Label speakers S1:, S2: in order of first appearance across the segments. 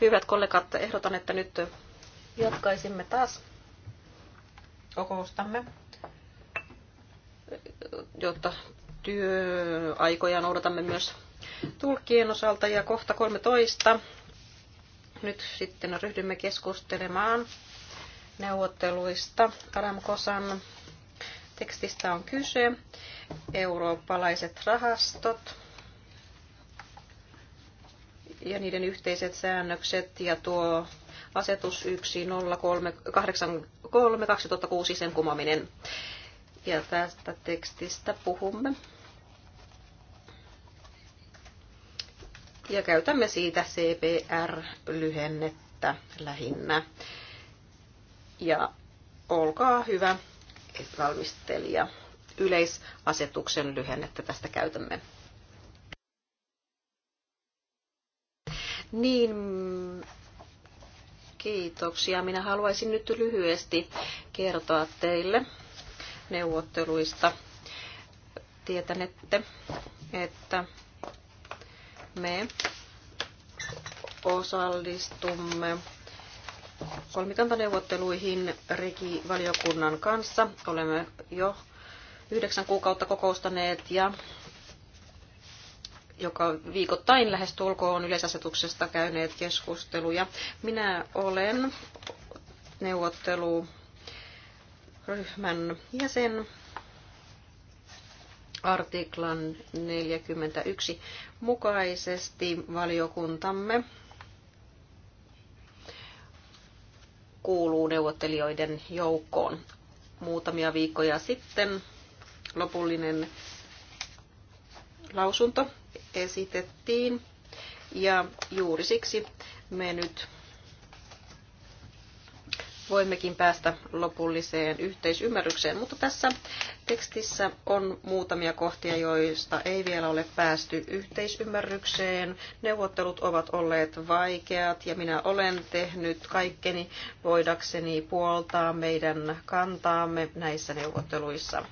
S1: Hyvät kollegat, ehdotan, että nyt jatkaisimme taas kokoustamme, jotta työaikoja noudatamme myös tulkkien osalta. Ja kohta 13 nyt sitten ryhdymme keskustelemaan neuvotteluista. Adam Kosan tekstistä on kyse. Eurooppalaiset rahastot ja niiden yhteiset säännökset ja tuo asetus 1083 2006 sen kumominen. Ja tästä tekstistä puhumme. Ja käytämme siitä CPR-lyhennettä lähinnä. Ja olkaa hyvä, valmistelija. Yleisasetuksen lyhennettä tästä käytämme. Niin, kiitoksia. Minä haluaisin nyt lyhyesti kertoa teille neuvotteluista. Tietänette, että me osallistumme kolmikantaneuvotteluihin Regi-valiokunnan kanssa. Olemme jo yhdeksän kuukautta kokoustaneet ja joka viikoittain lähestulkoon yleisasetuksesta käyneet keskusteluja. Minä olen neuvotteluryhmän jäsen artiklan 41 mukaisesti valiokuntamme kuuluu neuvottelijoiden joukkoon. Muutamia viikkoja sitten lopullinen lausunto esitettiin. Ja juuri siksi me nyt voimmekin päästä lopulliseen yhteisymmärrykseen. Mutta tässä tekstissä on muutamia kohtia, joista ei vielä ole päästy yhteisymmärrykseen. Neuvottelut ovat olleet vaikeat ja minä olen tehnyt kaikkeni voidakseni puoltaa meidän kantaamme näissä neuvotteluissa.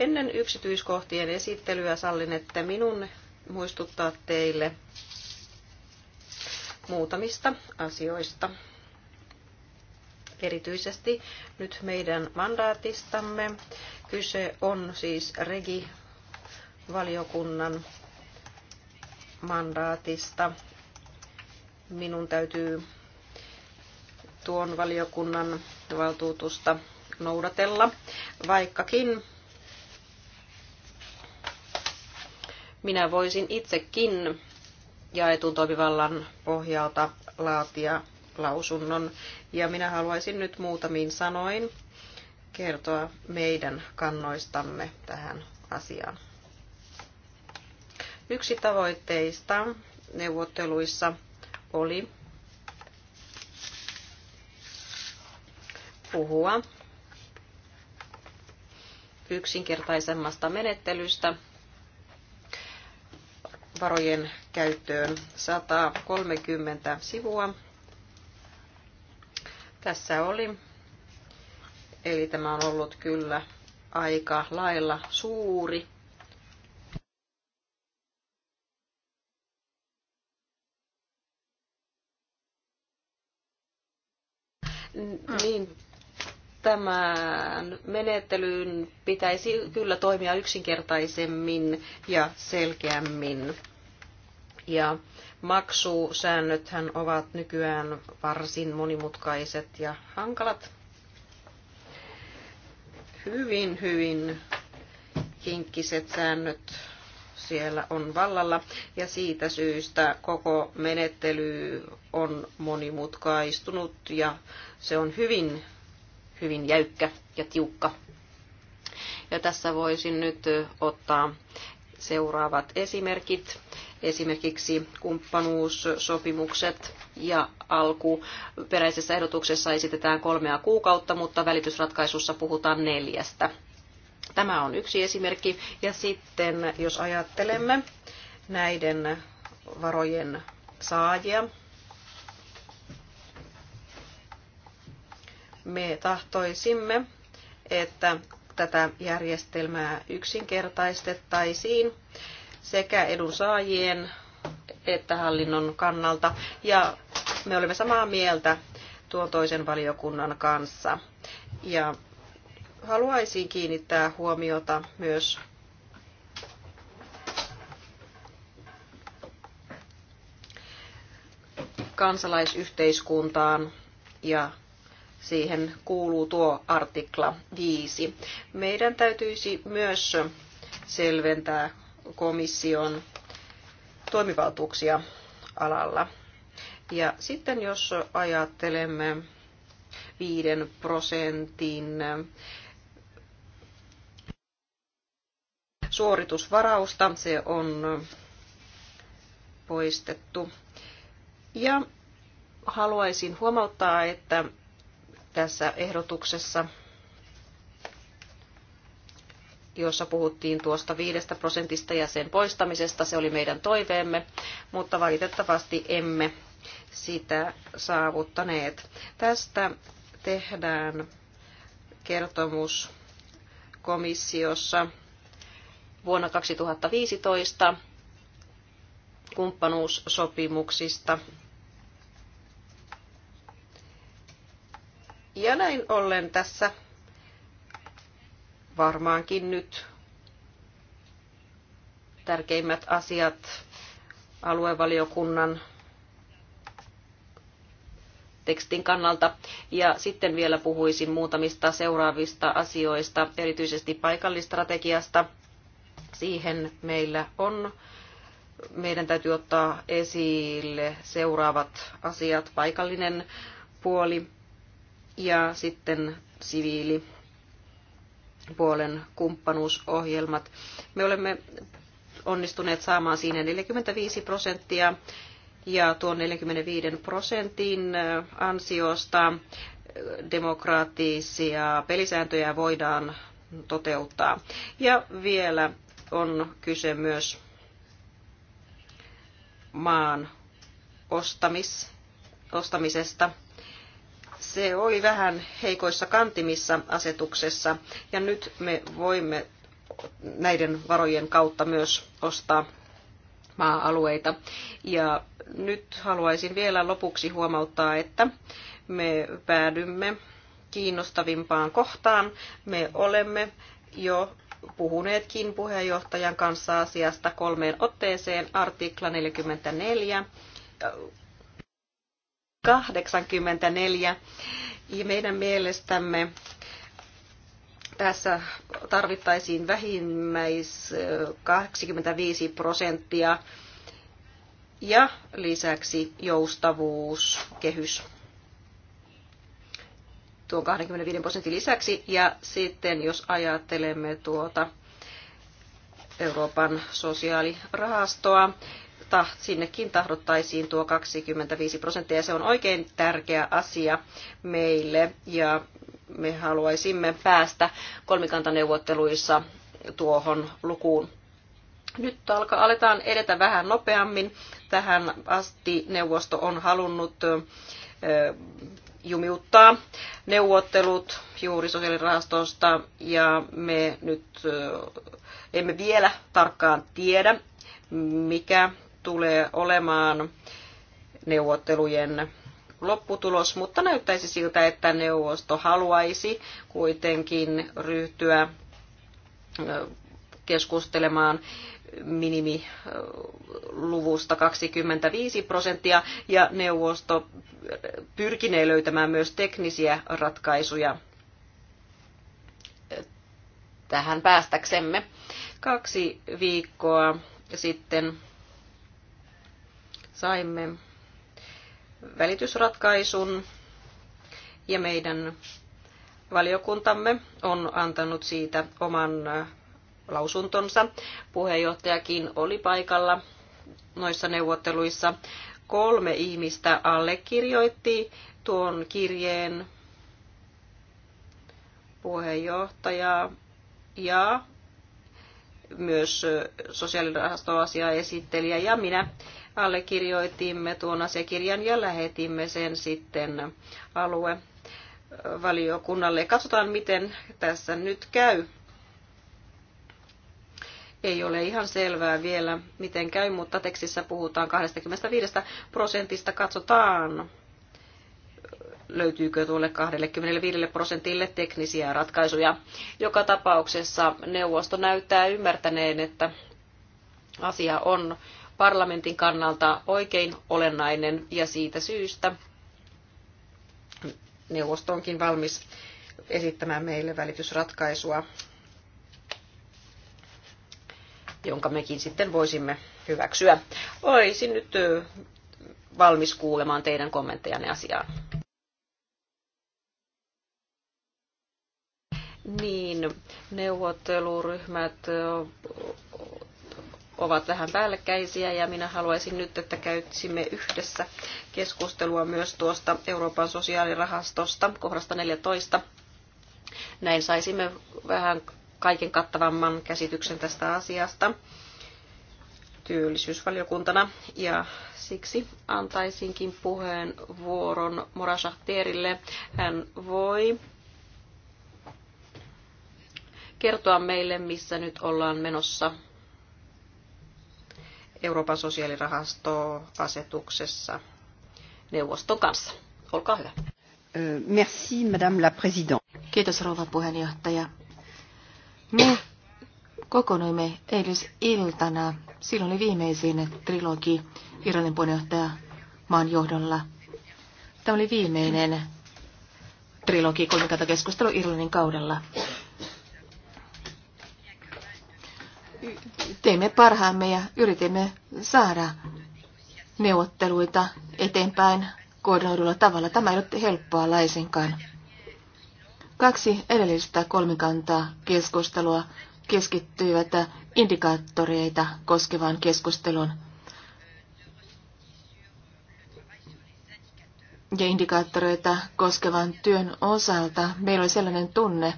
S1: Ennen yksityiskohtien esittelyä sallinette minun muistuttaa teille muutamista asioista. Erityisesti nyt meidän mandaatistamme. Kyse on siis Regi-valiokunnan mandaatista. Minun täytyy tuon valiokunnan valtuutusta noudatella, vaikkakin minä voisin itsekin jaetun toimivallan pohjalta laatia lausunnon. Ja minä haluaisin nyt muutamiin sanoin kertoa meidän kannoistamme tähän asiaan. Yksi tavoitteista neuvotteluissa oli puhua yksinkertaisemmasta menettelystä varojen käyttöön 130 sivua. Tässä oli. Eli tämä on ollut kyllä aika lailla suuri niin tämän menettelyn pitäisi kyllä toimia yksinkertaisemmin ja selkeämmin. Ja maksusäännöthän ovat nykyään varsin monimutkaiset ja hankalat. Hyvin, hyvin kinkkiset säännöt siellä on vallalla ja siitä syystä koko menettely on monimutkaistunut ja se on hyvin hyvin jäykkä ja tiukka. Ja tässä voisin nyt ottaa seuraavat esimerkit. Esimerkiksi kumppanuussopimukset ja alkuperäisessä ehdotuksessa esitetään kolmea kuukautta, mutta välitysratkaisussa puhutaan neljästä. Tämä on yksi esimerkki. Ja sitten jos ajattelemme näiden varojen saajia, Me tahtoisimme, että tätä järjestelmää yksinkertaistettaisiin sekä edunsaajien että hallinnon kannalta. Ja me olemme samaa mieltä tuon toisen valiokunnan kanssa. Ja haluaisin kiinnittää huomiota myös kansalaisyhteiskuntaan ja Siihen kuuluu tuo artikla 5. Meidän täytyisi myös selventää komission toimivaltuuksia alalla. Ja sitten jos ajattelemme 5 prosentin suoritusvarausta, se on poistettu. Ja haluaisin huomauttaa, että tässä ehdotuksessa, jossa puhuttiin tuosta viidestä prosentista ja sen poistamisesta. Se oli meidän toiveemme, mutta valitettavasti emme sitä saavuttaneet. Tästä tehdään kertomus komissiossa vuonna 2015 kumppanuussopimuksista Ja näin ollen tässä varmaankin nyt tärkeimmät asiat aluevaliokunnan tekstin kannalta. Ja sitten vielä puhuisin muutamista seuraavista asioista, erityisesti paikallistrategiasta. Siihen meillä on, meidän täytyy ottaa esille seuraavat asiat, paikallinen puoli, ja sitten siviilipuolen kumppanuusohjelmat. Me olemme onnistuneet saamaan siinä 45 prosenttia ja tuon 45 prosentin ansiosta demokraattisia pelisääntöjä voidaan toteuttaa. Ja vielä on kyse myös maan ostamis, ostamisesta se oli vähän heikoissa kantimissa asetuksessa ja nyt me voimme näiden varojen kautta myös ostaa maa-alueita. Ja nyt haluaisin vielä lopuksi huomauttaa, että me päädymme kiinnostavimpaan kohtaan. Me olemme jo puhuneetkin puheenjohtajan kanssa asiasta kolmeen otteeseen artikla 44 84. Ja meidän mielestämme tässä tarvittaisiin vähimmäis 85 prosenttia ja lisäksi joustavuuskehys tuon 25 prosentin lisäksi. Ja sitten jos ajattelemme tuota Euroopan sosiaalirahastoa, sinnekin tahdottaisiin tuo 25 prosenttia. Se on oikein tärkeä asia meille ja me haluaisimme päästä kolmikantaneuvotteluissa tuohon lukuun. Nyt alkaa, aletaan edetä vähän nopeammin. Tähän asti neuvosto on halunnut jumiuttaa neuvottelut juuri sosiaalirahastosta ja me nyt emme vielä tarkkaan tiedä, mikä tulee olemaan neuvottelujen lopputulos, mutta näyttäisi siltä, että neuvosto haluaisi kuitenkin ryhtyä keskustelemaan minimiluvusta 25 prosenttia ja neuvosto pyrkinee löytämään myös teknisiä ratkaisuja tähän päästäksemme. Kaksi viikkoa sitten saimme välitysratkaisun ja meidän valiokuntamme on antanut siitä oman äh, lausuntonsa. Puheenjohtajakin oli paikalla noissa neuvotteluissa. Kolme ihmistä allekirjoitti tuon kirjeen puheenjohtaja ja myös äh, sosiaalirahastoasiaesittelijä ja minä allekirjoitimme tuon asiakirjan ja lähetimme sen sitten alue valiokunnalle. Katsotaan, miten tässä nyt käy. Ei ole ihan selvää vielä, miten käy, mutta tekstissä puhutaan 25 prosentista. Katsotaan, löytyykö tuolle 25 prosentille teknisiä ratkaisuja. Joka tapauksessa neuvosto näyttää ymmärtäneen, että asia on parlamentin kannalta oikein olennainen ja siitä syystä neuvosto onkin valmis esittämään meille välitysratkaisua, jonka mekin sitten voisimme hyväksyä. Olisin nyt valmis kuulemaan teidän kommenttejanne asiaan. Niin, neuvotteluryhmät ovat vähän päällekkäisiä ja minä haluaisin nyt, että käytsimme yhdessä keskustelua myös tuosta Euroopan sosiaalirahastosta kohdasta 14. Näin saisimme vähän kaiken kattavamman käsityksen tästä asiasta työllisyysvaliokuntana ja siksi antaisinkin puheenvuoron vuoron Schachtierille. Hän voi kertoa meille, missä nyt ollaan menossa Euroopan sosiaalirahastoasetuksessa neuvoston kanssa. Olkaa hyvä. Euh, merci, Madame la Présidente.
S2: Kiitos, rouva puheenjohtaja. Me kokonoimme eilisiltana, silloin oli viimeisin trilogi Irlannin puheenjohtaja maan johdolla. Tämä oli viimeinen trilogi keskustelu Irlannin kaudella. teimme parhaamme ja yritimme saada neuvotteluita eteenpäin koordinoidulla tavalla. Tämä ei ole helppoa laisinkaan. Kaksi edellistä kolmikantaa keskustelua keskittyivät indikaattoreita koskevaan keskusteluun. Ja indikaattoreita koskevan työn osalta meillä oli sellainen tunne,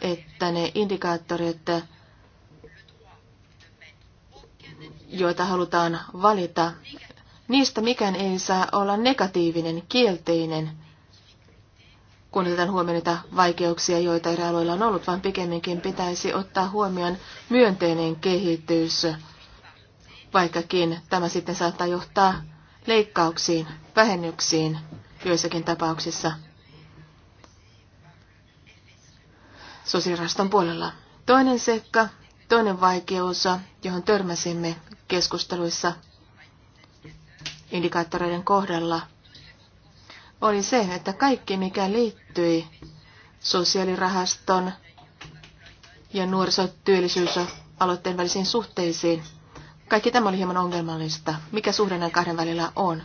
S2: että ne indikaattorit, joita halutaan valita, niistä mikään ei saa olla negatiivinen, kielteinen, kun otetaan huomioon niitä vaikeuksia, joita eri aloilla on ollut, vaan pikemminkin pitäisi ottaa huomioon myönteinen kehitys, vaikkakin tämä sitten saattaa johtaa leikkauksiin, vähennyksiin joissakin tapauksissa sosiaaliraston puolella. Toinen sekka, toinen vaikeus, johon törmäsimme keskusteluissa indikaattoreiden kohdalla oli se, että kaikki mikä liittyi sosiaalirahaston ja nuorisotyöllisyysaloitteen välisiin suhteisiin, kaikki tämä oli hieman ongelmallista. Mikä suhde näiden kahden välillä on?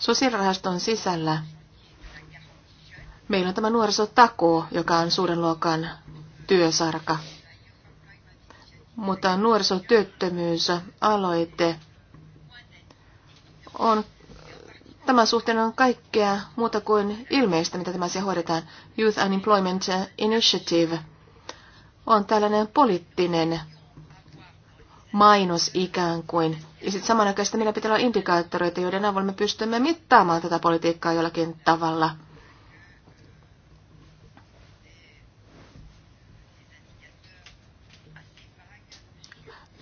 S2: Sosiaalirahaston sisällä meillä on tämä nuorisotakuu, joka on suuren luokan työsarka mutta aloite on Tämän suhteen on kaikkea muuta kuin ilmeistä, mitä tämä asia hoidetaan. Youth Unemployment Initiative on tällainen poliittinen mainos ikään kuin. Ja sitten samanaikaisesti meillä pitää olla indikaattoreita, joiden avulla me pystymme mittaamaan tätä politiikkaa jollakin tavalla –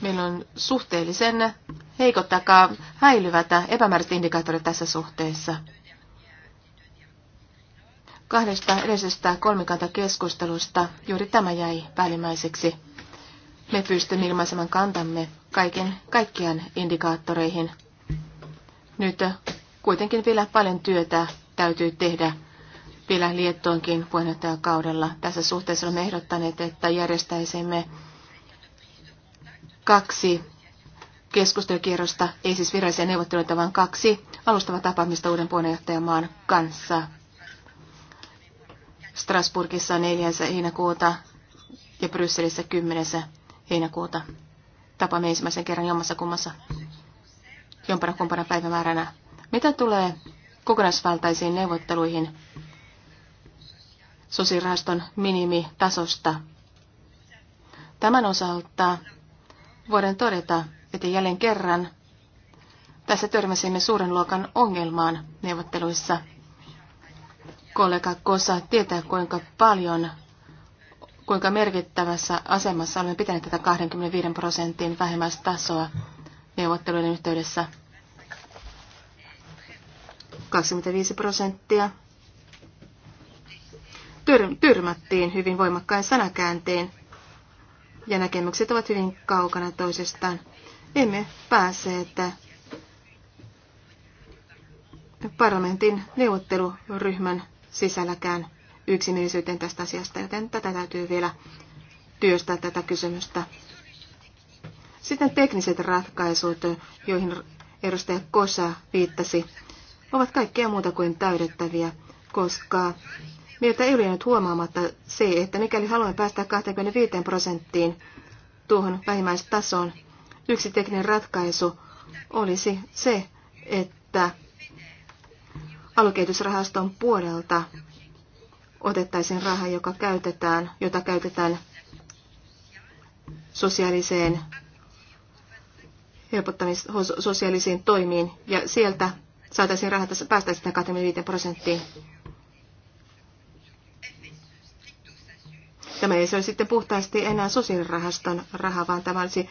S2: meillä on suhteellisen heikot takaa häilyvät epämääräiset indikaattorit tässä suhteessa. Kahdesta edellisestä keskustelusta juuri tämä jäi päällimmäiseksi. Me pystymme ilmaisemaan kantamme kaiken, kaikkiaan indikaattoreihin. Nyt kuitenkin vielä paljon työtä täytyy tehdä vielä Liettoonkin puheenjohtajakaudella. Tässä suhteessa olemme ehdottaneet, että järjestäisimme kaksi keskustelukierrosta, ei siis virallisia neuvotteluita, vaan kaksi alustava tapaamista uuden puheenjohtajamaan kanssa. Strasburgissa 4. heinäkuuta ja Brysselissä 10. heinäkuuta. Tapaamme ensimmäisen kerran jommassa kummassa jompana kumpana päivämääränä. Mitä tulee kokonaisvaltaisiin neuvotteluihin sosiaalirahaston minimitasosta? Tämän osalta voidaan todeta, että jälleen kerran tässä törmäsimme suuren luokan ongelmaan neuvotteluissa. Kollega Kosa tietää, kuinka paljon, kuinka merkittävässä asemassa olemme pitäneet tätä 25 prosentin vähimmäistasoa neuvotteluiden yhteydessä. 25 prosenttia tyr- tyrmättiin hyvin voimakkain sanakääntein ja näkemykset ovat hyvin kaukana toisestaan. Emme pääse, että parlamentin neuvotteluryhmän sisälläkään yksimielisyyteen tästä asiasta, joten tätä täytyy vielä työstää tätä kysymystä. Sitten tekniset ratkaisut, joihin edustaja Kosa viittasi, ovat kaikkea muuta kuin täydettäviä, koska Mieltä ei ole nyt huomaamatta se, että mikäli haluamme päästä 25 prosenttiin tuohon vähimmäistasoon, yksi tekninen ratkaisu olisi se, että alukehitysrahaston puolelta otettaisiin raha, joka käytetään, jota käytetään sosiaaliseen helpottamis, sosiaalisiin toimiin, ja sieltä saataisiin rahaa päästä 25 prosenttiin. Tämä ei se ole sitten puhtaasti enää sosiaalirahaston raha, vaan tämä olisi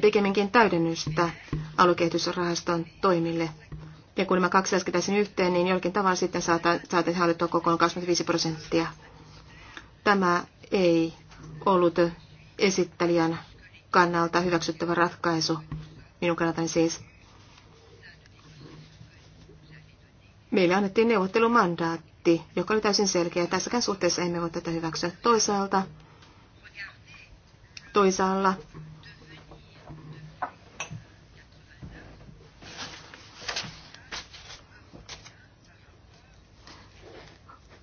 S2: pikemminkin täydennystä alukehitysrahaston toimille. Ja kun nämä kaksi lasketaan yhteen, niin jollakin tavalla sitten saataisiin hallittua kokoon 25 prosenttia. Tämä ei ollut esittelijän kannalta hyväksyttävä ratkaisu, minun kannaltani siis. Meille annettiin neuvottelumandaatti kommentti, joka oli täysin selkeä. Tässäkään suhteessa emme voi tätä hyväksyä. Toisaalta, toisaalla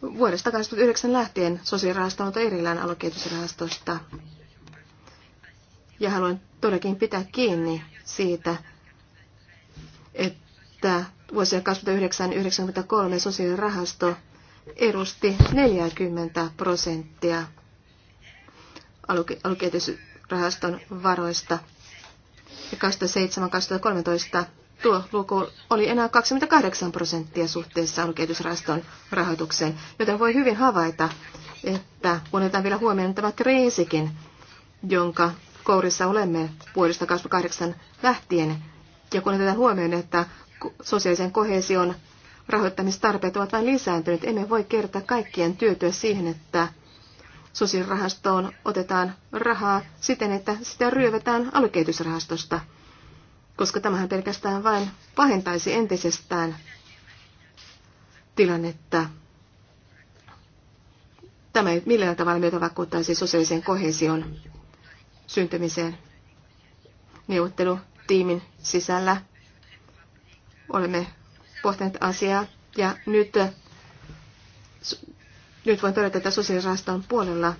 S2: Vuodesta 2009 lähtien sosiaalirahasto on erillään alokehitysrahastosta. Ja haluan todellakin pitää kiinni siitä, että vuosia 1993 sosiaalirahasto edusti 40 prosenttia alukehitysrahaston varoista. Ja 2007-2013 tuo luku oli enää 28 prosenttia suhteessa alukehitysrahaston rahoitukseen, joten voi hyvin havaita, että kun otetaan vielä huomioon tämä kriisikin, jonka kourissa olemme vuodesta 2008 lähtien, ja kun otetaan huomioon, että sosiaalisen kohesion rahoittamistarpeet ovat vain lisääntyneet. Emme voi kerta kaikkien työtyä siihen, että susirahastoon otetaan rahaa siten, että sitä ryövetään alukehitysrahastosta, koska tämähän pelkästään vain pahentaisi entisestään tilannetta. Tämä ei millään tavalla myötä vakuuttaisi sosiaalisen kohesion syntymiseen neuvottelutiimin sisällä. Olemme pohtineet asiaa ja nyt, nyt voin todeta, että sosiaalirahaston puolella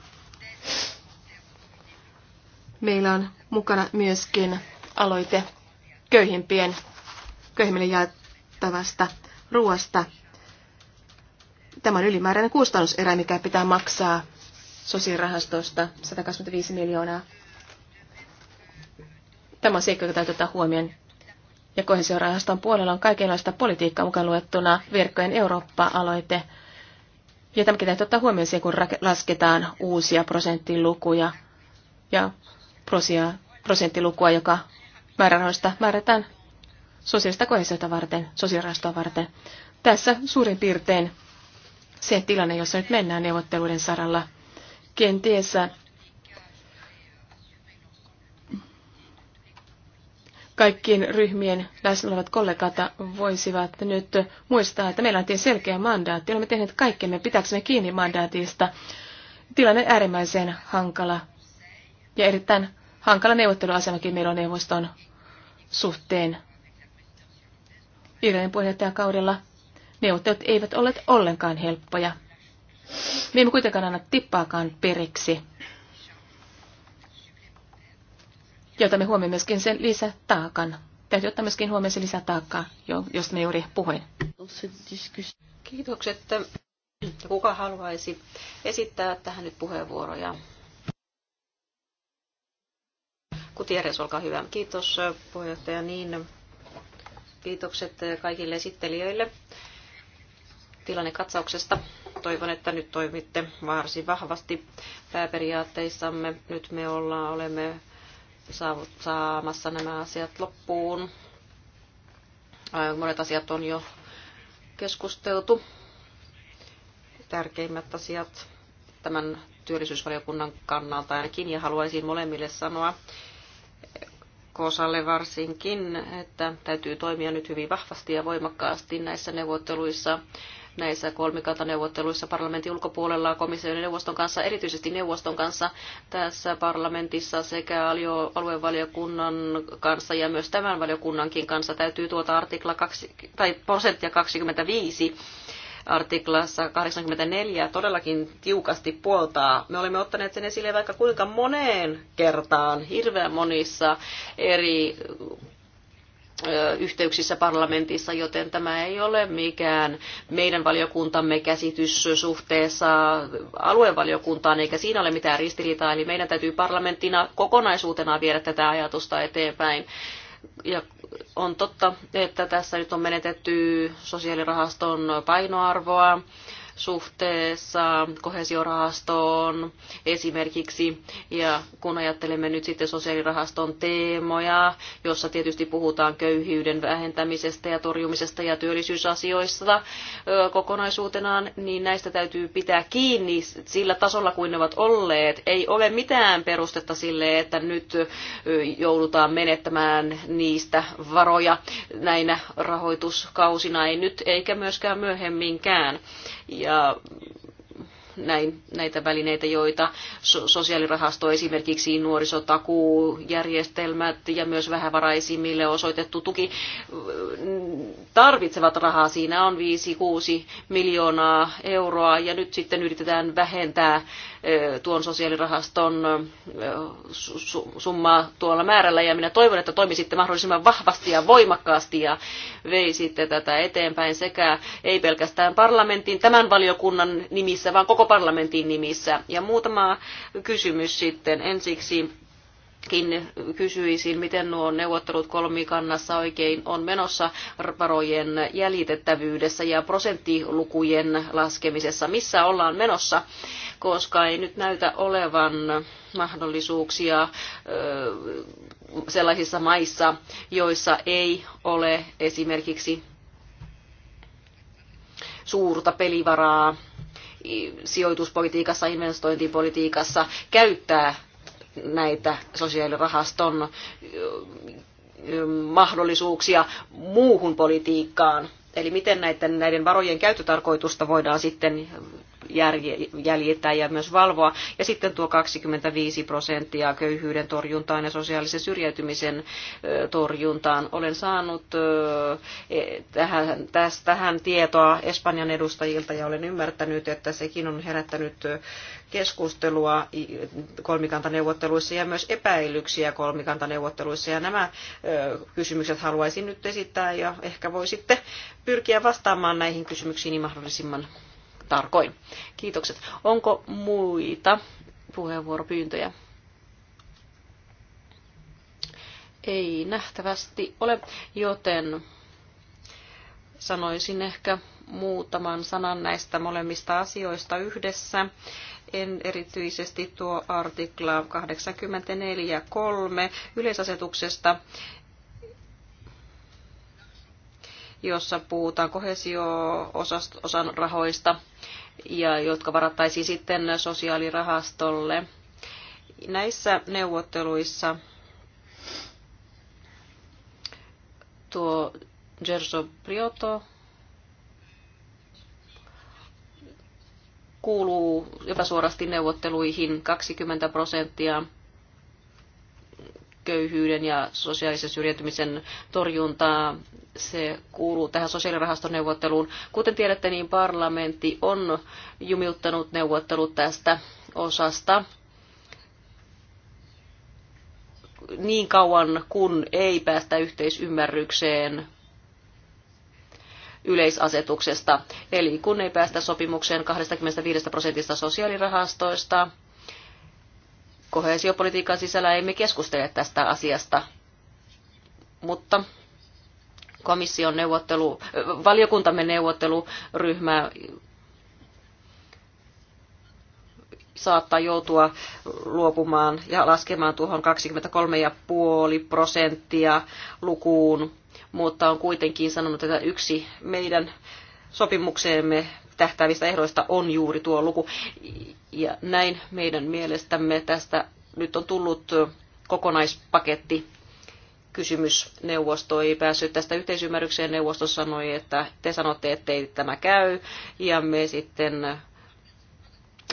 S2: meillä on mukana myöskin aloite köyhimpien, köyhimmille jaettavasta ruoasta. Tämä on ylimääräinen kustannuserä, mikä pitää maksaa sosiaalirahastosta 125 miljoonaa. Tämä on seikka, joka täytyy ottaa huomioon ja kohesiorahaston puolella on kaikenlaista politiikkaa mukaan luettuna verkkojen Eurooppa-aloite. Ja tämäkin täytyy ottaa huomioon siihen, kun lasketaan uusia prosenttilukuja ja prosia, prosenttilukua, joka määrärahoista määrätään sosiaalista kohesiota varten, sosiaalirahastoa varten. Tässä suurin piirtein se tilanne, jossa nyt mennään neuvotteluiden saralla. Kenties kaikkien ryhmien läsnä olevat kollegat voisivat nyt muistaa, että meillä on selkeä mandaatti. Olemme tehneet kaikkemme pitäksemme kiinni mandaatista. Tilanne äärimmäisen hankala ja erittäin hankala neuvotteluasemakin meillä on neuvoston suhteen. Irlannin puheenjohtajakaudella neuvottelut eivät olleet ollenkaan helppoja. Me emme kuitenkaan anna tippaakaan periksi ja otamme huomioon myöskin sen lisätaakan. Täytyy ottaa myöskin huomioon sen lisätaakan, josta me juuri puhuin.
S1: Kiitokset. Kuka haluaisi esittää tähän nyt puheenvuoroja? Kutieres, olkaa hyvä. Kiitos puheenjohtaja. Niin, kiitokset kaikille esittelijöille tilannekatsauksesta. Toivon, että nyt toimitte varsin vahvasti pääperiaatteissamme. Nyt me ollaan, olemme saamassa nämä asiat loppuun. Monet asiat on jo keskusteltu. Tärkeimmät asiat tämän työllisyysvaliokunnan kannalta ainakin, ja haluaisin molemmille sanoa, Kosalle varsinkin, että täytyy toimia nyt hyvin vahvasti ja voimakkaasti näissä neuvotteluissa näissä kolmikantaneuvotteluissa parlamentin ulkopuolella komission ja neuvoston kanssa, erityisesti neuvoston kanssa tässä parlamentissa sekä aluevaliokunnan kanssa ja myös tämän valiokunnankin kanssa täytyy tuota artikla 2, tai prosenttia 25 artiklassa 84 todellakin tiukasti puoltaa. Me olemme ottaneet sen esille vaikka kuinka moneen kertaan, hirveän monissa eri yhteyksissä parlamentissa, joten tämä ei ole mikään meidän valiokuntamme käsitys suhteessa aluevaliokuntaan, eikä siinä ole mitään ristiriitaa. Eli meidän täytyy parlamenttina kokonaisuutena viedä tätä ajatusta eteenpäin. Ja on totta, että tässä nyt on menetetty sosiaalirahaston painoarvoa suhteessa kohesiorahastoon esimerkiksi. Ja kun ajattelemme nyt sitten sosiaalirahaston teemoja, jossa tietysti puhutaan köyhyyden vähentämisestä ja torjumisesta ja työllisyysasioista kokonaisuutenaan, niin näistä täytyy pitää kiinni sillä tasolla kuin ne ovat olleet. Ei ole mitään perustetta sille, että nyt joudutaan menettämään niistä varoja näinä rahoituskausina, ei nyt eikä myöskään myöhemminkään. Ja ja näin, näitä välineitä, joita so- sosiaalirahasto esimerkiksi nuorisotakuujärjestelmät ja myös vähävaraisimmille osoitettu tuki mm, tarvitsevat rahaa. Siinä on 5-6 miljoonaa euroa ja nyt sitten yritetään vähentää tuon sosiaalirahaston summaa tuolla määrällä ja minä toivon, että toimisitte mahdollisimman vahvasti ja voimakkaasti ja veisitte tätä eteenpäin sekä ei pelkästään parlamentin, tämän valiokunnan nimissä, vaan koko parlamentin nimissä. Ja muutama kysymys sitten ensiksi kysyisin, miten nuo neuvottelut kolmikannassa oikein on menossa varojen jäljitettävyydessä ja prosenttilukujen laskemisessa. Missä ollaan menossa, koska ei nyt näytä olevan mahdollisuuksia sellaisissa maissa, joissa ei ole esimerkiksi suurta pelivaraa sijoituspolitiikassa, investointipolitiikassa käyttää näitä sosiaalirahaston mahdollisuuksia muuhun politiikkaan. Eli miten näiden, näiden varojen käyttötarkoitusta voidaan sitten jäljittää ja myös valvoa. Ja sitten tuo 25 prosenttia köyhyyden torjuntaan ja sosiaalisen syrjäytymisen torjuntaan. Olen saanut e, tähän, tähän tietoa Espanjan edustajilta ja olen ymmärtänyt, että sekin on herättänyt keskustelua kolmikantaneuvotteluissa ja myös epäilyksiä kolmikantaneuvotteluissa. Ja nämä kysymykset haluaisin nyt esittää ja ehkä voisitte pyrkiä vastaamaan näihin kysymyksiin mahdollisimman tarkoin. Kiitokset. Onko muita puheenvuoropyyntöjä? Ei nähtävästi ole, joten sanoisin ehkä muutaman sanan näistä molemmista asioista yhdessä. En erityisesti tuo artikla 84.3 yleisasetuksesta, jossa puhutaan kohesio-osan rahoista – ja jotka varattaisiin sitten sosiaalirahastolle. Näissä neuvotteluissa tuo Gerso Prioto kuuluu epäsuorasti neuvotteluihin 20 prosenttia köyhyyden ja sosiaalisen syrjäytymisen torjuntaa. Se kuuluu tähän sosiaalirahaston neuvotteluun. Kuten tiedätte, niin parlamentti on jumiuttanut neuvottelut tästä osasta niin kauan, kun ei päästä yhteisymmärrykseen yleisasetuksesta. Eli kun ei päästä sopimukseen 25 prosentista sosiaalirahastoista, kohesiopolitiikan sisällä emme keskustele tästä asiasta, mutta komission neuvottelu, valiokuntamme neuvotteluryhmä saattaa joutua luopumaan ja laskemaan tuohon 23,5 prosenttia lukuun, mutta on kuitenkin sanonut, että yksi meidän sopimukseemme tähtäävistä ehdoista on juuri tuo luku. Ja näin meidän mielestämme tästä nyt on tullut kokonaispaketti kysymys. Neuvosto ei päässyt tästä yhteisymmärrykseen. Neuvosto sanoi, että te sanotte, ettei tämä käy, ja me sitten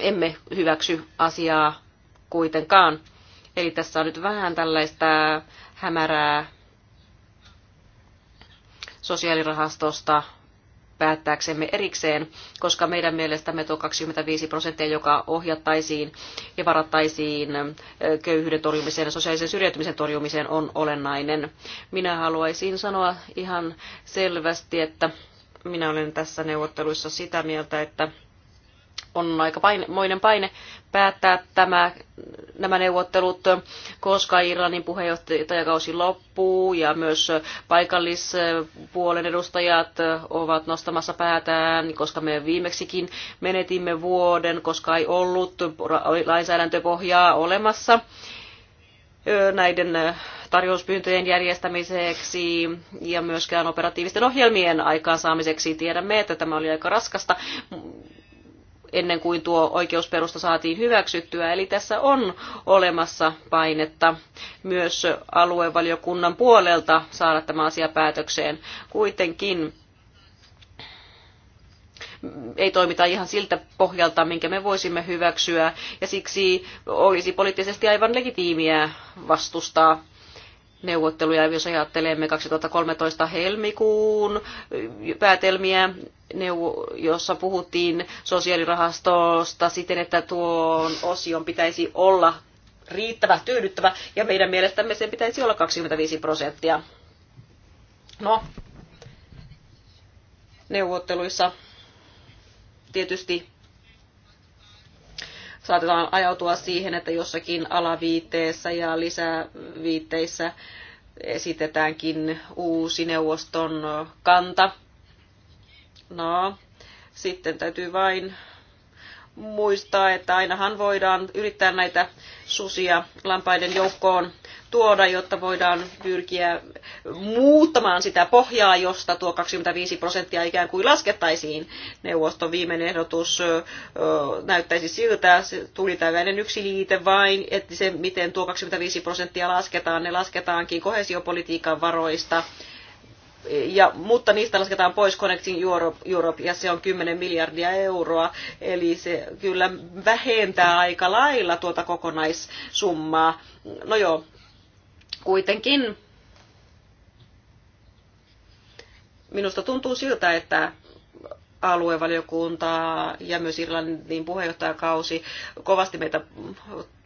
S1: emme hyväksy asiaa kuitenkaan. Eli tässä on nyt vähän tällaista hämärää sosiaalirahastosta päättääksemme erikseen, koska meidän mielestämme tuo 25 prosenttia, joka ohjattaisiin ja varattaisiin köyhyyden torjumiseen ja sosiaalisen syrjäytymisen torjumiseen, on olennainen. Minä haluaisin sanoa ihan selvästi, että minä olen tässä neuvotteluissa sitä mieltä, että on aika paine, moinen paine päättää tämä, nämä neuvottelut, koska Irlannin puheenjohtajakausi loppuu ja myös paikallispuolen edustajat ovat nostamassa päätään, koska me viimeksikin menetimme vuoden, koska ei ollut lainsäädäntöpohjaa olemassa näiden tarjouspyyntöjen järjestämiseksi ja myöskään operatiivisten ohjelmien aikaansaamiseksi. Tiedämme, että tämä oli aika raskasta ennen kuin tuo oikeusperusta saatiin hyväksyttyä. Eli tässä on olemassa painetta myös aluevaliokunnan puolelta saada tämä asia päätökseen. Kuitenkin ei toimita ihan siltä pohjalta, minkä me voisimme hyväksyä, ja siksi olisi poliittisesti aivan legitiimiä vastustaa neuvotteluja, jos ajattelemme 2013 helmikuun päätelmiä, jossa puhuttiin sosiaalirahastosta siten, että tuon osion pitäisi olla riittävä, tyydyttävä, ja meidän mielestämme sen pitäisi olla 25 prosenttia. No, neuvotteluissa tietysti saatetaan ajautua siihen, että jossakin alaviitteessä ja lisäviitteissä esitetäänkin uusi neuvoston kanta. No, sitten täytyy vain muistaa, että ainahan voidaan yrittää näitä susia lampaiden joukkoon tuoda, jotta voidaan pyrkiä muuttamaan sitä pohjaa, josta tuo 25 prosenttia ikään kuin laskettaisiin. Neuvoston viimeinen ehdotus näyttäisi siltä, se tuli tällainen yksi liite vain, että se miten tuo 25 prosenttia lasketaan, ne lasketaankin kohesiopolitiikan varoista ja, mutta niistä lasketaan pois Connecting Europe, Europe ja se on 10 miljardia euroa, eli se kyllä vähentää aika lailla tuota kokonaissummaa. No joo, kuitenkin minusta tuntuu siltä, että aluevaliokunta ja myös Irlannin puheenjohtajakausi kovasti meitä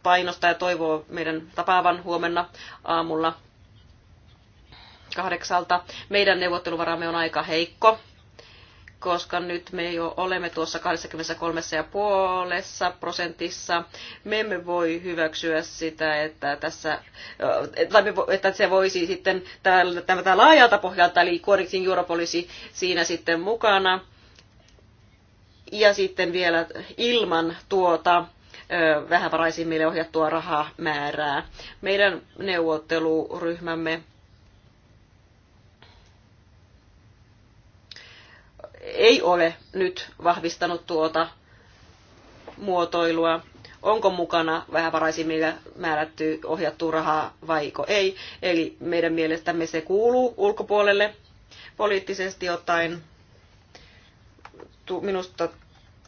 S1: painostaa ja toivoo meidän tapaavan huomenna aamulla kahdeksalta. Meidän neuvotteluvaramme on aika heikko koska nyt me jo olemme tuossa 23,5 prosentissa. Me emme voi hyväksyä sitä, että, tässä, että se voisi sitten tämä laajalta pohjalta, eli Kuoriksin Europe olisi siinä sitten mukana. Ja sitten vielä ilman tuota vähävaraisimmille ohjattua rahamäärää. Meidän neuvotteluryhmämme ei ole nyt vahvistanut tuota muotoilua onko mukana vähävaraisimmille määrätty ohjattu rahaa vaiko ei. Eli meidän mielestämme se kuuluu ulkopuolelle poliittisesti ottaen. Minusta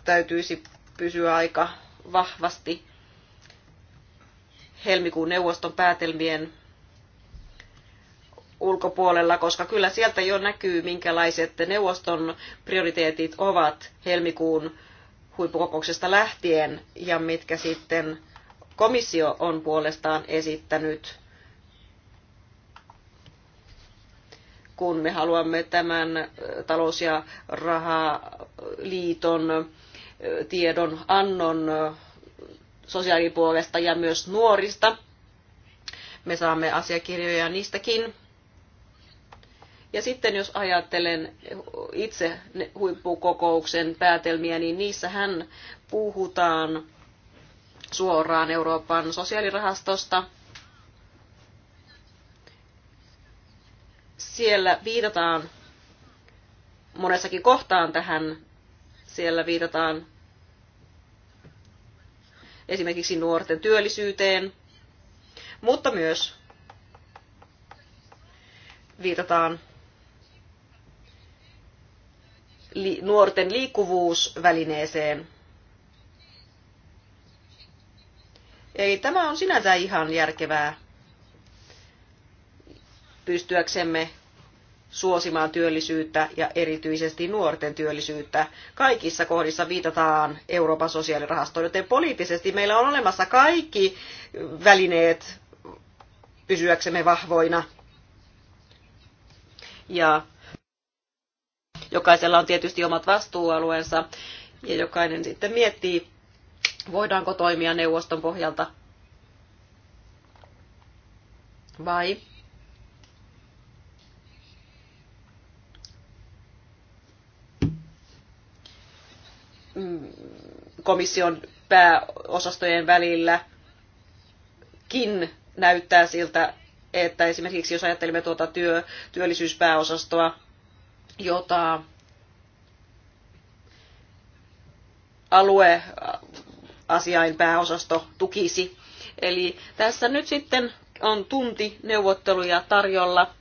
S1: täytyisi pysyä aika vahvasti helmikuun neuvoston päätelmien ulkopuolella, koska kyllä sieltä jo näkyy, minkälaiset neuvoston prioriteetit ovat helmikuun huippukokouksesta lähtien ja mitkä sitten komissio on puolestaan esittänyt, kun me haluamme tämän talous- ja rahaliiton tiedon annon sosiaalipuolesta ja myös nuorista. Me saamme asiakirjoja niistäkin ja sitten jos ajattelen itse huippukokouksen päätelmiä, niin niissähän puhutaan suoraan Euroopan sosiaalirahastosta. Siellä viitataan monessakin kohtaan tähän. Siellä viitataan esimerkiksi nuorten työllisyyteen, mutta myös viitataan li, nuorten liikkuvuusvälineeseen. Eli tämä on sinänsä ihan järkevää pystyäksemme suosimaan työllisyyttä ja erityisesti nuorten työllisyyttä. Kaikissa kohdissa viitataan Euroopan sosiaalirahastoon, joten poliittisesti meillä on olemassa kaikki välineet pysyäksemme vahvoina. Ja Jokaisella on tietysti omat vastuualueensa ja jokainen sitten miettii, voidaanko toimia neuvoston pohjalta vai komission pääosastojen välilläkin näyttää siltä, että esimerkiksi jos ajattelemme tuota työ, työllisyyspääosastoa, jota alueasiain pääosasto tukisi. Eli tässä nyt sitten on tunti neuvotteluja tarjolla.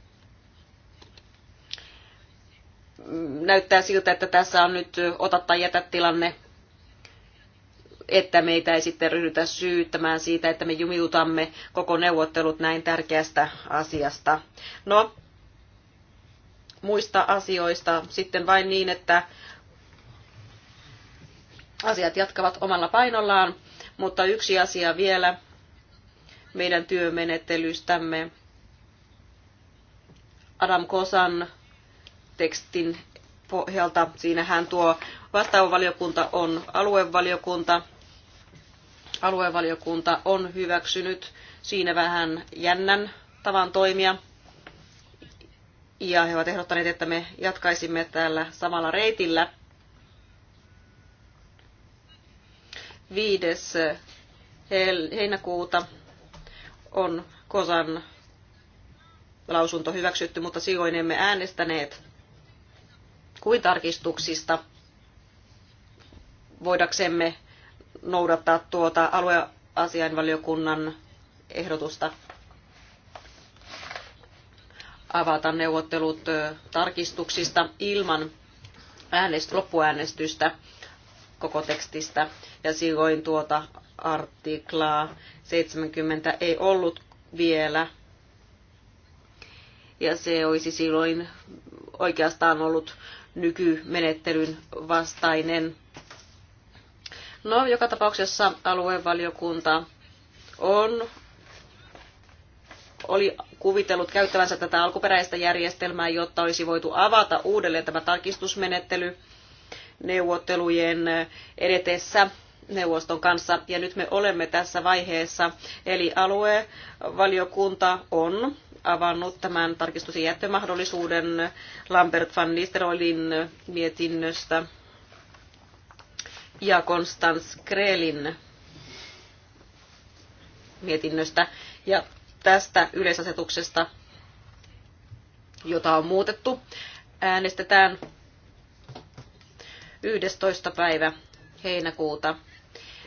S1: Näyttää siltä, että tässä on nyt ota tai jätä tilanne, että meitä ei sitten ryhdytä syyttämään siitä, että me jumiutamme koko neuvottelut näin tärkeästä asiasta. No, muista asioista sitten vain niin, että asiat jatkavat omalla painollaan, mutta yksi asia vielä meidän työmenettelystämme. Adam Kosan tekstin pohjalta, siinähän tuo vastaava valiokunta on aluevaliokunta. Aluevaliokunta on hyväksynyt siinä vähän jännän tavan toimia ja he ovat ehdottaneet, että me jatkaisimme täällä samalla reitillä. viides heinäkuuta on Kosan lausunto hyväksytty, mutta silloin emme äänestäneet kuin tarkistuksista voidaksemme noudattaa tuota alueasiainvaliokunnan ehdotusta avata neuvottelut tarkistuksista ilman äänest, loppuäänestystä koko tekstistä. Ja silloin tuota artiklaa 70 ei ollut vielä. Ja se olisi silloin oikeastaan ollut nykymenettelyn vastainen. No, joka tapauksessa aluevaliokunta on oli kuvitellut käyttävänsä tätä alkuperäistä järjestelmää, jotta olisi voitu avata uudelleen tämä tarkistusmenettely neuvottelujen edetessä neuvoston kanssa. Ja nyt me olemme tässä vaiheessa, eli aluevaliokunta on avannut tämän jättömahdollisuuden Lambert van Nistelrooyn mietinnöstä ja Konstans Krelin mietinnöstä. Ja tästä yleisasetuksesta, jota on muutettu, äänestetään 11. päivä heinäkuuta.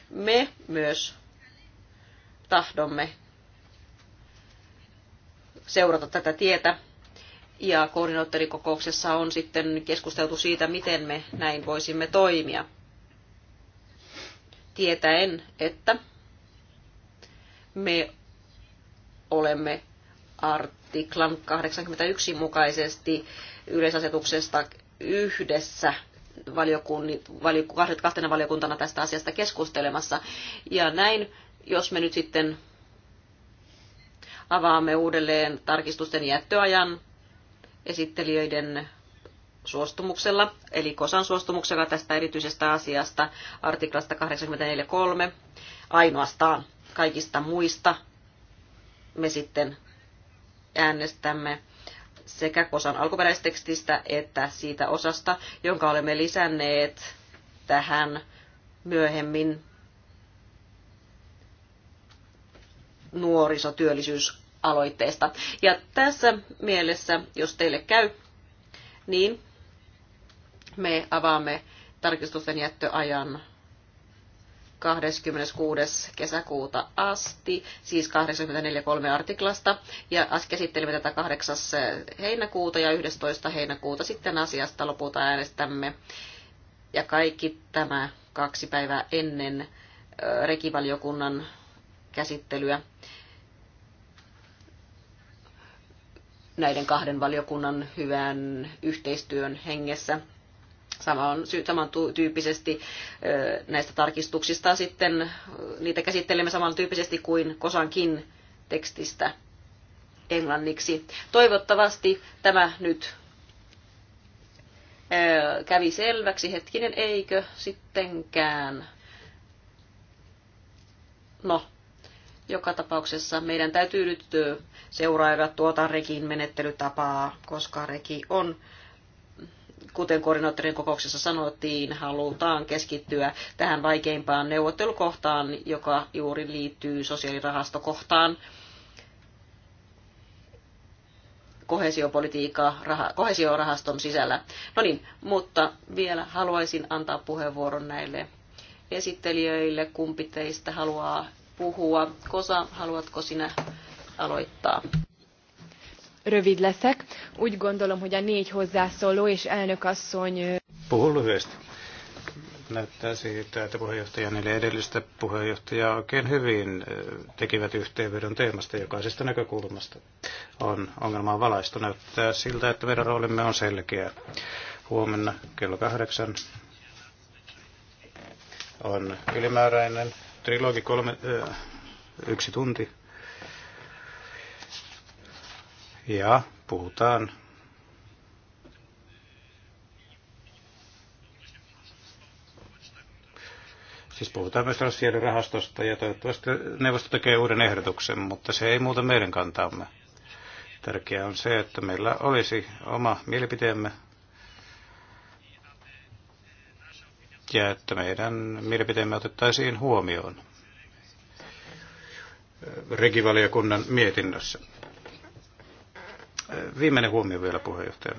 S1: Me myös tahdomme seurata tätä tietä ja koordinaattorikokouksessa on sitten keskusteltu siitä, miten me näin voisimme toimia. Tietäen, että me olemme artiklan 81 mukaisesti yleisasetuksesta yhdessä valiokunni, valioku, kahtena valiokuntana tästä asiasta keskustelemassa. Ja näin, jos me nyt sitten avaamme uudelleen tarkistusten jättöajan esittelijöiden suostumuksella, eli kosan suostumuksella tästä erityisestä asiasta, artiklasta 84.3, ainoastaan kaikista muista me sitten äänestämme sekä osan alkuperäistekstistä että siitä osasta, jonka olemme lisänneet tähän myöhemmin nuorisotyöllisyysaloitteesta. Ja tässä mielessä, jos teille käy, niin me avaamme tarkistusten jättöajan 26. kesäkuuta asti, siis 84.3 artiklasta, ja käsittelimme tätä 8. heinäkuuta ja 11. heinäkuuta sitten asiasta lopulta äänestämme. Ja kaikki tämä kaksi päivää ennen rekivaliokunnan käsittelyä näiden kahden valiokunnan hyvän yhteistyön hengessä. Sama on samantyyppisesti näistä tarkistuksista sitten, niitä käsittelemme samantyyppisesti kuin Kosankin tekstistä englanniksi. Toivottavasti tämä nyt kävi selväksi. Hetkinen, eikö sittenkään? No, joka tapauksessa meidän täytyy nyt seurailla tuota rekin menettelytapaa, koska reki on kuten koordinaattorin kokouksessa sanottiin, halutaan keskittyä tähän vaikeimpaan neuvottelukohtaan, joka juuri liittyy sosiaalirahastokohtaan. Kohesiopolitiikka, raha, kohesiorahaston sisällä. No niin, mutta vielä haluaisin antaa puheenvuoron näille esittelijöille, kumpi teistä haluaa
S2: puhua. Kosa,
S1: haluatko sinä aloittaa?
S2: rövid leszek. Úgy gondolom, hogy a négy hozzászóló és elnök asszony...
S3: Puhul lyhyesti. Näyttää siitä, että puheenjohtaja neljä edellistä puheenjohtaja oikein hyvin tekivät yhteenvedon teemasta jokaisesta näkökulmasta. On ongelmaa valaistu. Näyttää siltä, että meidän roolimme on selkeä. Huomenna kello kahdeksan on ylimääräinen trilogi kolme, yksi tunti ja puhutaan Siis puhutaan myös Rossierin rahastosta ja toivottavasti neuvosto tekee uuden ehdotuksen, mutta se ei muuta meidän kantaamme. Tärkeää on se, että meillä olisi oma mielipiteemme ja että meidän mielipiteemme otettaisiin huomioon regivaliokunnan mietinnössä. Viimeinen huomio vielä puheenjohtaja.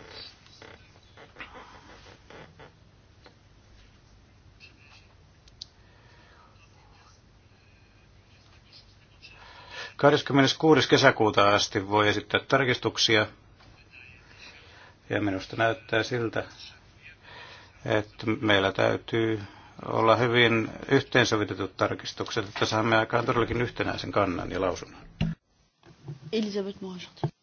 S3: Kahdeskymmeneskuudes kesäkuuta asti voi esittää tarkistuksia. Ja minusta näyttää siltä, että meillä täytyy olla hyvin yhteensovitetut tarkistukset, että saamme aikaan todellakin yhtenäisen kannan ja lausunnon.
S2: Elisabeth Moisanti.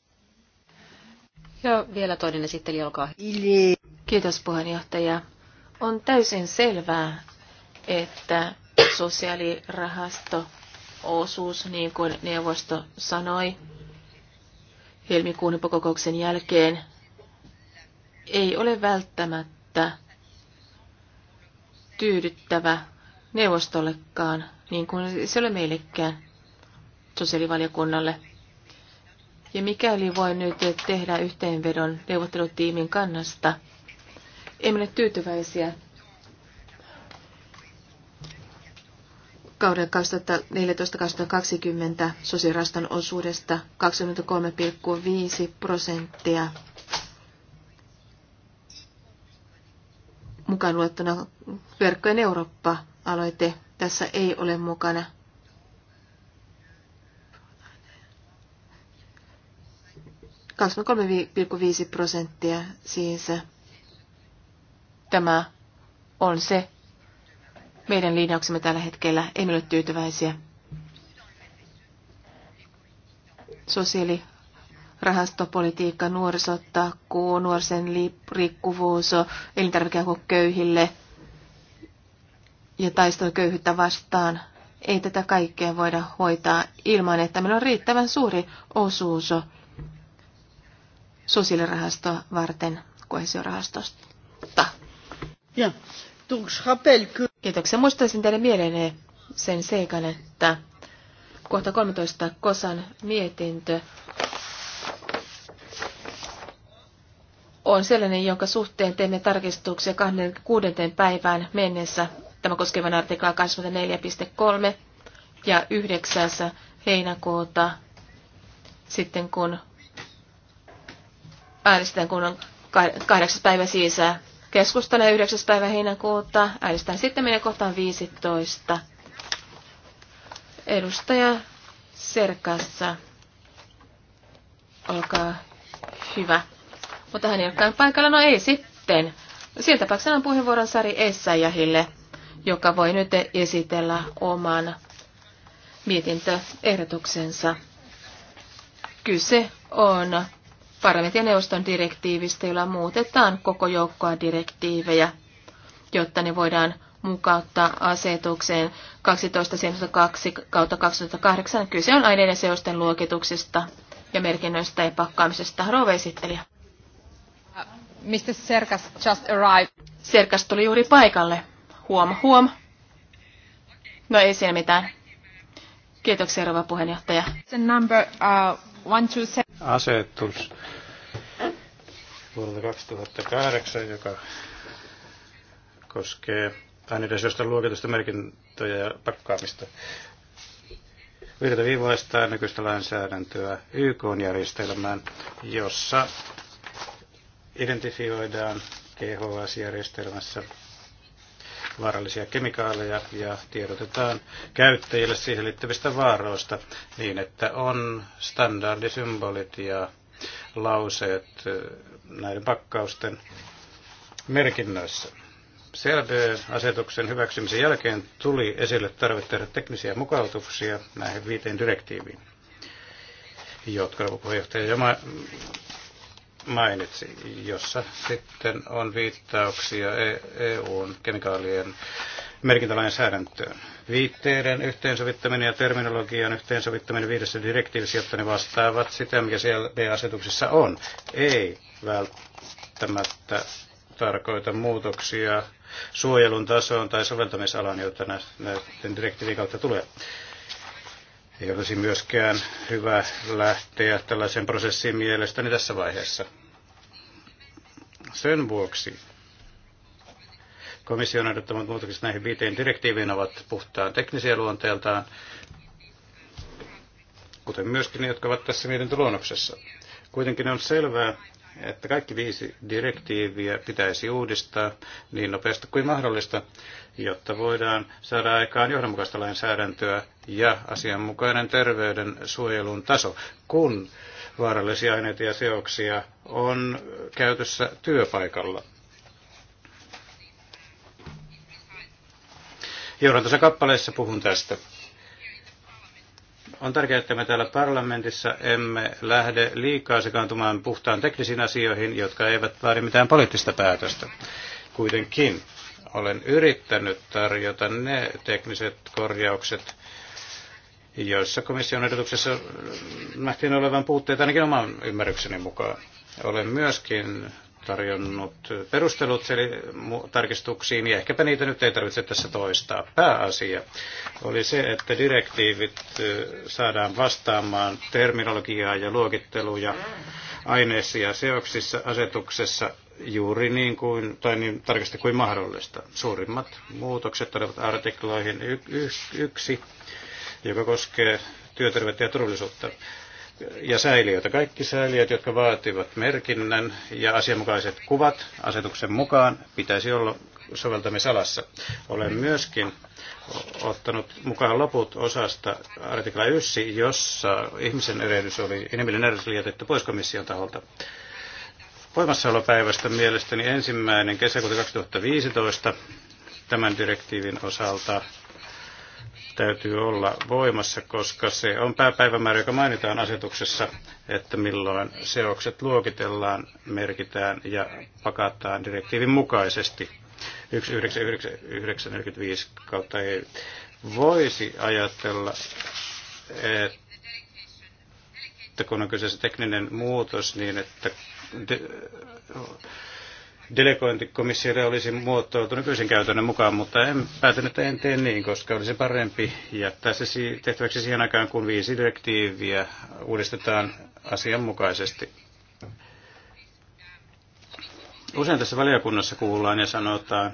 S2: Ja vielä toinen esittely, olkaa hyvä. Kiitos puheenjohtaja. On täysin selvää, että sosiaalirahasto osuus, niin kuin neuvosto sanoi helmikuun kokouksen jälkeen, ei ole välttämättä tyydyttävä neuvostollekaan, niin kuin se ei ole meillekään sosiaalivaliokunnalle. Ja mikäli voi nyt tehdä yhteenvedon neuvottelutiimin kannasta, emme ole tyytyväisiä kauden 2014-2020 sosiaaliraston osuudesta 23,5 prosenttia mukaan luettuna Verkkojen Eurooppa-aloite tässä ei ole mukana. 23,5 prosenttia siinä? Äh, tämä on se meidän linjauksemme tällä hetkellä. Emme ole tyytyväisiä. Sosiaalirahastopolitiikka, rahastopolitiikka, nuorisotakuu, nuorisen liikkuvuus, elintarvikeapu köyhille ja taistelu köyhyyttä vastaan. Ei tätä kaikkea voida hoitaa ilman, että meillä on riittävän suuri osuus sosiaalirahastoa varten kohesiorahastosta. Ja, Kiitoksia. Muistaisin teille mieleen sen seikan, että kohta 13 Kosan mietintö on sellainen, jonka suhteen teemme tarkistuksia 26. päivään mennessä. Tämä koskevan artikla 24.3 ja 9. heinäkuuta sitten kun äänestän kun on kahdeksas päivä siis äh, Keskustelen 9. päivä heinäkuuta. Äänestän sitten meidän kohtaan 15. Edustaja Serkassa. Olkaa hyvä. Mutta hän ei olekaan paikalla. No ei sitten. Siinä tapauksessa on puheenvuoron Sari Essäjähille, joka voi nyt esitellä oman mietintöehdotuksensa. Kyse on parlamentin ja neuvoston direktiivistä, jolla muutetaan koko joukkoa direktiivejä, jotta ne voidaan mukauttaa asetukseen 12.72 kautta 2008. Kyse on aineiden seosten luokituksesta ja merkinnöistä ja pakkaamisesta. Rouva esittelijä. Mr. Serkas just arrived. Serkas tuli juuri paikalle. Huom, huom. No ei siellä mitään. Kiitoksia, rouva puheenjohtaja. Number, uh, one, two,
S3: Asetus vuodelta 2008, joka koskee aineiden syöstä luokitusta merkintöjä ja pakkaamista. Virtaviivaistaa nykyistä lainsäädäntöä YK-järjestelmään, jossa identifioidaan GHS-järjestelmässä vaarallisia kemikaaleja ja tiedotetaan käyttäjille siihen liittyvistä vaaroista niin, että on standardisymbolit ja lauseet näiden pakkausten merkinnöissä. CLB-asetuksen hyväksymisen jälkeen tuli esille tarve tehdä teknisiä mukautuksia näihin viiteen direktiiviin, jotka puheenjohtaja Jama mainitsi, jossa sitten on viittauksia e- EUn kemikaalien merkintälainsäädäntöön. Viitteiden yhteensovittaminen ja terminologian yhteensovittaminen viidessä direktiivissä, jotta ne vastaavat sitä, mikä siellä asetuksessa on, ei välttämättä tarkoita muutoksia suojelun tasoon tai soveltamisalaan, jota näiden direktiivin kautta tulee. Ei olisi myöskään hyvä lähteä tällaisen prosessin mielestäni tässä vaiheessa. Sen vuoksi komission ehdottamat muutokset näihin viiteen direktiiviin ovat puhtaan teknisiä luonteeltaan, kuten myöskin ne, jotka ovat tässä mietintöluonnoksessa. Kuitenkin on selvää, että kaikki viisi direktiiviä pitäisi uudistaa niin nopeasti kuin mahdollista, jotta voidaan saada aikaan johdonmukaista lainsäädäntöä ja asianmukainen terveydensuojelun taso, kun vaarallisia aineita ja seoksia on käytössä työpaikalla. Johdantossa kappaleessa puhun tästä. On tärkeää, että me täällä parlamentissa emme lähde liikaa sekaantumaan puhtaan teknisiin asioihin, jotka eivät vaadi mitään poliittista päätöstä. Kuitenkin olen yrittänyt tarjota ne tekniset korjaukset, joissa komission ehdotuksessa nähtiin olevan puutteita ainakin oman ymmärrykseni mukaan. Olen myöskin tarjonnut perustelut eli tarkistuksiin, ja ehkäpä niitä nyt ei tarvitse tässä toistaa. Pääasia oli se, että direktiivit saadaan vastaamaan terminologiaa ja luokitteluja aineissa ja seoksissa asetuksessa juuri niin kuin, tai niin tarkasti kuin mahdollista. Suurimmat muutokset olivat artikloihin y- y- yksi, joka koskee työterveyttä ja turvallisuutta ja säiliöitä. Kaikki säiliöt, jotka vaativat merkinnän ja asianmukaiset kuvat asetuksen mukaan, pitäisi olla soveltamisalassa. Olen myöskin ottanut mukaan loput osasta artikla 1, jossa ihmisen erehdys oli, inhimillinen erehdys oli jätetty pois komission taholta. Voimassaolopäivästä mielestäni ensimmäinen kesäkuuta 2015 tämän direktiivin osalta täytyy olla voimassa, koska se on pääpäivämäärä, joka mainitaan asetuksessa, että milloin seokset luokitellaan, merkitään ja pakataan direktiivin mukaisesti. 1995 kautta ei voisi ajatella, että kun on kyseessä tekninen muutos, niin että delegointikomissiolle olisi muotoiltu nykyisen käytännön mukaan, mutta en päätänyt, että en tee niin, koska olisi parempi jättää se tehtäväksi siihen aikaan, kun viisi direktiiviä uudistetaan asianmukaisesti. Usein tässä valiokunnassa kuullaan ja sanotaan,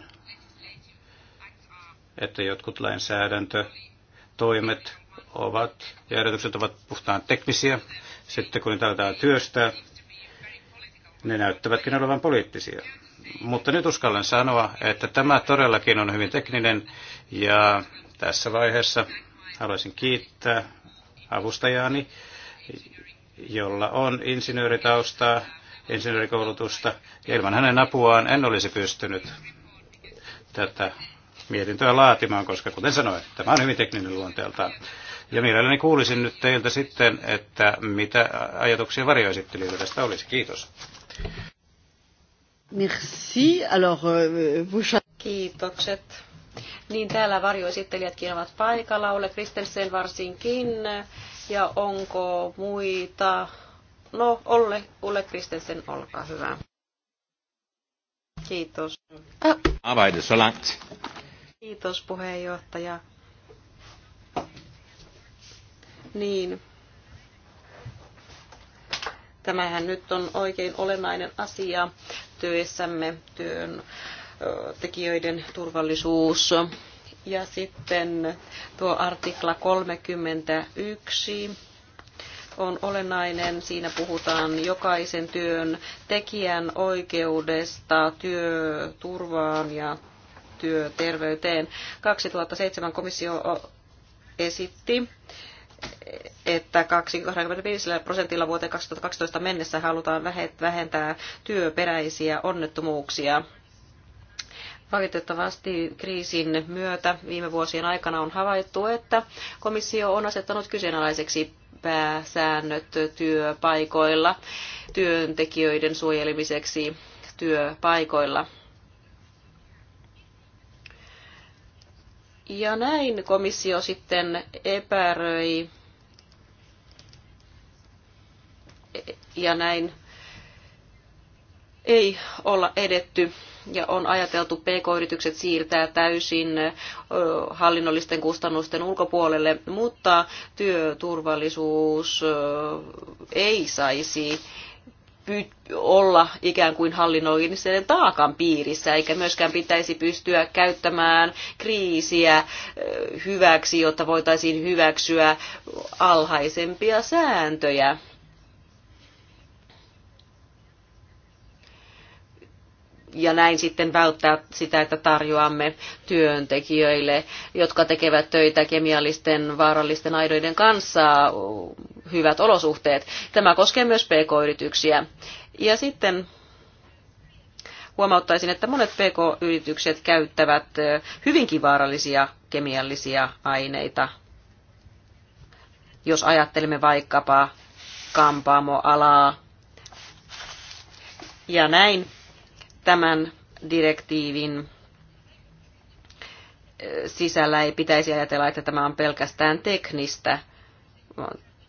S3: että jotkut lainsäädäntötoimet ovat ja ehdotukset ovat puhtaan teknisiä. Sitten kun niitä aletaan työstää, ne näyttävätkin olevan poliittisia. Mutta nyt uskallan sanoa, että tämä todellakin on hyvin tekninen ja tässä vaiheessa haluaisin kiittää avustajaani, jolla on insinööritaustaa, insinöörikoulutusta. ilman hänen apuaan en olisi pystynyt tätä mietintöä laatimaan, koska kuten sanoin, tämä on hyvin tekninen luonteeltaan. Ja mielelläni kuulisin nyt teiltä sitten, että mitä ajatuksia varjoesittelijöillä tästä olisi. Kiitos.
S1: Merci. Alors, euh, vous... Kiitokset. Niin täällä varjoesittelijätkin ovat paikalla, Ole Kristensen varsinkin. Ja onko muita? No, Olle, Ole Kristensen, olkaa hyvä. Kiitos.
S3: Arbeite so langt.
S1: Kiitos puheenjohtaja. Niin. Tämähän nyt on oikein olennainen asia työn tekijöiden turvallisuus. Ja sitten tuo artikla 31 on olennainen. Siinä puhutaan jokaisen työn tekijän oikeudesta työturvaan ja työterveyteen. 2007 komissio esitti että 25 prosentilla vuoteen 2012 mennessä halutaan vähentää työperäisiä onnettomuuksia. Valitettavasti kriisin myötä viime vuosien aikana on havaittu, että komissio on asettanut kyseenalaiseksi pääsäännöt työpaikoilla työntekijöiden suojelemiseksi työpaikoilla. Ja näin komissio sitten epäröi ja näin ei olla edetty ja on ajateltu pk-yritykset siirtää täysin hallinnollisten kustannusten ulkopuolelle, mutta työturvallisuus ei saisi olla ikään kuin hallinnollisen taakan piirissä, eikä myöskään pitäisi pystyä käyttämään kriisiä hyväksi, jotta voitaisiin hyväksyä alhaisempia sääntöjä ja näin sitten välttää sitä, että tarjoamme työntekijöille, jotka tekevät töitä kemiallisten vaarallisten aidoiden kanssa, hyvät olosuhteet. Tämä koskee myös pk-yrityksiä. Ja sitten huomauttaisin, että monet pk-yritykset käyttävät hyvinkin vaarallisia kemiallisia aineita. Jos ajattelemme vaikkapa kampaamoalaa ja näin, tämän direktiivin sisällä ei pitäisi ajatella, että tämä on pelkästään teknistä.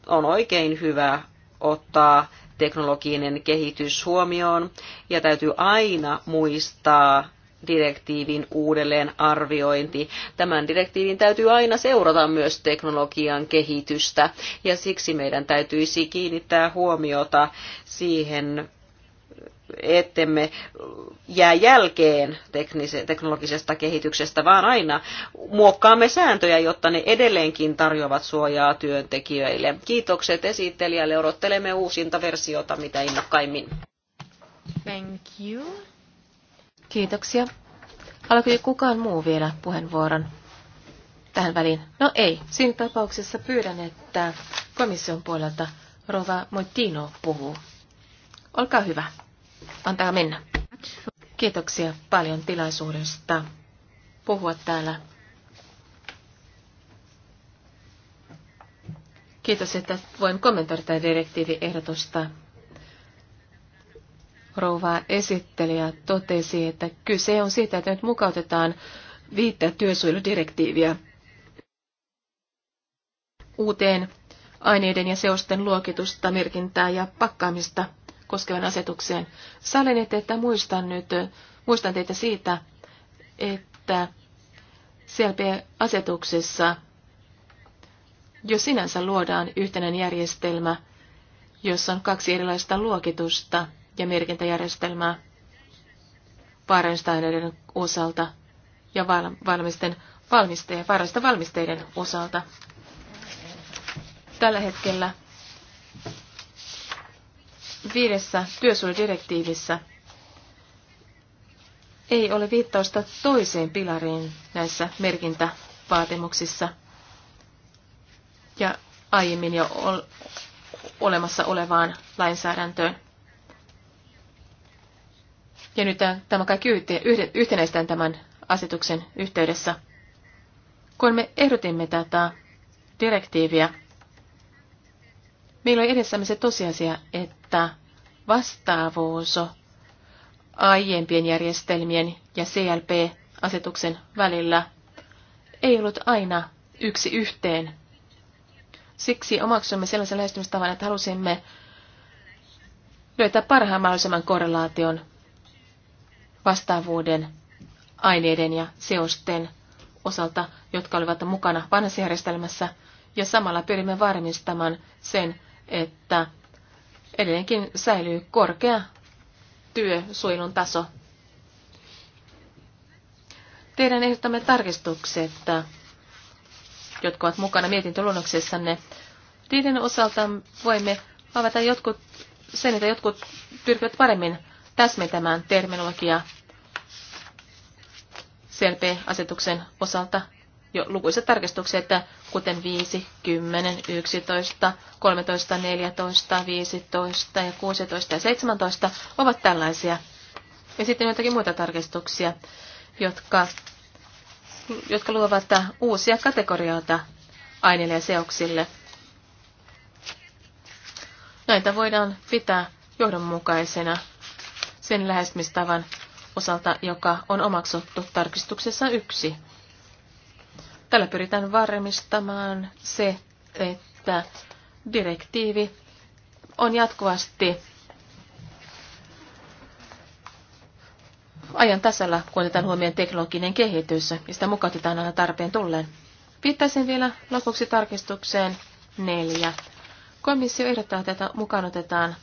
S1: On oikein hyvä ottaa teknologinen kehitys huomioon ja täytyy aina muistaa direktiivin uudelleen arviointi. Tämän direktiivin täytyy aina seurata myös teknologian kehitystä ja siksi meidän täytyisi kiinnittää huomiota siihen ettemme jää jälkeen teknologisesta kehityksestä, vaan aina muokkaamme sääntöjä, jotta ne edelleenkin tarjoavat suojaa työntekijöille. Kiitokset esittelijälle. Odottelemme uusinta versiota mitä innokkaimmin.
S2: Thank you. Kiitoksia. Haluatko kukaan muu vielä puheenvuoron tähän väliin? No ei. Siinä tapauksessa pyydän, että komission puolelta Rova Moitino puhuu. Olkaa hyvä antaa mennä. Kiitoksia paljon tilaisuudesta puhua täällä. Kiitos, että voin kommentoida tätä direktiiviehdotusta. Rouva esittelijä totesi, että kyse on siitä, että nyt mukautetaan viittä työsuojeludirektiiviä uuteen aineiden ja seosten luokitusta, merkintää ja pakkaamista koskevan asetukseen. Sallin, että, että muistan nyt, muistan teitä siitä, että CLP-asetuksessa jo sinänsä luodaan yhtenäinen järjestelmä, jossa on kaksi erilaista luokitusta ja merkintäjärjestelmää Barensteinerin osalta ja valmisten valmisteiden, valmisteiden osalta. Tällä hetkellä viidessä työsuojeldirektiivissä ei ole viittausta toiseen pilariin näissä merkintävaatimuksissa. Ja aiemmin jo olemassa olevaan lainsäädäntöön. Ja nyt tämä kaikki yhtenäistään tämän asetuksen yhteydessä. Kun me ehdotimme tätä direktiiviä, Meillä on edessämme se tosiasia, että vastaavuus aiempien järjestelmien ja CLP-asetuksen välillä ei ollut aina yksi yhteen. Siksi omaksumme sellaisen lähestymistavan, että halusimme löytää parhaan mahdollisimman korrelaation vastaavuuden aineiden ja seosten osalta, jotka olivat mukana vanhassa järjestelmässä, ja samalla pyrimme varmistamaan sen, että edelleenkin säilyy korkea työsuojelun taso. Teidän ehdottamme tarkistukset, jotka ovat mukana mietintöluonnoksessanne, niiden osalta voimme avata jotkut, sen, että jotkut pyrkivät paremmin täsmentämään terminologiaa CLP-asetuksen osalta jo lukuisat tarkistukset, kuten 5, 10, 11, 13, 14, 15 ja 16 ja 17 ovat tällaisia. Ja sitten joitakin muita tarkistuksia, jotka, jotka luovat uusia kategorioita aineille ja seoksille. Näitä voidaan pitää johdonmukaisena sen lähestymistavan osalta, joka on omaksuttu tarkistuksessa yksi. Tällä pyritään varmistamaan se, että direktiivi on jatkuvasti ajan tasalla, kun otetaan huomioon teknologinen kehitys ja sitä mukautetaan aina tarpeen tulleen. Viittaisin vielä lopuksi tarkistukseen neljä. Komissio ehdottaa, että tätä mukaan otetaan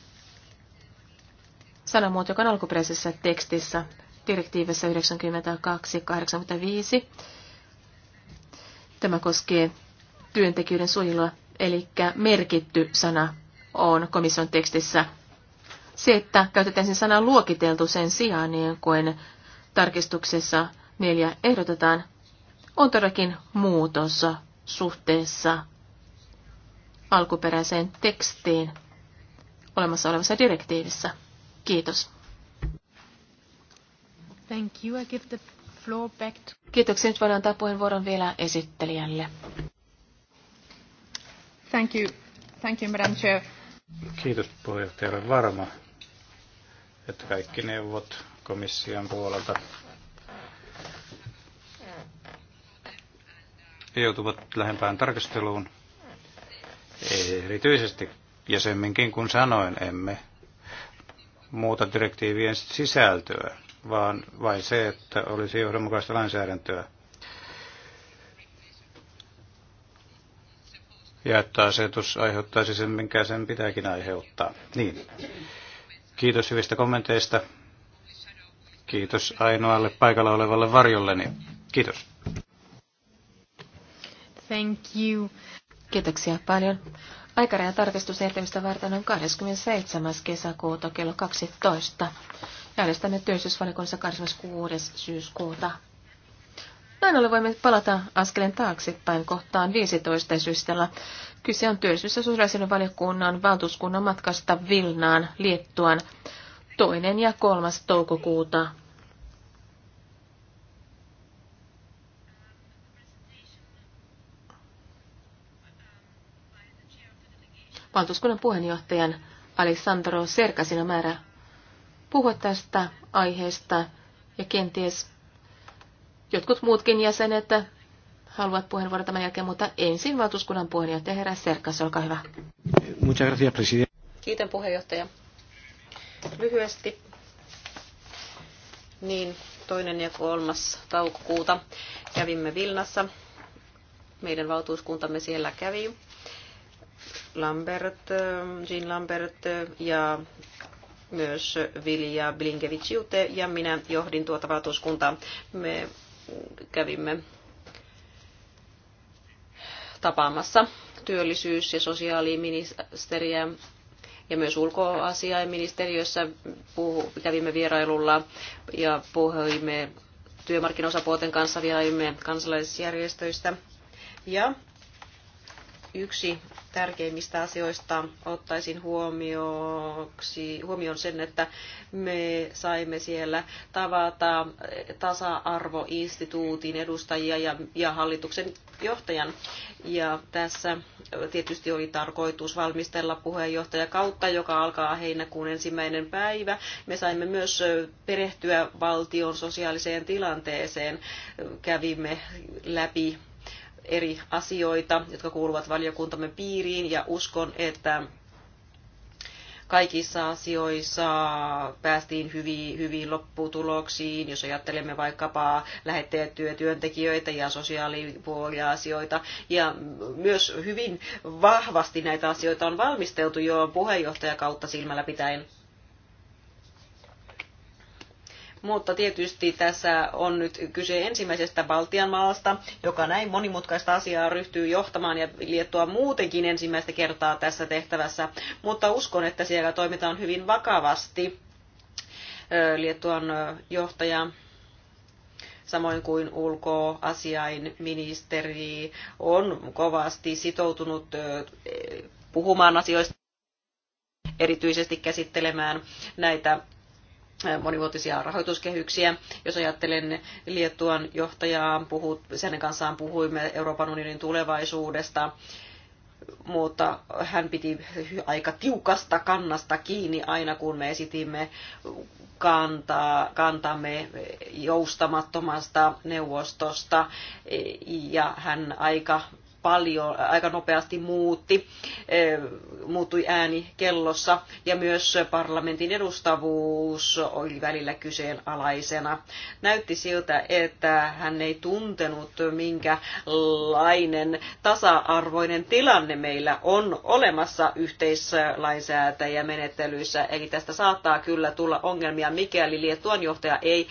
S2: sanamuoto, joka on alkuperäisessä tekstissä direktiivissä 9285. Tämä koskee työntekijöiden suojelua, eli merkitty sana on komission tekstissä. Se, että käytetään sen sanaa luokiteltu sen sijaan, niin kuin tarkistuksessa neljä ehdotetaan, on todellakin muutos suhteessa alkuperäiseen tekstiin olemassa olevassa direktiivissä. Kiitos. Thank you. I give the floor back to... Kiitoksia. Nyt voidaan antaa puheenvuoron vielä esittelijälle. Thank you. Thank you, Madam Chair.
S3: Kiitos puheenjohtaja. Olen varma, että kaikki neuvot komission puolelta joutuvat lähempään tarkasteluun. Erityisesti jäsemminkin, kun sanoin, emme muuta direktiivien sisältöä vaan vain se, että olisi johdonmukaista lainsäädäntöä. Ja että asetus aiheuttaisi sen, minkä sen pitääkin aiheuttaa. Niin. Kiitos hyvistä kommenteista. Kiitos ainoalle paikalla olevalle varjolleni. Kiitos.
S2: Thank you. Kiitoksia paljon. Aikaraja ehtimistä varten on 27. kesäkuuta kello 12. Järjestämme työllisyysvalikunnassa 26. syyskuuta. Näin ollen voimme palata askeleen taaksepäin kohtaan 15 syystellä. Kyse on työllisyys- ja sosiaalisen valiokunnan valtuuskunnan matkasta Vilnaan, Liettuan, toinen ja kolmas toukokuuta Valtuuskunnan puheenjohtajan Alessandro Serkasin on määrä puhua tästä aiheesta ja kenties jotkut muutkin jäsenet haluavat puheenvuoron tämän jälkeen, mutta ensin valtuuskunnan puheenjohtaja herra Serkas, olkaa hyvä.
S1: Kiitän puheenjohtaja. Lyhyesti niin toinen ja kolmas taukokuuta kävimme Vilnassa. Meidän valtuuskuntamme siellä kävi Lambert, eh, Jean Lambert eh, ja myös Vilja blinkevich ja minä johdin tuota valtuuskuntaa. Me kävimme tapaamassa työllisyys- ja sosiaaliministeriä ja myös ulkoasiainministeriössä puhu, kävimme vierailulla ja puhuimme työmarkkinosapuolten kanssa, vierailimme kansalaisjärjestöistä. Ja yksi tärkeimmistä asioista ottaisin huomioksi, huomioon sen, että me saimme siellä tavata tasa-arvoinstituutin edustajia ja, ja hallituksen johtajan. Ja tässä tietysti oli tarkoitus valmistella puheenjohtaja kautta, joka alkaa heinäkuun ensimmäinen päivä. Me saimme myös perehtyä valtion sosiaaliseen tilanteeseen. Kävimme läpi eri asioita, jotka kuuluvat valiokuntamme piiriin ja uskon, että kaikissa asioissa päästiin hyviin, hyviin lopputuloksiin, jos ajattelemme vaikkapa lähettäjätyö, työntekijöitä ja sosiaalipuolia asioita. Ja myös hyvin vahvasti näitä asioita on valmisteltu jo puheenjohtajakautta silmällä pitäen. Mutta tietysti tässä on nyt kyse ensimmäisestä Baltian maasta, joka näin monimutkaista asiaa ryhtyy johtamaan ja liettua muutenkin ensimmäistä kertaa tässä tehtävässä. Mutta uskon, että siellä toimitaan hyvin vakavasti. Liettuan johtaja samoin kuin ulkoasiainministeri on kovasti sitoutunut puhumaan asioista erityisesti käsittelemään näitä monivuotisia rahoituskehyksiä. Jos ajattelen Liettuan johtajaa, puhut, sen kanssaan puhuimme Euroopan unionin tulevaisuudesta, mutta hän piti aika tiukasta kannasta kiinni aina, kun me esitimme kantaa, kantamme joustamattomasta neuvostosta, ja hän aika paljon, aika nopeasti muutti, eh, muuttui ääni kellossa ja myös parlamentin edustavuus oli välillä kyseenalaisena. Näytti siltä, että hän ei tuntenut minkälainen tasa-arvoinen tilanne meillä on olemassa menettelyissä. eli tästä saattaa kyllä tulla ongelmia, mikäli Liettuan johtaja ei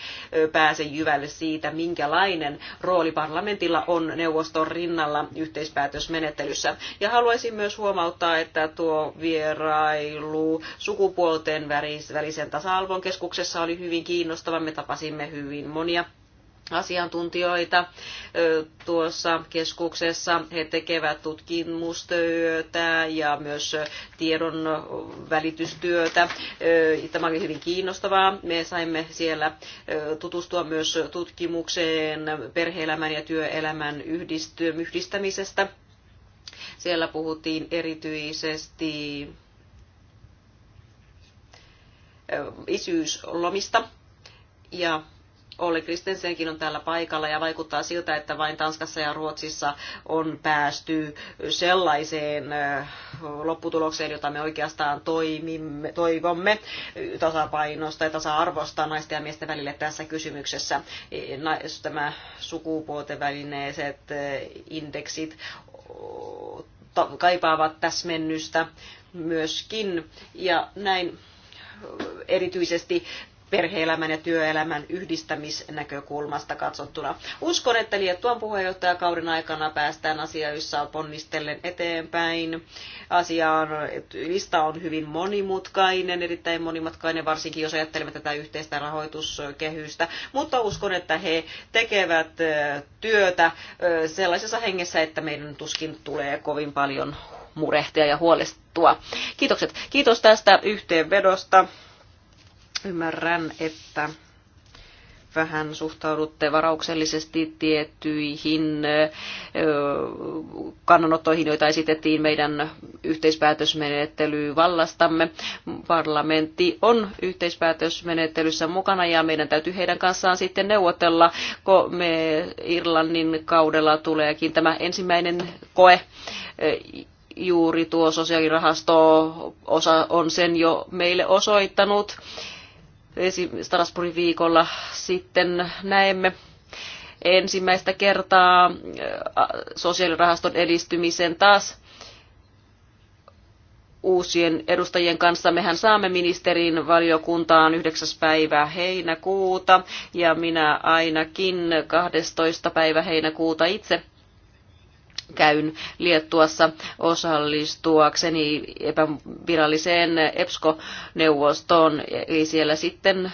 S1: pääse jyvälle siitä, minkälainen rooli parlamentilla on neuvoston rinnalla yhteis yhteispäätösmenettelyssä. Ja haluaisin myös huomauttaa, että tuo vierailu sukupuolten välisen tasa-arvon keskuksessa oli hyvin kiinnostava. Me tapasimme hyvin monia asiantuntijoita tuossa keskuksessa. He tekevät tutkimustyötä ja myös tiedon välitystyötä. Tämä oli hyvin kiinnostavaa. Me saimme siellä tutustua myös tutkimukseen perheelämän ja työelämän yhdistämisestä. Siellä puhuttiin erityisesti isyyslomista ja Olli Kristensenkin on täällä paikalla ja vaikuttaa siltä, että vain Tanskassa ja Ruotsissa on päästy sellaiseen äh, lopputulokseen, jota me oikeastaan toimimme, toivomme tasapainosta ja tasa-arvosta naisten ja miesten välille tässä kysymyksessä. Tämä sukupuolten välineiset äh, indeksit kaipaavat täsmennystä myöskin ja näin erityisesti perheelämän ja työelämän yhdistämisnäkökulmasta katsottuna. Uskon, että Liettuan puheenjohtajakauden aikana päästään asioissa ponnistellen eteenpäin. Asiaan lista on hyvin monimutkainen, erittäin monimutkainen, varsinkin jos ajattelemme tätä yhteistä rahoituskehystä, mutta uskon, että he tekevät työtä sellaisessa hengessä, että meidän tuskin tulee kovin paljon murehtia ja huolestua. Kiitokset. Kiitos tästä yhteenvedosta. Ymmärrän, että vähän suhtaudutte varauksellisesti tiettyihin kannanottoihin, joita esitettiin meidän yhteispäätösmenettelyvallastamme. Parlamentti on yhteispäätösmenettelyssä mukana ja meidän täytyy heidän kanssaan sitten neuvotella, kun me Irlannin kaudella tuleekin tämä ensimmäinen koe juuri tuo sosiaalirahasto osa on sen jo meille osoittanut Strasbourgin viikolla sitten näemme ensimmäistä kertaa äh, sosiaalirahaston edistymisen taas uusien edustajien kanssa. Mehän saamme ministerin valiokuntaan 9. päivä heinäkuuta ja minä ainakin 12. päivä heinäkuuta itse käyn Liettuassa osallistuakseni epäviralliseen EPSCO-neuvostoon. Eli siellä sitten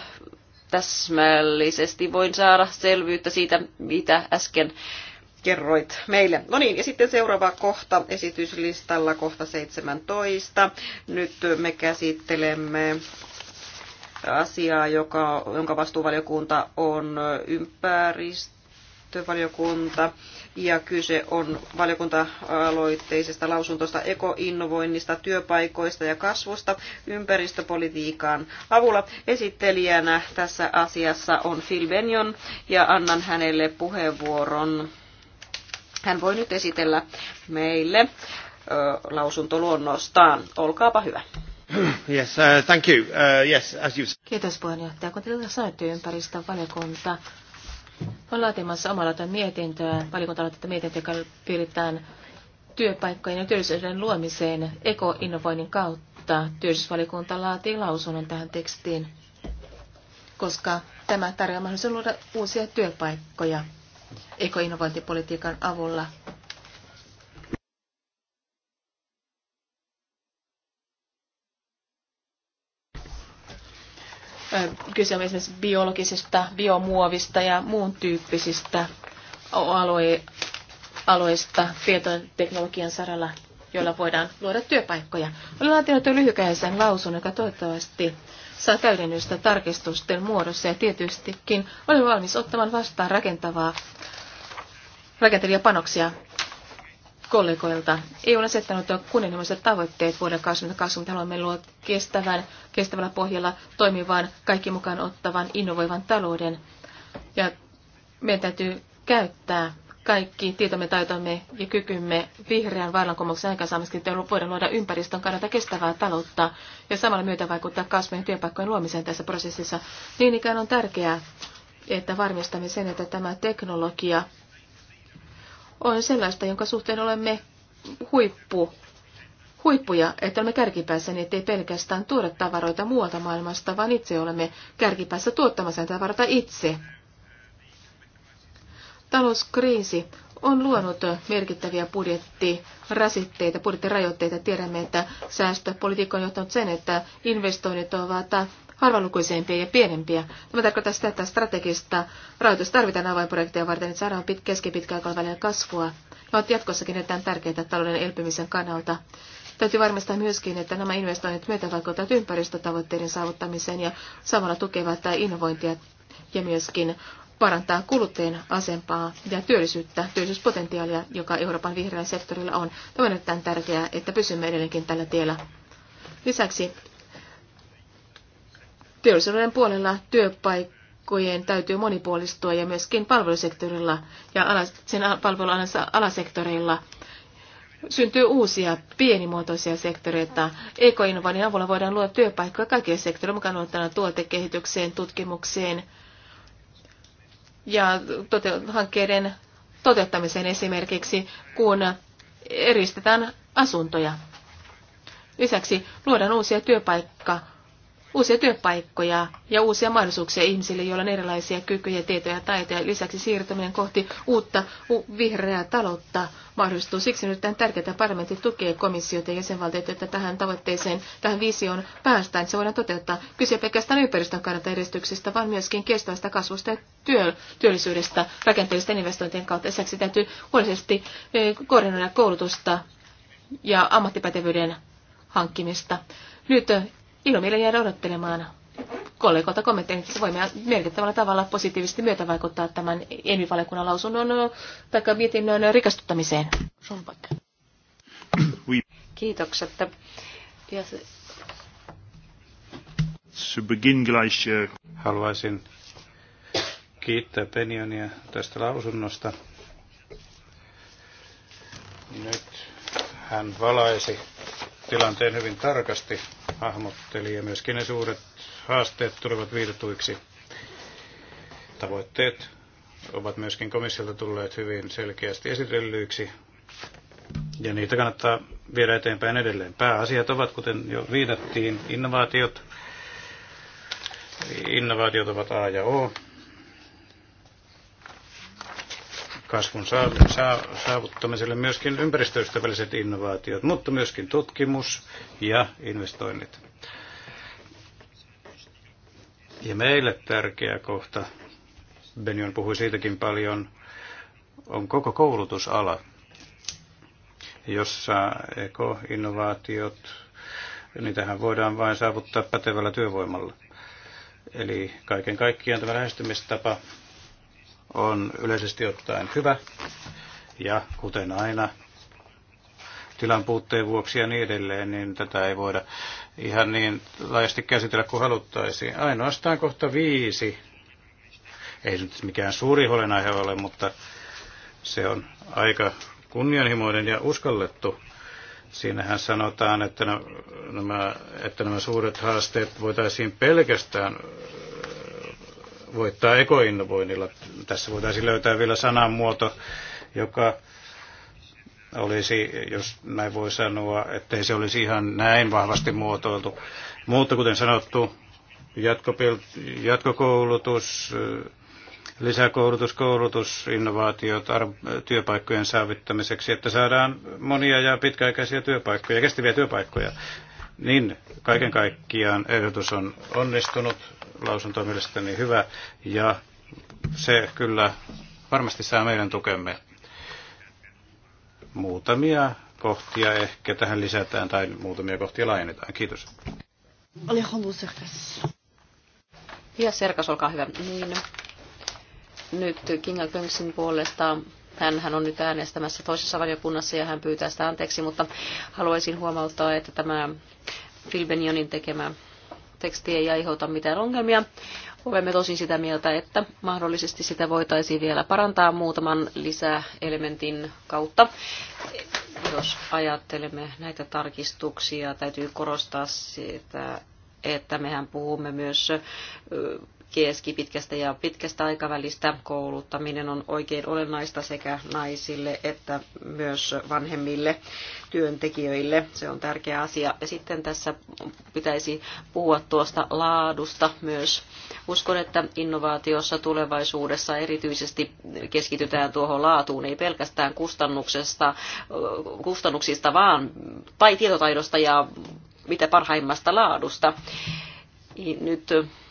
S1: täsmällisesti voin saada selvyyttä siitä, mitä äsken kerroit meille. No niin, ja sitten seuraava kohta esityslistalla, kohta 17. Nyt me käsittelemme asiaa, joka, jonka vastuuvaliokunta on ympäristövaliokunta ja kyse on valiokunta-aloitteisesta lausuntosta ekoinnovoinnista, työpaikoista ja kasvusta ympäristöpolitiikan avulla. Esittelijänä tässä asiassa on Phil Benjon ja annan hänelle puheenvuoron. Hän voi nyt esitellä meille lausuntoluonnostaan. Olkaapa hyvä.
S3: Yes, uh, thank you. Uh, yes, as you've... Kiitos
S2: puheenjohtaja. Kun sanoitte ympäristövaliokunta on laatimassa omalla tämän mietintöä, valiokunta tätä mietintöä, joka pyritään työpaikkojen ja työllisyyden luomiseen ekoinnovoinnin kautta. Työllisyysvaliokunta laatii lausunnon tähän tekstiin, koska tämä tarjoaa mahdollisuuden luoda uusia työpaikkoja ekoinnovointipolitiikan avulla. Kyse on esimerkiksi biologisista, biomuovista ja muun tyyppisistä alue, aloista tietoteknologian saralla, joilla voidaan luoda työpaikkoja. Olen laatinut jo lyhykäisen lausun, joka toivottavasti saa täydennystä tarkistusten muodossa ja tietystikin olen valmis ottamaan vastaan rakentavaa rakentavia panoksia kollegoilta. EU on asettanut kunnianhimoiset tavoitteet vuoden 2020. Haluamme luoda kestävän, kestävällä pohjalla toimivan, kaikki mukaan ottavan, innovoivan talouden. Ja meidän täytyy käyttää kaikki tietomme, taitomme ja kykymme vihreän vallankumouksen aikaansaamiseksi, että voidaan luoda ympäristön kannalta kestävää taloutta ja samalla myötä vaikuttaa kasvien työpaikkojen luomiseen tässä prosessissa. Niin ikään on tärkeää, että varmistamme sen, että tämä teknologia on sellaista, jonka suhteen olemme huippu, huippuja, että olemme kärkipäässä, niin ettei pelkästään tuoda tavaroita muualta maailmasta, vaan itse olemme kärkipäässä tuottamassa tavaroita itse. Talouskriisi on luonut merkittäviä budjettirasitteita, budjettirajoitteita. Tiedämme, että säästöpolitiikka on johtanut sen, että investoinnit ovat harvalukuisempia ja pienempiä. Tämä tarkoittaa sitä, että strategista rahoitusta tarvitaan avainprojekteja varten, että saadaan pit- keskipitkällä ja kasvua. Ne ovat jatkossakin erittäin tärkeitä talouden elpymisen kannalta. Täytyy varmistaa myöskin, että nämä investoinnit myötävaikuttavat ympäristötavoitteiden saavuttamiseen ja samalla tukevat innovointia ja myöskin parantaa kuluttajien asempaa ja työllisyyttä, työllisyyspotentiaalia, joka Euroopan vihreällä sektorilla on. Tämä on erittäin tärkeää, että pysymme edelleenkin tällä tiellä. Lisäksi teollisuuden puolella työpaikkojen täytyy monipuolistua ja myöskin palvelusektorilla ja sen palvelualan alasektoreilla syntyy uusia pienimuotoisia sektoreita. Ekoinnovoinnin avulla voidaan luoda työpaikkoja kaikille sektoreille, mukaan luettuna tuotekehitykseen, tutkimukseen ja tote- hankkeiden toteuttamiseen esimerkiksi, kun eristetään asuntoja. Lisäksi luodaan uusia työpaikkoja uusia työpaikkoja ja uusia mahdollisuuksia ihmisille, joilla on erilaisia kykyjä, tietoja ja taitoja. Lisäksi siirtyminen kohti uutta vihreää taloutta mahdollistuu. Siksi nyt tämän tärkeää parlamentti tukee komissiota ja jäsenvaltioita, että tähän tavoitteeseen, tähän visioon päästään. Niin se voidaan toteuttaa. Kyse pelkästään ympäristön kannalta edistyksestä, vaan myöskin kestävästä kasvusta ja työ, työllisyydestä rakenteellisten investointien kautta. Lisäksi täytyy huolellisesti e, koordinoida koulutusta ja ammattipätevyyden hankkimista. Nyt Ilomielellä jäädä odottelemaan kollegoilta kommentteja, että voimme merkittävällä tavalla positiivisesti myötävaikuttaa tämän EMI-valiokunnan lausunnon tai mietinnön rikastuttamiseen. Kiitokset. Ja se...
S3: Uh, Haluaisin kiittää Penionia tästä lausunnosta. Nyt hän valaisi tilanteen hyvin tarkasti hahmotteli ja myöskin ne suuret haasteet tulevat viidetuiksi Tavoitteet ovat myöskin komissiolta tulleet hyvin selkeästi esitellyiksi ja niitä kannattaa viedä eteenpäin edelleen. Pääasiat ovat, kuten jo viitattiin, innovaatiot. Innovaatiot ovat A ja O kasvun saavuttamiselle myöskin ympäristöystävälliset innovaatiot, mutta myöskin tutkimus ja investoinnit. Ja meille tärkeä kohta, Benjon puhui siitäkin paljon, on koko koulutusala, jossa ekoinnovaatiot, niitähän voidaan vain saavuttaa pätevällä työvoimalla. Eli kaiken kaikkiaan tämä lähestymistapa on yleisesti ottaen hyvä ja kuten aina tilan puutteen vuoksi ja niin edelleen, niin tätä ei voida ihan niin laajasti käsitellä kuin haluttaisiin. Ainoastaan kohta viisi, ei nyt siis mikään suuri huolenaihe ole, mutta se on aika kunnianhimoinen ja uskallettu. Siinähän sanotaan, että no, nämä, että nämä suuret haasteet voitaisiin pelkästään voittaa ekoinnovoinnilla. Tässä voitaisiin löytää vielä sananmuoto, joka olisi, jos näin voi sanoa, ettei se olisi ihan näin vahvasti muotoiltu. Mutta kuten sanottu, jatkokoulutus, lisäkoulutus, koulutus, innovaatiot työpaikkojen saavittamiseksi, että saadaan monia ja pitkäaikaisia työpaikkoja, kestäviä työpaikkoja niin, kaiken kaikkiaan ehdotus on onnistunut, lausunto on mielestäni hyvä ja se kyllä varmasti saa meidän tukemme. Muutamia kohtia ehkä tähän lisätään tai muutamia kohtia laajennetaan. Kiitos. Alejandro Serkas.
S1: Ja Serkas, olkaa hyvä. Niin, nyt Kinga Köngsin puolesta hän on nyt äänestämässä toisessa valiokunnassa ja hän pyytää sitä anteeksi, mutta haluaisin huomauttaa, että tämä Filbenionin tekemä teksti ei aiheuta mitään ongelmia. Olemme tosin sitä mieltä, että mahdollisesti sitä voitaisiin vielä parantaa muutaman lisäelementin kautta. Jos ajattelemme näitä tarkistuksia, täytyy korostaa sitä, että mehän puhumme myös keskipitkästä ja pitkästä aikavälistä kouluttaminen on oikein olennaista sekä naisille että myös vanhemmille työntekijöille. Se on tärkeä asia. Ja sitten tässä pitäisi puhua tuosta laadusta myös. Uskon, että innovaatiossa tulevaisuudessa erityisesti keskitytään tuohon laatuun, ei pelkästään kustannuksesta, kustannuksista, vaan tai tietotaidosta ja mitä parhaimmasta laadusta nyt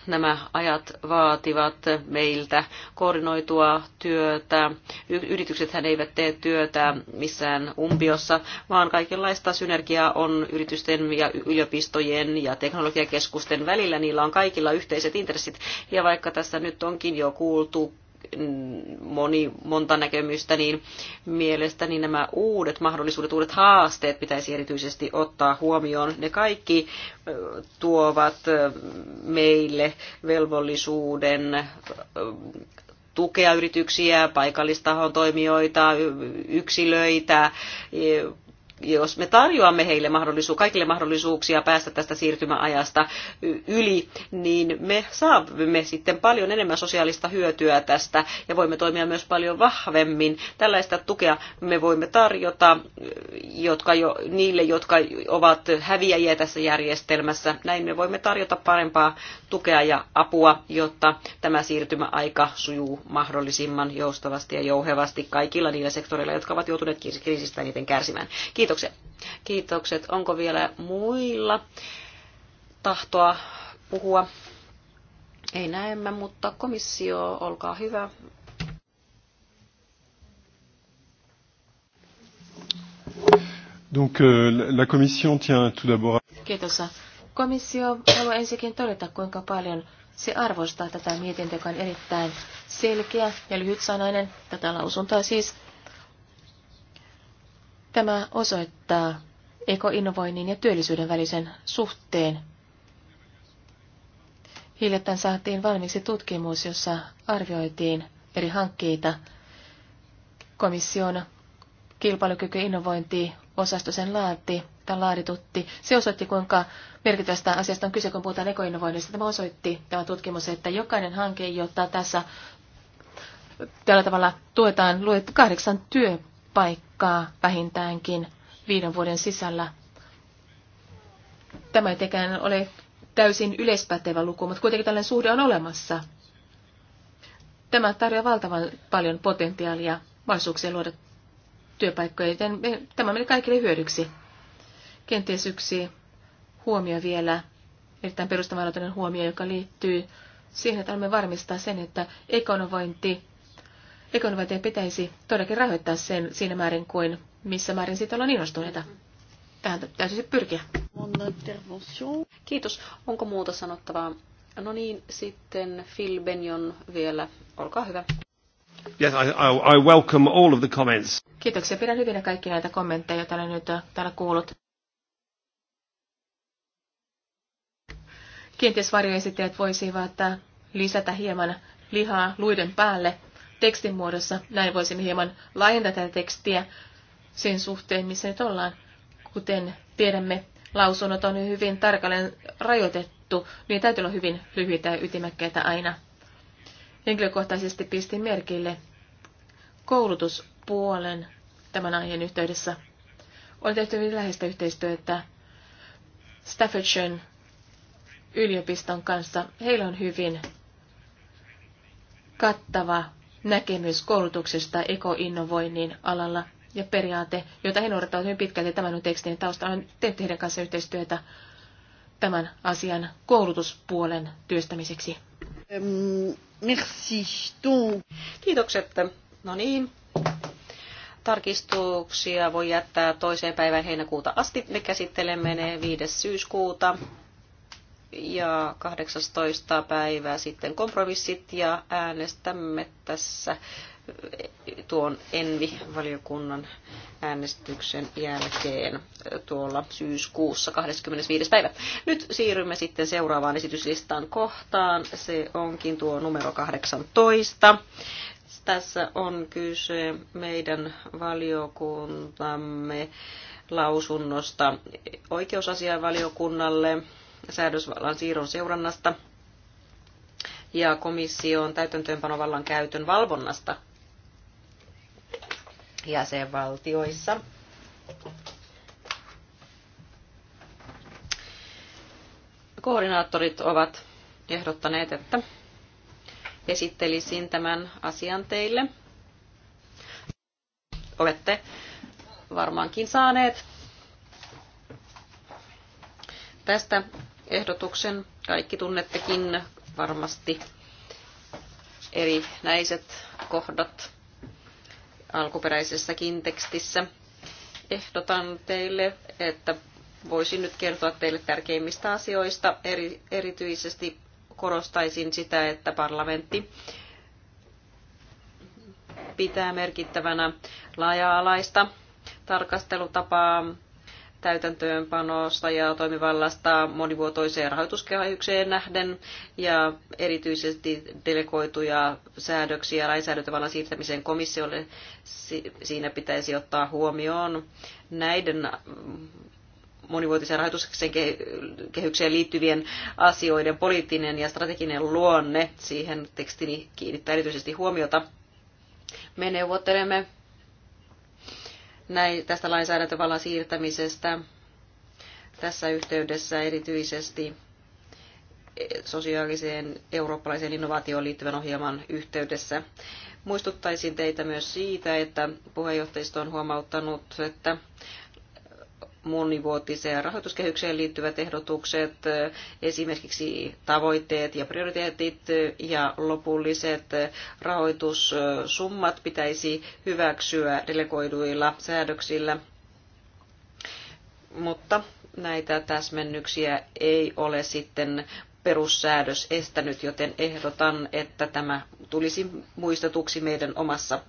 S1: nämä ajat vaativat meiltä koordinoitua työtä. Yrityksethän eivät tee työtä missään umpiossa, vaan kaikenlaista synergiaa on yritysten ja yliopistojen ja teknologiakeskusten välillä. Niillä on kaikilla yhteiset intressit. Ja vaikka tässä nyt onkin jo kuultu moni, monta näkemystä, niin mielestäni nämä uudet mahdollisuudet, uudet haasteet pitäisi erityisesti ottaa huomioon. Ne kaikki tuovat meille velvollisuuden tukea yrityksiä, paikallistahon toimijoita, yksilöitä, e, jos me tarjoamme heille mahdollisuus, kaikille mahdollisuuksia päästä tästä siirtymäajasta yli, niin me saamme sitten paljon enemmän sosiaalista hyötyä tästä ja voimme toimia myös paljon vahvemmin. Tällaista tukea me voimme tarjota jotka jo, niille, jotka ovat häviäjiä tässä järjestelmässä. Näin me voimme tarjota parempaa tukea ja apua, jotta tämä siirtymäaika sujuu mahdollisimman joustavasti ja jouhevasti kaikilla niillä sektoreilla, jotka ovat joutuneet kriisistä eniten kärsimään. Kiitos Kiitokset. Kiitokset. Onko vielä muilla tahtoa puhua? Ei näemmä, mutta komissio, olkaa hyvä.
S3: Donc, euh, la commission tient tout d'abord...
S2: Kiitos. Komissio haluaa ensikin todeta, kuinka paljon se arvostaa tätä mietintöä, joka on erittäin selkeä ja lyhytsanainen, tätä lausuntoa siis, Tämä osoittaa ekoinnovoinnin ja työllisyyden välisen suhteen. Hiljattain saatiin valmiiksi tutkimus, jossa arvioitiin eri hankkeita. Komission kilpailukyky innovointi osasto sen laatti tai laaditutti. Se osoitti, kuinka merkittävästä asiasta on kyse, kun puhutaan ekoinnovoinnista. Tämä osoitti tämä tutkimus, että jokainen hanke, jota tässä tällä tavalla tuetaan, luet kahdeksan työ, paikkaa vähintäänkin viiden vuoden sisällä. Tämä ei tekään ole täysin yleispätevä luku, mutta kuitenkin tällainen suhde on olemassa. Tämä tarjoaa valtavan paljon potentiaalia mahdollisuuksia luoda työpaikkoja, joten tämä meni kaikille hyödyksi. Kenties yksi huomio vielä, erittäin perustavanlaatuinen huomio, joka liittyy siihen, että olemme varmistaa sen, että ekonovointi ekonomiteen pitäisi todellakin rahoittaa sen siinä määrin kuin missä määrin siitä ollaan innostuneita. Tähän täytyisi pyrkiä.
S1: Kiitos. Onko muuta sanottavaa? No niin,
S2: sitten Phil Benjon vielä. Olkaa hyvä. Yes, I, I, I welcome all of the comments. Kiitoksia. Pidän hyvinä kaikki näitä kommentteja, joita olen nyt äh, täällä kuullut. Kiinteisvarjoesittäjät voisivat äh, lisätä hieman lihaa luiden päälle tekstin muodossa. Näin voisimme hieman laajentaa tätä tekstiä sen suhteen, missä nyt ollaan. Kuten tiedämme, lausunnot on hyvin tarkalleen rajoitettu, niin täytyy olla hyvin lyhyitä ja ytimäkkäitä aina. Henkilökohtaisesti pistin merkille koulutuspuolen tämän aiheen yhteydessä. On tehty hyvin läheistä yhteistyötä Staffordshire yliopiston kanssa. Heillä on hyvin kattava näkemys koulutuksesta ekoinnovoinnin alalla ja periaate, jota he noudattavat hyvin pitkälti tämän tekstin taustalla. on tehty heidän kanssa yhteistyötä tämän asian koulutuspuolen työstämiseksi. Merci. Kiitokset. No
S1: niin. Tarkistuksia voi jättää toiseen päivään heinäkuuta asti. Me käsittelemme ne 5. syyskuuta ja 18. päivää sitten kompromissit ja äänestämme tässä eh, tuon Envi-valiokunnan äänestyksen jälkeen eh, tuolla syyskuussa 25. päivä. Nyt siirrymme sitten seuraavaan esityslistan kohtaan. Se onkin tuo numero 18. Tässä on kyse meidän valiokuntamme lausunnosta oikeusasiainvaliokunnalle. valiokunnalle säädösvallan siirron seurannasta ja komission täytäntöönpanovallan käytön valvonnasta jäsenvaltioissa. Koordinaattorit ovat ehdottaneet, että esittelisin tämän asian teille. Olette varmaankin saaneet tästä ehdotuksen. Kaikki tunnettekin varmasti eri näiset kohdat alkuperäisessäkin tekstissä. Ehdotan teille, että voisin nyt kertoa teille tärkeimmistä asioista. Eri, erityisesti korostaisin sitä, että parlamentti pitää merkittävänä laaja-alaista tarkastelutapaa täytäntöönpanosta ja toimivallasta monivuotoiseen rahoituskehykseen nähden ja erityisesti delegoituja säädöksiä lainsäädäntövallan siirtämiseen komissiolle siinä pitäisi ottaa huomioon näiden monivuotiseen rahoitukseen kehykseen liittyvien asioiden poliittinen ja strateginen luonne. Siihen tekstini kiinnittää erityisesti huomiota. Me neuvottelemme näin, tästä lainsäädäntövallan siirtämisestä tässä yhteydessä erityisesti sosiaaliseen eurooppalaiseen innovaatioon liittyvän ohjelman yhteydessä. Muistuttaisin teitä myös siitä, että puheenjohtajisto on huomauttanut, että monivuotiseen rahoituskehykseen liittyvät ehdotukset, esimerkiksi tavoitteet ja prioriteetit ja lopulliset rahoitussummat pitäisi hyväksyä delegoiduilla säädöksillä. Mutta näitä täsmennyksiä ei ole sitten perussäädös estänyt, joten ehdotan, että tämä tulisi muistetuksi meidän omassa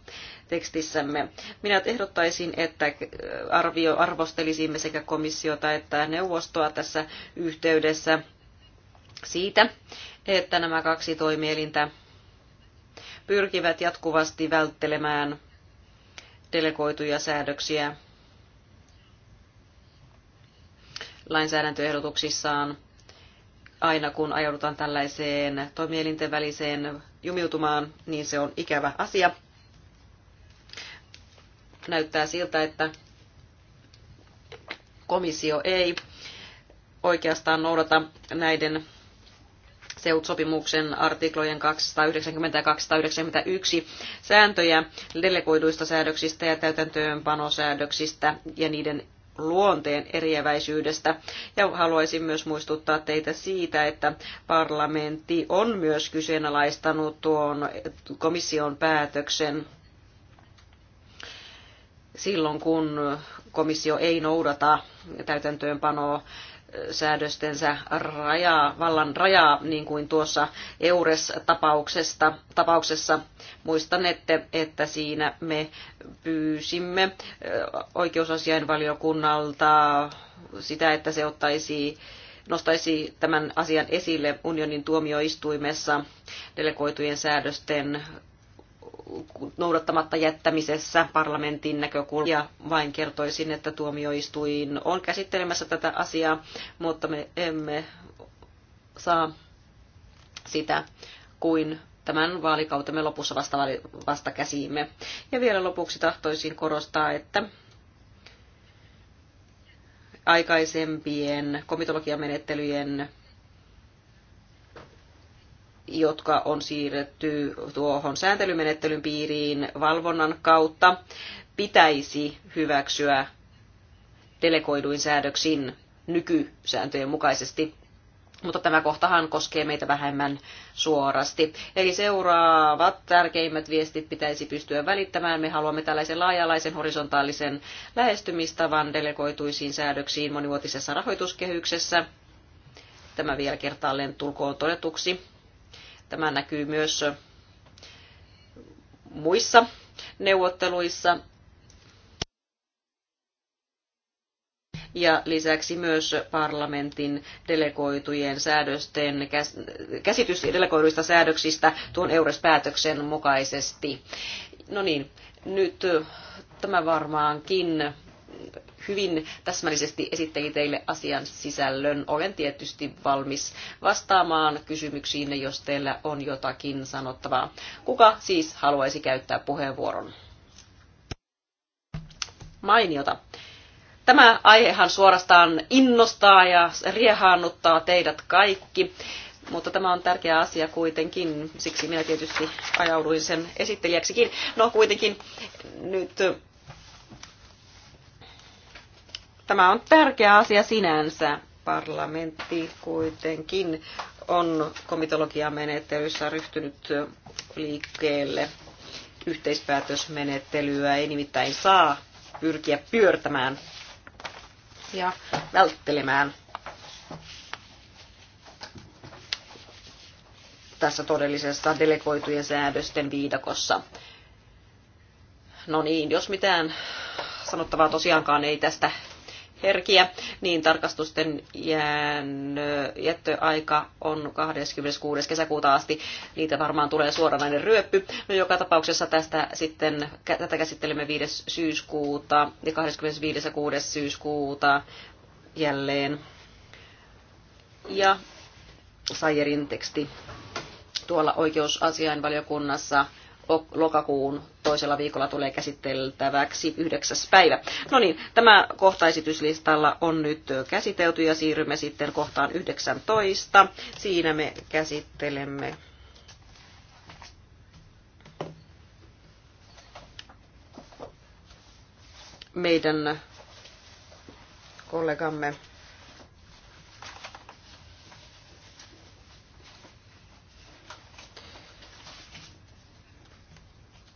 S1: tekstissämme. Minä ehdottaisin, että arvio, arvostelisimme sekä komissiota että neuvostoa tässä yhteydessä siitä, että nämä kaksi toimielintä pyrkivät jatkuvasti välttelemään delegoituja säädöksiä lainsäädäntöehdotuksissaan aina kun ajaudutaan tällaiseen toimielinten väliseen jumiutumaan, niin se on ikävä asia. Näyttää siltä, että komissio ei oikeastaan noudata näiden SEUT-sopimuksen artiklojen 290 ja 291 sääntöjä delegoiduista säädöksistä ja täytäntöönpanosäädöksistä ja niiden luonteen eriäväisyydestä. Ja haluaisin myös muistuttaa teitä siitä, että parlamentti on myös kyseenalaistanut tuon komission päätöksen silloin, kun komissio ei noudata täytäntöönpanoa säädöstensä rajaa, vallan rajaa, niin kuin tuossa EURES-tapauksessa. Tapauksessa muistanette, että siinä me pyysimme oikeusasiainvaliokunnalta sitä, että se ottaisi nostaisi tämän asian esille unionin tuomioistuimessa delegoitujen säädösten noudattamatta jättämisessä parlamentin näkökulmasta. Ja vain kertoisin, että tuomioistuin on käsittelemässä tätä asiaa, mutta me emme saa sitä kuin tämän vaalikautemme lopussa vasta, vasta käsiimme. Ja vielä lopuksi tahtoisin korostaa, että aikaisempien komitologiamenettelyjen jotka on siirretty tuohon sääntelymenettelyn piiriin valvonnan kautta, pitäisi hyväksyä delegoiduin säädöksin nykysääntöjen mukaisesti mutta tämä kohtahan koskee meitä vähemmän suorasti. Eli seuraavat tärkeimmät viestit pitäisi pystyä välittämään. Me haluamme tällaisen laajalaisen horisontaalisen lähestymistavan delegoituisiin säädöksiin monivuotisessa rahoituskehyksessä. Tämä vielä kertaalleen tulkoon todetuksi. Tämä näkyy myös muissa neuvotteluissa. Ja lisäksi myös parlamentin delegoitujen säädösten käsitys delegoiduista säädöksistä tuon EURES-päätöksen mukaisesti. No niin, nyt tämä varmaankin hyvin täsmällisesti esitteli teille asian sisällön. Olen tietysti valmis vastaamaan kysymyksiin, jos teillä on jotakin sanottavaa. Kuka siis haluaisi käyttää puheenvuoron? Mainiota. Tämä aihehan suorastaan innostaa ja riehaannuttaa teidät kaikki, mutta tämä on tärkeä asia kuitenkin, siksi minä tietysti ajauduin sen esittelijäksikin. No kuitenkin nyt Tämä on tärkeä asia sinänsä. Parlamentti kuitenkin on komitologiamenettelyssä ryhtynyt liikkeelle. Yhteispäätösmenettelyä ei nimittäin saa pyrkiä pyörtämään ja välttelemään. tässä todellisessa delegoitujen säädösten viidakossa. No niin, jos mitään sanottavaa tosiaankaan ei tästä herkiä, niin tarkastusten jään, jättöaika on 26. kesäkuuta asti. Niitä varmaan tulee suoranainen ryöppy. No joka tapauksessa tästä sitten, tätä käsittelemme 5. syyskuuta ja 25. ja 6. syyskuuta jälleen. Ja Sajerin teksti tuolla oikeusasiainvaliokunnassa valiokunnassa lokakuun toisella viikolla tulee käsiteltäväksi yhdeksäs päivä. No niin, tämä kohtaesityslistalla on nyt käsitelty ja siirrymme sitten kohtaan 19. Siinä me käsittelemme meidän kollegamme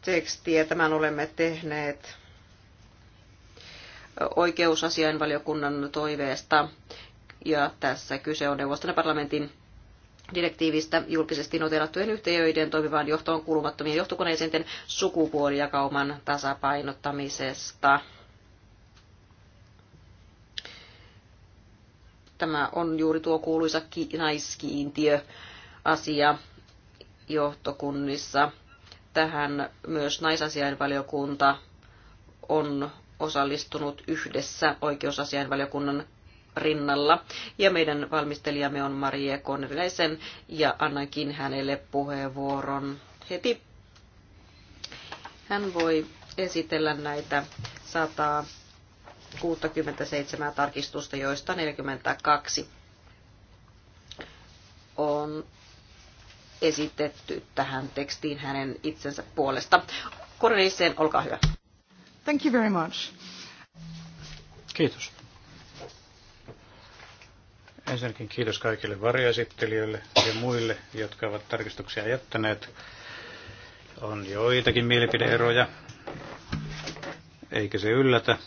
S1: tekstiä. Tämän olemme tehneet oikeusasiainvaliokunnan toiveesta. Ja tässä kyse on neuvoston ja parlamentin direktiivistä julkisesti noterattujen yhtiöiden toimivaan johtoon kuulumattomien johtokoneisenten sukupuolijakauman tasapainottamisesta. Tämä on juuri tuo kuuluisa naiskiintiö asia johtokunnissa tähän myös naisasiainvaliokunta on osallistunut yhdessä oikeusasiainvaliokunnan rinnalla. Ja meidän valmistelijamme on Marie Konrileisen ja annankin hänelle puheenvuoron heti. Hän voi esitellä näitä 167 tarkistusta, joista 42 on esitetty tähän tekstiin hänen itsensä puolesta. Kornelissen, olkaa hyvä.
S3: Thank you very much. Kiitos. Ensinnäkin kiitos kaikille varjoesittelijöille ja muille, jotka ovat tarkistuksia jättäneet. On joitakin mielipideeroja, eikä se yllätä.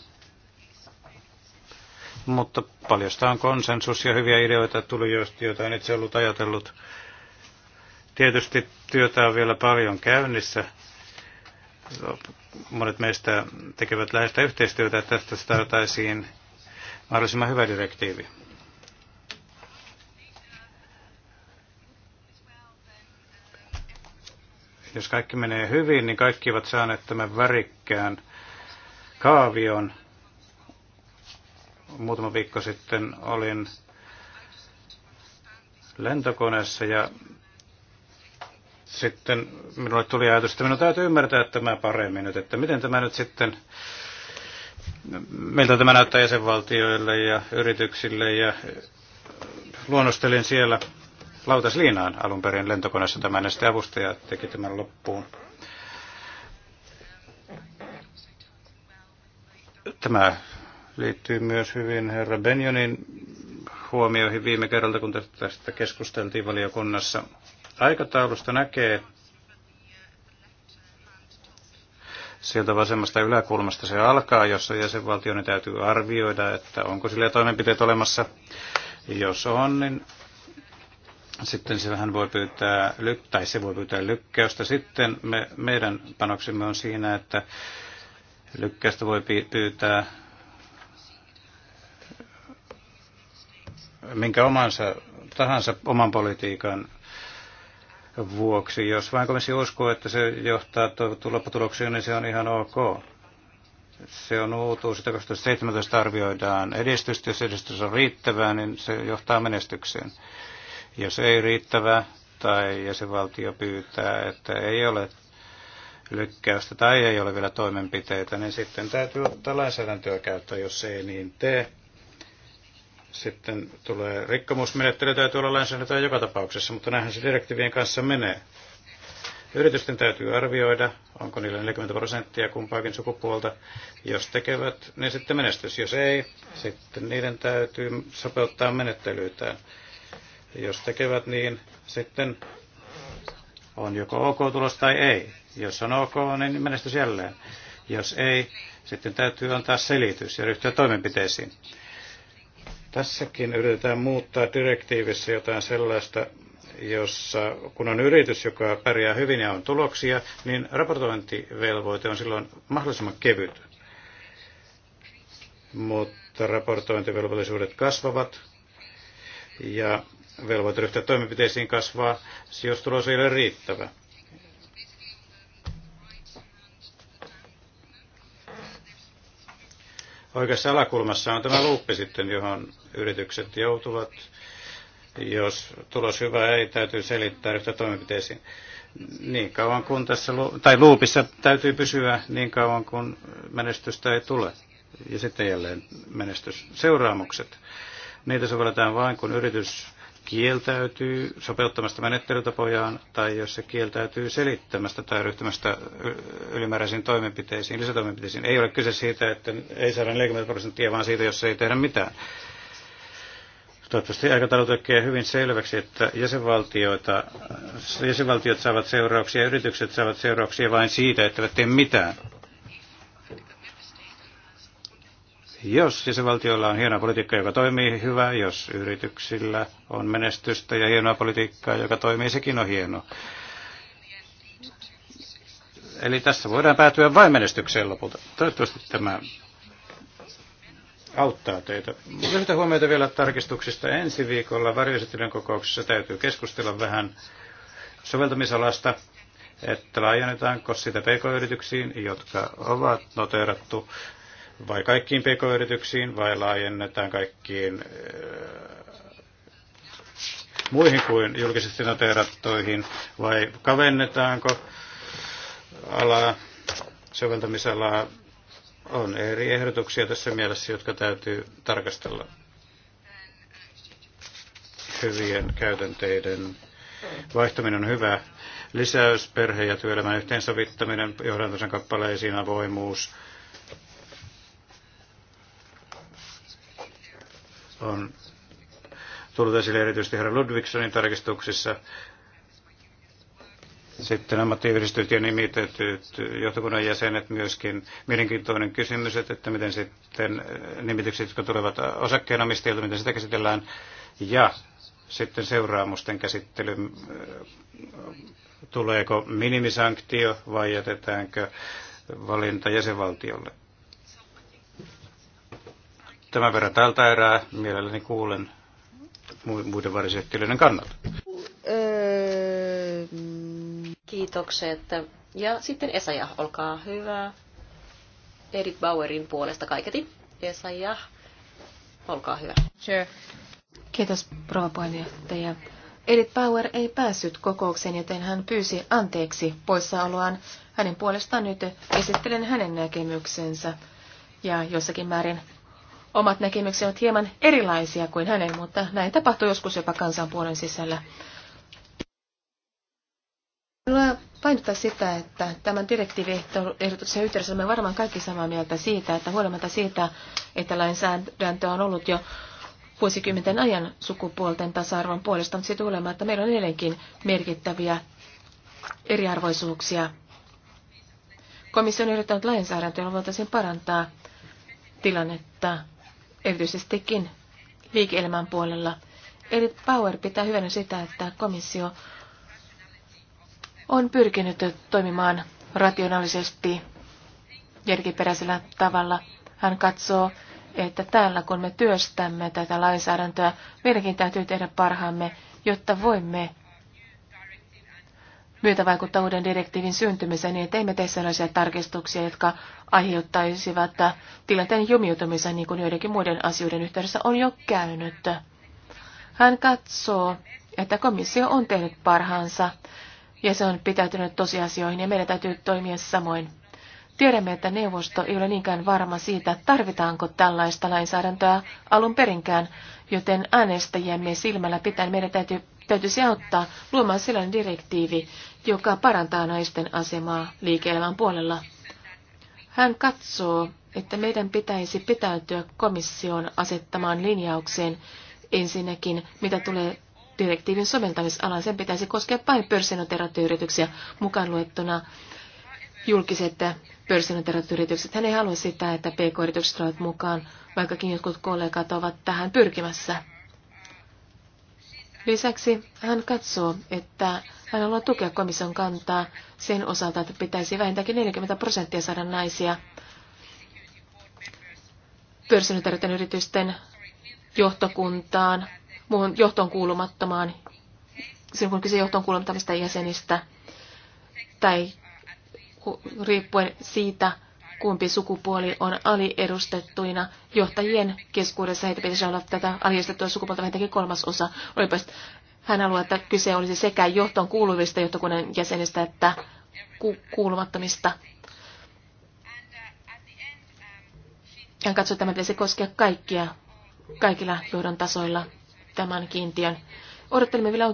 S3: Mutta paljosta on konsensus ja hyviä ideoita tuli, joista joita en itse ollut ajatellut. Tietysti työtä on vielä paljon käynnissä. Monet meistä tekevät läheistä yhteistyötä, että tästä saataisiin mahdollisimman hyvä direktiivi. Jos kaikki menee hyvin, niin kaikki ovat saaneet tämän värikkään kaavion. Muutama viikko sitten olin lentokoneessa ja sitten minulle tuli ajatus, että minun täytyy ymmärtää tämä paremmin nyt, että miten tämä nyt sitten, miltä tämä näyttää jäsenvaltioille ja yrityksille ja luonnostelin siellä lautasliinaan alun perin lentokoneessa tämän ja sitten avustaja teki tämän loppuun. Tämä liittyy myös hyvin herra Benjonin huomioihin viime kerralta, kun tästä keskusteltiin valiokunnassa. Aikataulusta näkee sieltä vasemmasta yläkulmasta se alkaa, jossa jäsenvaltioiden täytyy arvioida, että onko sillä toimenpiteet olemassa. Jos on, niin sitten se vähän voi pyytää, tai se voi pyytää lykkäystä. Sitten me, meidän panoksemme on siinä, että lykkäystä voi pyytää minkä omansa, tahansa oman politiikan vuoksi. Jos vain komissio uskoo, että se johtaa lopputuloksiin, niin se on ihan ok. Se on uutuus, että 2017 arvioidaan edistystä. Jos edistys on riittävää, niin se johtaa menestykseen. Jos ei riittävää tai jäsenvaltio pyytää, että ei ole lykkäystä tai ei ole vielä toimenpiteitä, niin sitten täytyy ottaa lainsäädäntöä käyttöön, jos ei niin tee sitten tulee rikkomusmenettely, täytyy olla lainsäädäntöä joka tapauksessa, mutta näinhän se direktiivien kanssa menee. Yritysten täytyy arvioida, onko niillä 40 prosenttia kumpaakin sukupuolta. Jos tekevät, niin sitten menestys. Jos ei, sitten niiden täytyy sopeuttaa menettelytään. Jos tekevät, niin sitten on joko ok tulos tai ei. Jos on ok, niin menestys jälleen. Jos ei, sitten täytyy antaa selitys ja ryhtyä toimenpiteisiin. Tässäkin yritetään muuttaa direktiivissä jotain sellaista, jossa kun on yritys, joka pärjää hyvin ja on tuloksia, niin raportointivelvoite on silloin mahdollisimman kevyt. Mutta raportointivelvollisuudet kasvavat ja velvoite ryhtyä toimenpiteisiin kasvaa, jos tulos ei ole riittävä. Oikeassa alakulmassa on tämä luuppi sitten, johon yritykset joutuvat. Jos tulos hyvä ei, täytyy selittää yhtä toimenpiteisiin. Niin kauan kuin tässä, tai luupissa täytyy pysyä niin kauan kuin menestystä ei tule. Ja sitten jälleen menestysseuraamukset. Niitä sovelletaan vain, kun yritys kieltäytyy sopeuttamasta menettelytapojaan tai jos se kieltäytyy selittämästä tai ryhtymästä ylimääräisiin toimenpiteisiin, lisätoimenpiteisiin. Ei ole kyse siitä, että ei saada 40 prosenttia, vaan siitä, jos ei tehdä mitään. Toivottavasti aikataulu tekee hyvin selväksi, että jäsenvaltioita, jäsenvaltiot saavat seurauksia ja yritykset saavat seurauksia vain siitä, että eivät tee mitään. Jos jäsenvaltioilla on hienoa politiikkaa, joka toimii hyvä, jos yrityksillä on menestystä ja hienoa politiikkaa, joka toimii, sekin on hienoa. Eli tässä voidaan päätyä vain menestykseen lopulta. Toivottavasti tämä auttaa teitä. Lyhyitä huomioita vielä tarkistuksista. Ensi viikolla varjoesittelyn kokouksessa täytyy keskustella vähän soveltamisalasta, että laajennetaanko sitä pk-yrityksiin, jotka ovat noteerattu vai kaikkiin pk-yrityksiin, vai laajennetaan kaikkiin muihin kuin julkisesti noteerattuihin, vai kavennetaanko alaa, soveltamisalaa, on eri ehdotuksia tässä mielessä, jotka täytyy tarkastella hyvien käytänteiden vaihtaminen on hyvä. Lisäys, perhe- ja työelämän yhteensovittaminen, johdantosan kappaleisiin, avoimuus, on tullut esille erityisesti herra Ludvigsonin tarkistuksissa. Sitten ammattiyhdistyt ja nimitetyt johtokunnan jäsenet myöskin. Mielenkiintoinen kysymys, että miten sitten äh, nimitykset, jotka tulevat osakkeenomistajilta, miten sitä käsitellään. Ja sitten seuraamusten käsittely, äh, tuleeko minimisanktio vai jätetäänkö valinta jäsenvaltiolle. Tämän verran tältä erää mielelläni kuulen muiden varisettilöiden kannalta.
S1: Öö, kiitokset. Ja sitten Esaja, olkaa hyvä. Erik Bauerin puolesta kaiketi. Esaja, olkaa hyvä.
S2: Sure. Kiitos, rouva puheenjohtaja. Edith Bauer ei päässyt kokoukseen, joten hän pyysi anteeksi poissaoloaan. Hänen puolestaan nyt esittelen hänen näkemyksensä ja jossakin määrin omat näkemykseni ovat hieman erilaisia kuin hänen, mutta näin tapahtuu joskus jopa kansanpuolen sisällä. Haluan painottaa sitä, että tämän direktiiviehdotuksen yhteydessä olemme varmaan kaikki samaa mieltä siitä, että huolimatta siitä, että lainsäädäntö on ollut jo vuosikymmenten ajan sukupuolten tasa-arvon puolesta, mutta siitä huolimatta meillä on edelleenkin merkittäviä eriarvoisuuksia. Komissio on yrittänyt lainsäädäntöä, jolla voitaisiin parantaa tilannetta erityisestikin liike-elämän puolella. Eli Power pitää hyvänä sitä, että komissio on pyrkinyt toimimaan rationaalisesti järkiperäisellä tavalla. Hän katsoo, että täällä kun me työstämme tätä lainsäädäntöä, meidänkin täytyy tehdä parhaamme, jotta voimme myötä uuden direktiivin syntymiseen, niin teimme tee sellaisia tarkistuksia, jotka aiheuttaisivat tilanteen jumiutumisen, niin kuin joidenkin muiden asioiden yhteydessä on jo käynyt. Hän katsoo, että komissio on tehnyt parhaansa ja se on pitäytynyt tosiasioihin ja meidän täytyy toimia samoin. Tiedämme, että neuvosto ei ole niinkään varma siitä, tarvitaanko tällaista lainsäädäntöä alun perinkään, joten äänestäjiemme silmällä pitää meidän täytyy täytyisi auttaa luomaan sellainen direktiivi, joka parantaa naisten asemaa liike-elämän puolella. Hän katsoo, että meidän pitäisi pitäytyä komission asettamaan linjaukseen ensinnäkin, mitä tulee direktiivin soveltamisalan. Sen pitäisi koskea vain pörssinoteratoyrityksiä mukaan luettuna julkiset pörssinoteratoyritykset. Hän ei halua sitä, että pk-yritykset ovat mukaan, vaikkakin jotkut kollegat ovat tähän pyrkimässä. Lisäksi hän katsoo, että hän haluaa tukea komission kantaa sen osalta, että pitäisi vähintäänkin 40 prosenttia saada naisia pörssiyhtiöiden yritysten johtokuntaan, muuhun johtoon kuulumattomaan, sen kun kyse johtoon kuulumattomista jäsenistä, tai riippuen siitä, kumpi sukupuoli on aliedustettuina. Johtajien keskuudessa heitä pitäisi olla tätä aliedustettua sukupuolta vähintäänkin kolmas osa. Olipa hän haluaa, että kyse olisi sekä johton kuuluvista johtokunnan jäsenistä että ku- kuulumattomista. Hän katsoi, että tämä pitäisi koskea kaikkia, kaikilla johdon tasoilla tämän kiintiön. Odottelimme vielä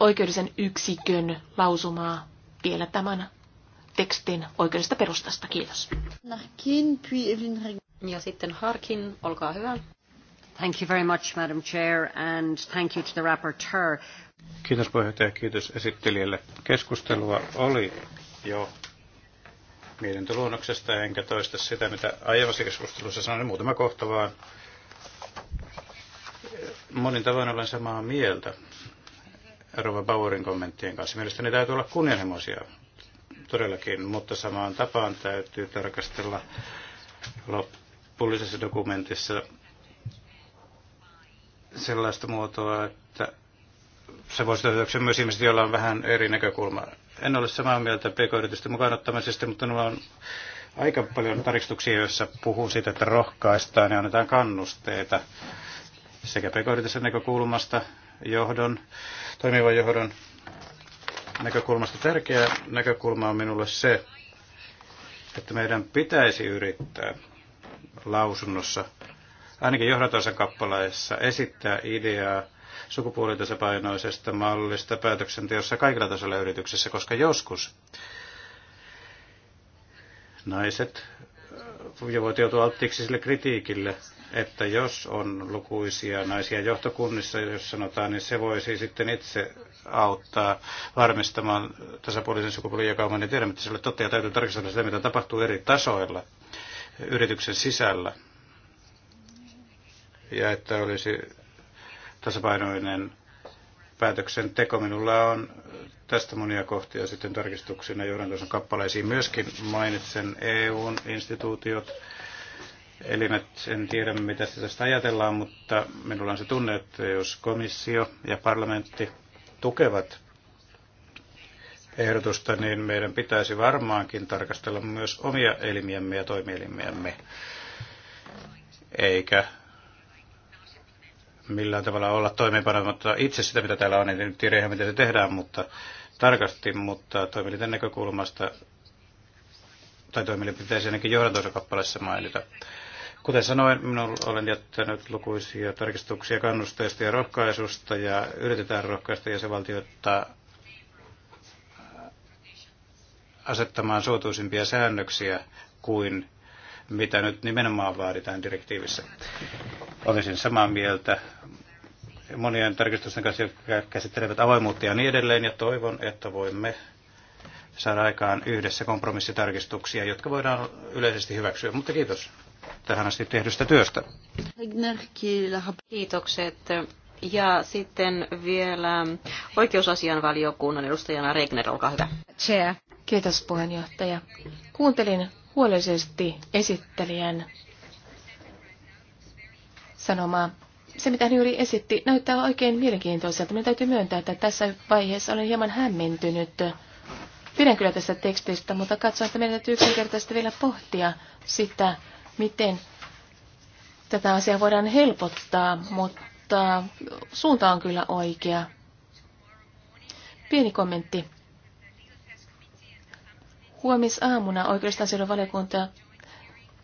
S2: oikeudellisen yksikön lausumaa vielä tämän tekstin oikeudesta perustasta. Kiitos.
S1: Ja sitten Harkin, olkaa hyvä. Thank you very much, Madam Chair, and thank you to the rapporteur.
S3: Kiitos puheenjohtaja, kiitos esittelijälle. Keskustelua oli jo mietintöluonnoksesta, enkä toista sitä, mitä aiemmassa keskustelussa sanoin, muutama kohta vaan. Monin tavoin olen samaa mieltä Rova Bauerin kommenttien kanssa. Mielestäni täytyy olla kunnianhimoisia todellakin, mutta samaan tapaan täytyy tarkastella loppullisessa dokumentissa sellaista muotoa, että se voisi tehdä myös ihmiset, joilla on vähän eri näkökulma. En ole samaa mieltä pk-yritysten mukaan ottamisesta, mutta minulla on aika paljon tarkistuksia, joissa puhuu siitä, että rohkaistaan ja annetaan kannusteita sekä pk näkökulmasta, johdon, toimivan johdon näkökulmasta tärkeä näkökulma on minulle se, että meidän pitäisi yrittää lausunnossa, ainakin johdatoisen kappaleessa, esittää ideaa sukupuolitasapainoisesta mallista päätöksenteossa kaikilla tasoilla yrityksessä, koska joskus naiset voivat joutua alttiiksi sille kritiikille, että jos on lukuisia naisia johtokunnissa, jos sanotaan, niin se voisi sitten itse auttaa varmistamaan tasapuolisen jakauman. Niin tiedämme, että se ole totta ja täytyy tarkistella sitä, mitä tapahtuu eri tasoilla yrityksen sisällä. Ja että olisi tasapainoinen päätöksenteko. Minulla on tästä monia kohtia sitten tarkistuksina johdantoisen kappaleisiin. Myöskin mainitsen EUn instituutiot elimet, en tiedä mitä tästä ajatellaan, mutta minulla on se tunne, että jos komissio ja parlamentti tukevat ehdotusta, niin meidän pitäisi varmaankin tarkastella myös omia elimiämme ja toimielimiämme, eikä millään tavalla olla toimeenpanematta itse sitä, mitä täällä on, en nyt tiedä ihan, miten se tehdään, mutta tarkasti, mutta toimielinten näkökulmasta tai toimielin pitäisi ainakin johdantosakappaleessa mainita. Kuten sanoin, minun olen jättänyt lukuisia tarkistuksia kannusteista ja rohkaisusta ja yritetään rohkaista jäsenvaltioita äh, asettamaan suotuisimpia säännöksiä kuin mitä nyt nimenomaan vaaditaan direktiivissä. Olisin samaa mieltä monien tarkistusten kanssa, jotka käsittelevät avoimuutta ja niin edelleen, ja toivon, että voimme saada aikaan yhdessä kompromissitarkistuksia, jotka voidaan yleisesti hyväksyä. Mutta kiitos tähän asti tehdystä työstä.
S1: Kiitokset. Ja sitten vielä oikeusasian valiokunnan edustajana Regner, olkaa hyvä.
S2: Chair. Kiitos puheenjohtaja. Kuuntelin huolellisesti esittelijän sanomaa. Se, mitä hän juuri esitti, näyttää oikein mielenkiintoiselta. Minun täytyy myöntää, että tässä vaiheessa olen hieman hämmentynyt. Pidän kyllä tästä tekstistä, mutta katson, että meidän täytyy yksinkertaisesti vielä pohtia sitä, miten tätä asiaa voidaan helpottaa, mutta suunta on kyllä oikea. Pieni kommentti. Huomisaamuna oikeustasioiden valiokunta,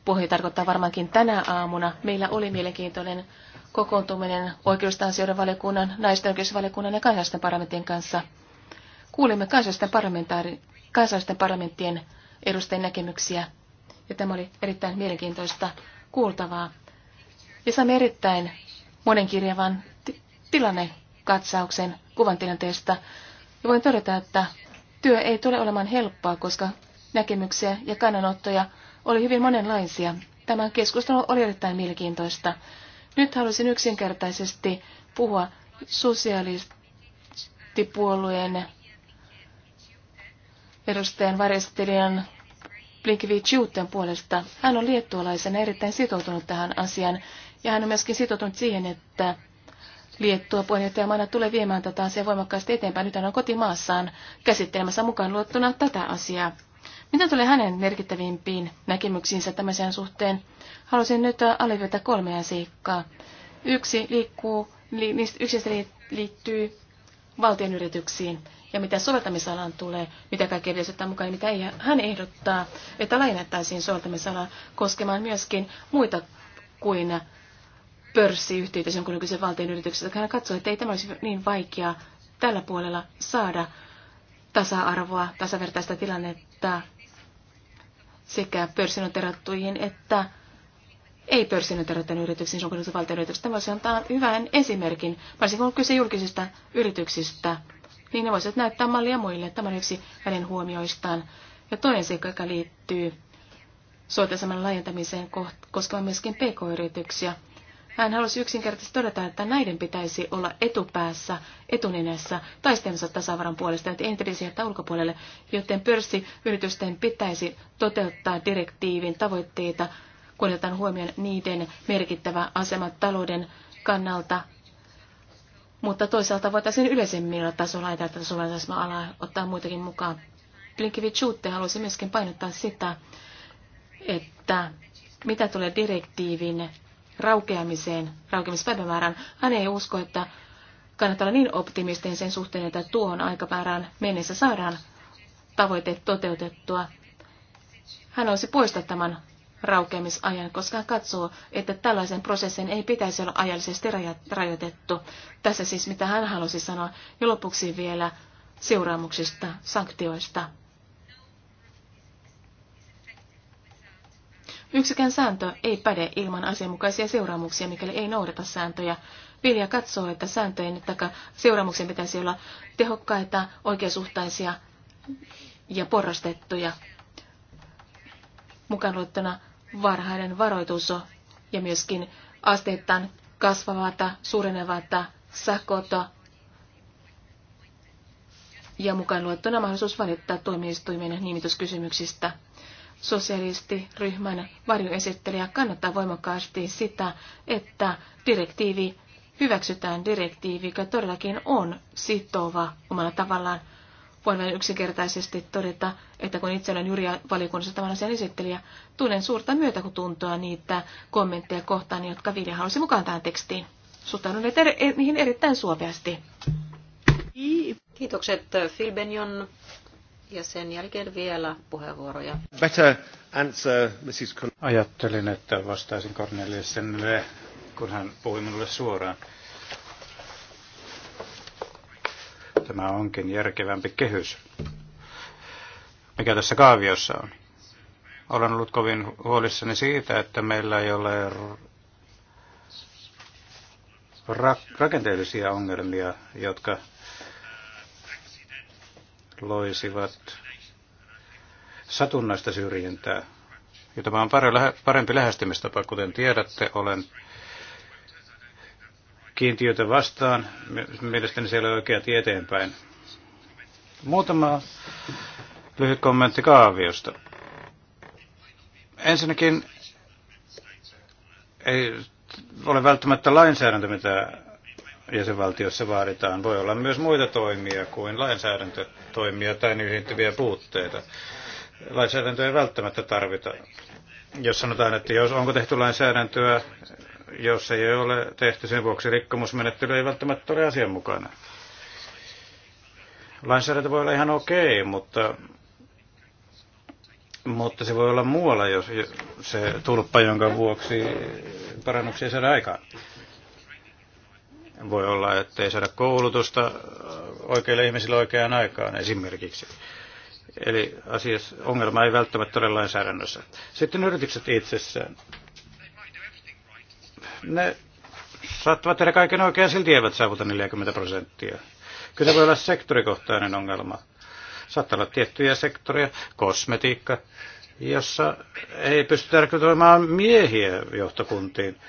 S2: puhe tarkoittaa varmaankin tänä aamuna, meillä oli mielenkiintoinen kokoontuminen oikeustasioiden valiokunnan, naisten oikeusvaliokunnan ja kansallisten parlamenttien kanssa. Kuulimme kansallisten, kansallisten parlamenttien edustajien näkemyksiä ja tämä oli erittäin mielenkiintoista kuultavaa. Ja saimme erittäin monenkirjavan tilannekatsauksen kuvan tilanteesta. Ja voin todeta, että työ ei tule olemaan helppoa, koska näkemyksiä ja kannanottoja oli hyvin monenlaisia. Tämä keskustelu oli erittäin mielenkiintoista. Nyt haluaisin yksinkertaisesti puhua sosiaalistipuolueen edustajan varjastelijan Blinkevichiuten puolesta. Hän on liettualaisena erittäin sitoutunut tähän asiaan ja hän on myöskin sitoutunut siihen, että Liettua puheenjohtajamaana tulee viemään tätä asiaa voimakkaasti eteenpäin. Nyt hän on kotimaassaan käsittelemässä mukaan luottuna tätä asiaa. Mitä tulee hänen merkittävimpiin näkemyksiinsä tämmöiseen suhteen, haluaisin nyt alivetä kolmea seikkaa. Yksi liikkuu, niistä yksistä liittyy yrityksiin. Ja mitä soveltamisalaan tulee, mitä kaikki edellytetään mukaan, mitä ei, hän ehdottaa, että laajennettaisiin soveltamisalaa koskemaan myöskin muita kuin pörssiyhtiöitä, jonkun nykyisen valtion yrityksestä. Hän katsoi, että ei tämä olisi niin vaikeaa tällä puolella saada tasa-arvoa, tasavertaista tilannetta sekä pörssinoterattuihin että ei pörssinoterattujen yrityksiin, nykyisen valtion yrityksiin. Tämä voisi antaa hyvän esimerkin, varsinkin kun on kyse julkisista yrityksistä, niin ne voisivat näyttää mallia muille. Tämä on yksi hänen huomioistaan. Ja toinen seikka, joka liittyy suotaisemman laajentamiseen koskemaan myöskin pk-yrityksiä. Hän halusi yksinkertaisesti todeta, että näiden pitäisi olla etupäässä, etuninässä, taistelussa tasavaran puolesta, että ei pitäisi jättää ulkopuolelle, joten pörssiyritysten pitäisi toteuttaa direktiivin tavoitteita, kun otetaan huomioon niiden merkittävä asema talouden kannalta mutta toisaalta voitaisiin yleisemmillä tasolla ja tällä tasolla ottaa muitakin mukaan. Blinkevichuutte halusi myöskin painottaa sitä, että mitä tulee direktiivin raukeamiseen, raukeamispäivämäärään, hän ei usko, että kannattaa olla niin optimistinen sen suhteen, että tuohon aikapäärään mennessä saadaan tavoite toteutettua. Hän olisi poistaa tämän raukeamisajan, koska hän katsoo, että tällaisen prosessin ei pitäisi olla ajallisesti rajoitettu. Tässä siis mitä hän halusi sanoa ja lopuksi vielä seuraamuksista, sanktioista. Yksikään sääntö ei päde ilman asianmukaisia seuraamuksia, mikäli ei noudata sääntöjä. Vilja katsoo, että sääntöjen tai seuraamuksen pitäisi olla tehokkaita, oikeasuhtaisia ja porrastettuja mukaan luettuna varhainen varoitus ja myöskin asteittain kasvavata, suurenevata sakota ja mukaan luettuna mahdollisuus valittaa tuomioistuimen nimityskysymyksistä. Sosialistiryhmän varjoesittelijä kannattaa voimakkaasti sitä, että direktiivi hyväksytään direktiivi, joka todellakin on sitova omalla tavallaan. Voin vain yksinkertaisesti todeta, että kun itse olen Jyriä valiokunnassa tämän asian esittelijä, tunnen suurta myötäkutuntoa niitä kommentteja kohtaan, jotka Vilja halusi mukaan tähän tekstiin. Suhtaudun er- niihin erittäin suopeasti.
S1: Kiitokset Filbenjon ja sen jälkeen vielä puheenvuoroja.
S3: Better answer, Mrs. Ajattelin, että vastaisin Corneliusenille, kun hän puhui minulle suoraan. Tämä onkin järkevämpi kehys, mikä tässä kaaviossa on. Olen ollut kovin huolissani siitä, että meillä ei ole ra- rakenteellisia ongelmia, jotka loisivat satunnaista syrjintää. Ja tämä on parempi lähestymistapa, kuten tiedätte, olen kiintiötä vastaan. Mielestäni se ei ole oikea tieteenpäin. eteenpäin. Muutama lyhyt kommentti kaaviosta. Ensinnäkin ei ole välttämättä lainsäädäntö, mitä jäsenvaltiossa vaaditaan. Voi olla myös muita toimia kuin lainsäädäntötoimia tai niihin liittyviä puutteita. Lainsäädäntöä ei välttämättä tarvita. Jos sanotaan, että jos onko tehty lainsäädäntöä jos ei ole tehty. Sen vuoksi rikkomusmenettely ei välttämättä ole asianmukainen. Lainsäädäntö voi olla ihan okei, okay, mutta, mutta se voi olla muualla, jos se tulppa, jonka vuoksi parannuksia ei saada aikaan. Voi olla, että ei saada koulutusta oikeille ihmisille oikeaan aikaan esimerkiksi. Eli asias, ongelma ei välttämättä ole lainsäädännössä. Sitten yritykset itsessään ne saattavat tehdä kaiken oikein, silti eivät saavuta 40 prosenttia. Kyllä voi olla sektorikohtainen ongelma. Saattaa olla tiettyjä sektoreja, kosmetiikka, jossa ei pystytä rekrytoimaan miehiä johtokuntiin.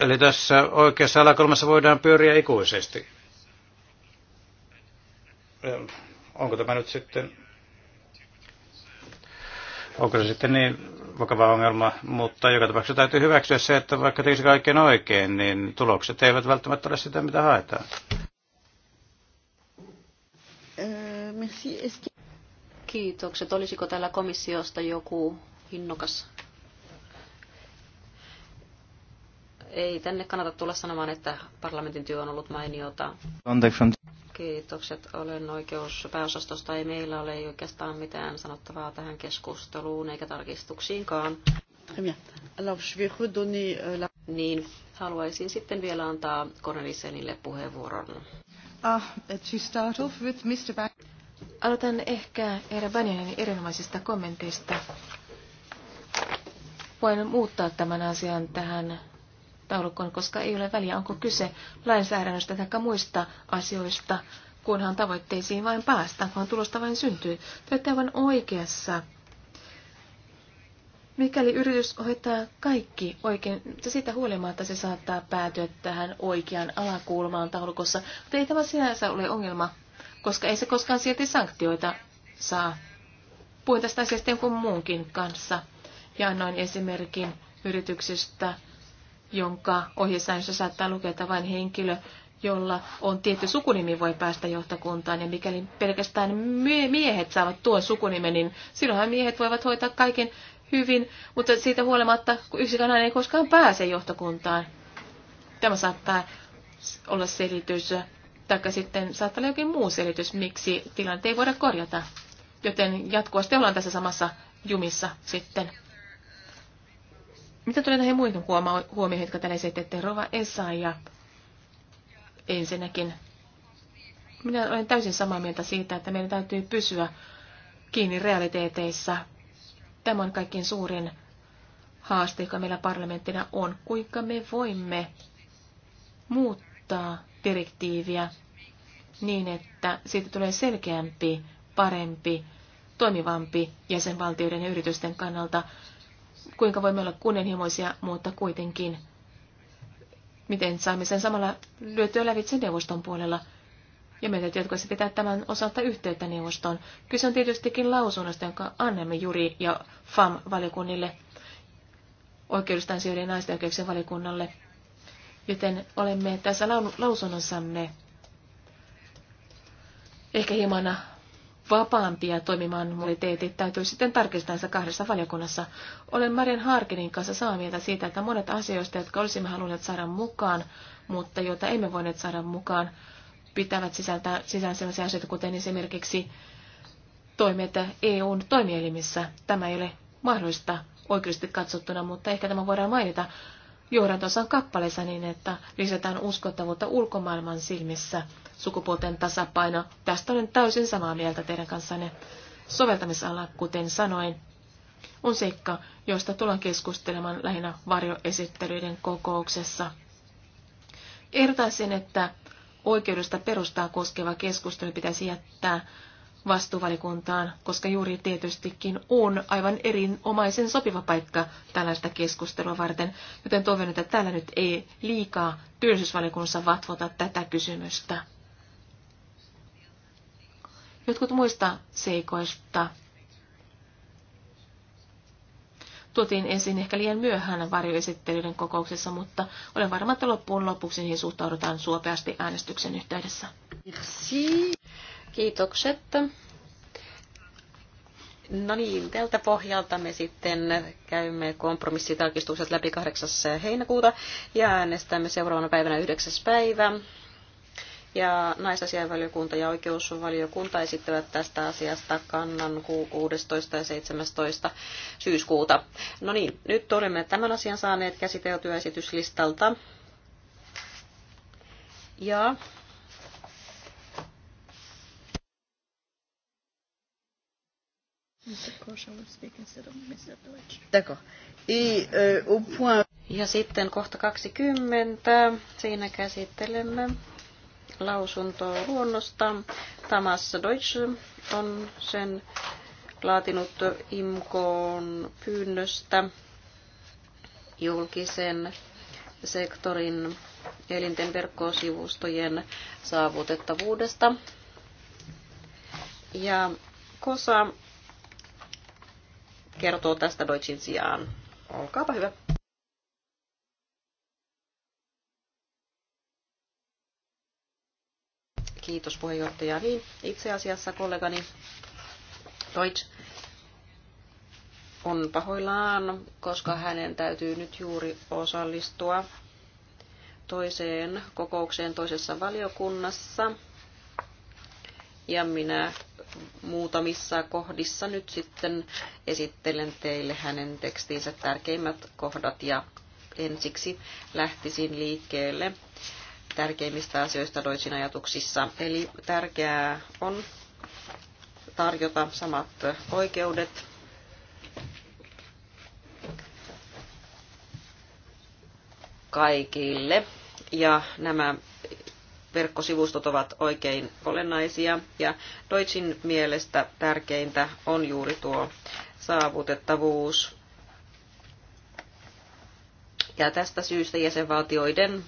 S3: Eli tässä oikeassa alakulmassa voidaan pyöriä ikuisesti. Onko tämä nyt sitten Onko se sitten niin vakava ongelma, mutta joka tapauksessa täytyy hyväksyä se, että vaikka tekisi kaiken oikein, niin tulokset eivät välttämättä ole sitä, mitä haetaan.
S1: Äh, Kiitokset. Olisiko täällä komissiosta joku innokas ei tänne kannata tulla sanomaan, että parlamentin työ on ollut mainiota. Kiitokset. Olen pääosastosta. Ei meillä ole ei oikeastaan mitään sanottavaa tähän keskusteluun eikä tarkistuksiinkaan. Euh, niin, haluaisin sitten vielä antaa Cornelisenille puheenvuoron.
S2: Ah, start off with Mr. Aloitan ehkä Eera Banjanin erinomaisista kommenteista. Voin muuttaa tämän asian tähän taulukon, koska ei ole väliä, onko kyse lainsäädännöstä tai muista asioista, kunhan tavoitteisiin vain päästään, vaan tulosta vain syntyy. Te olette aivan oikeassa. Mikäli yritys hoitaa kaikki oikein, mutta siitä huolimatta se saattaa päätyä tähän oikeaan alakulmaan taulukossa, mutta ei tämä sinänsä ole ongelma, koska ei se koskaan silti sanktioita saa. Puhuin tästä asiasta jonkun muunkin kanssa ja annoin esimerkin yrityksestä, jonka ohjesäännössä saattaa lukea, että vain henkilö, jolla on tietty sukunimi, voi päästä johtokuntaan. Ja mikäli pelkästään miehet saavat tuon sukunimen, niin silloinhan miehet voivat hoitaa kaiken hyvin, mutta siitä huolimatta yksikään nainen ei koskaan pääse johtokuntaan. Tämä saattaa olla selitys, tai sitten saattaa olla jokin muu selitys, miksi tilanteet ei voida korjata. Joten jatkuvasti ollaan tässä samassa jumissa sitten. Mitä tulee näihin muihin huomioihin, jotka täällä esitette, Rova Esa ja ensinnäkin. Minä olen täysin samaa mieltä siitä, että meidän täytyy pysyä kiinni realiteeteissa. Tämä on kaikkein suurin haaste, joka meillä parlamenttina on. Kuinka me voimme muuttaa direktiiviä niin, että siitä tulee selkeämpi, parempi, toimivampi jäsenvaltioiden ja yritysten kannalta kuinka voimme olla kunnianhimoisia, mutta kuitenkin, miten saimme sen samalla lyötyä lävitse neuvoston puolella. Ja meidän täytyy jatkuvasti pitää tämän osalta yhteyttä neuvostoon. Kyse on tietystikin lausunnosta, jonka annamme Juri ja FAM-valiokunnille, oikeudestaan sijoiden naisten oikeuksien valiokunnalle. Joten olemme tässä lausunnossamme ehkä hieman vapaampia toimimaan modaliteetit täytyy sitten tarkistaa kahdessa valiokunnassa. Olen Marian Harkinin kanssa samaa mieltä siitä, että monet asioista, jotka olisimme halunneet saada mukaan, mutta joita emme voineet saada mukaan, pitävät sisältää, sisään sellaisia asioita, kuten esimerkiksi toimet EUn toimielimissä. Tämä ei ole mahdollista oikeudellisesti katsottuna, mutta ehkä tämä voidaan mainita johdantosan kappaleessa niin, että lisätään uskottavuutta ulkomaailman silmissä sukupuolten tasapaino. Tästä olen täysin samaa mieltä teidän kanssanne. Soveltamisala, kuten sanoin, on seikka, josta tullaan keskustelemaan lähinnä varjoesittelyiden kokouksessa. Ehdotaisin, että oikeudesta perustaa koskeva keskustelu pitäisi jättää vastuuvalikuntaan, koska juuri tietystikin on aivan erinomaisen sopiva paikka tällaista keskustelua varten, joten toivon, että täällä nyt ei liikaa työllisyysvalikunnassa vatvota tätä kysymystä. Jotkut muista seikoista tuotiin ensin ehkä liian myöhään varjoesittelyiden kokouksessa, mutta olen varma, että loppuun lopuksi niihin suhtaudutaan suopeasti äänestyksen yhteydessä.
S1: Merci. Kiitokset. No niin, tältä pohjalta me sitten käymme kompromissitarkistukset läpi 8. heinäkuuta ja äänestämme seuraavana päivänä 9. päivä ja naisasiainvaliokunta ja oikeusvaliokunta esittävät tästä asiasta kannan 16. ja 17. syyskuuta. No niin, nyt olemme tämän asian saaneet käsiteltyä esityslistalta. Ja euh, Ja sitten kohta 20. Siinä käsittelemme Lausunto luonnosta. Tamas Deutsch on sen laatinut IMKon pyynnöstä julkisen sektorin elinten verkkosivustojen saavutettavuudesta. Ja Kosa kertoo tästä Deutschin sijaan. Olkaapa hyvä. Kiitos puheenjohtaja. Niin, itse asiassa kollegani Deutsch on pahoillaan, koska hänen täytyy nyt juuri osallistua toiseen kokoukseen toisessa valiokunnassa. Ja minä muutamissa kohdissa nyt sitten esittelen teille hänen tekstiinsä tärkeimmät kohdat ja ensiksi lähtisin liikkeelle tärkeimmistä asioista Deutschin ajatuksissa. Eli tärkeää on tarjota samat oikeudet kaikille. Ja nämä verkkosivustot ovat oikein olennaisia. Ja Deutschin mielestä tärkeintä on juuri tuo saavutettavuus. Ja tästä syystä jäsenvaltioiden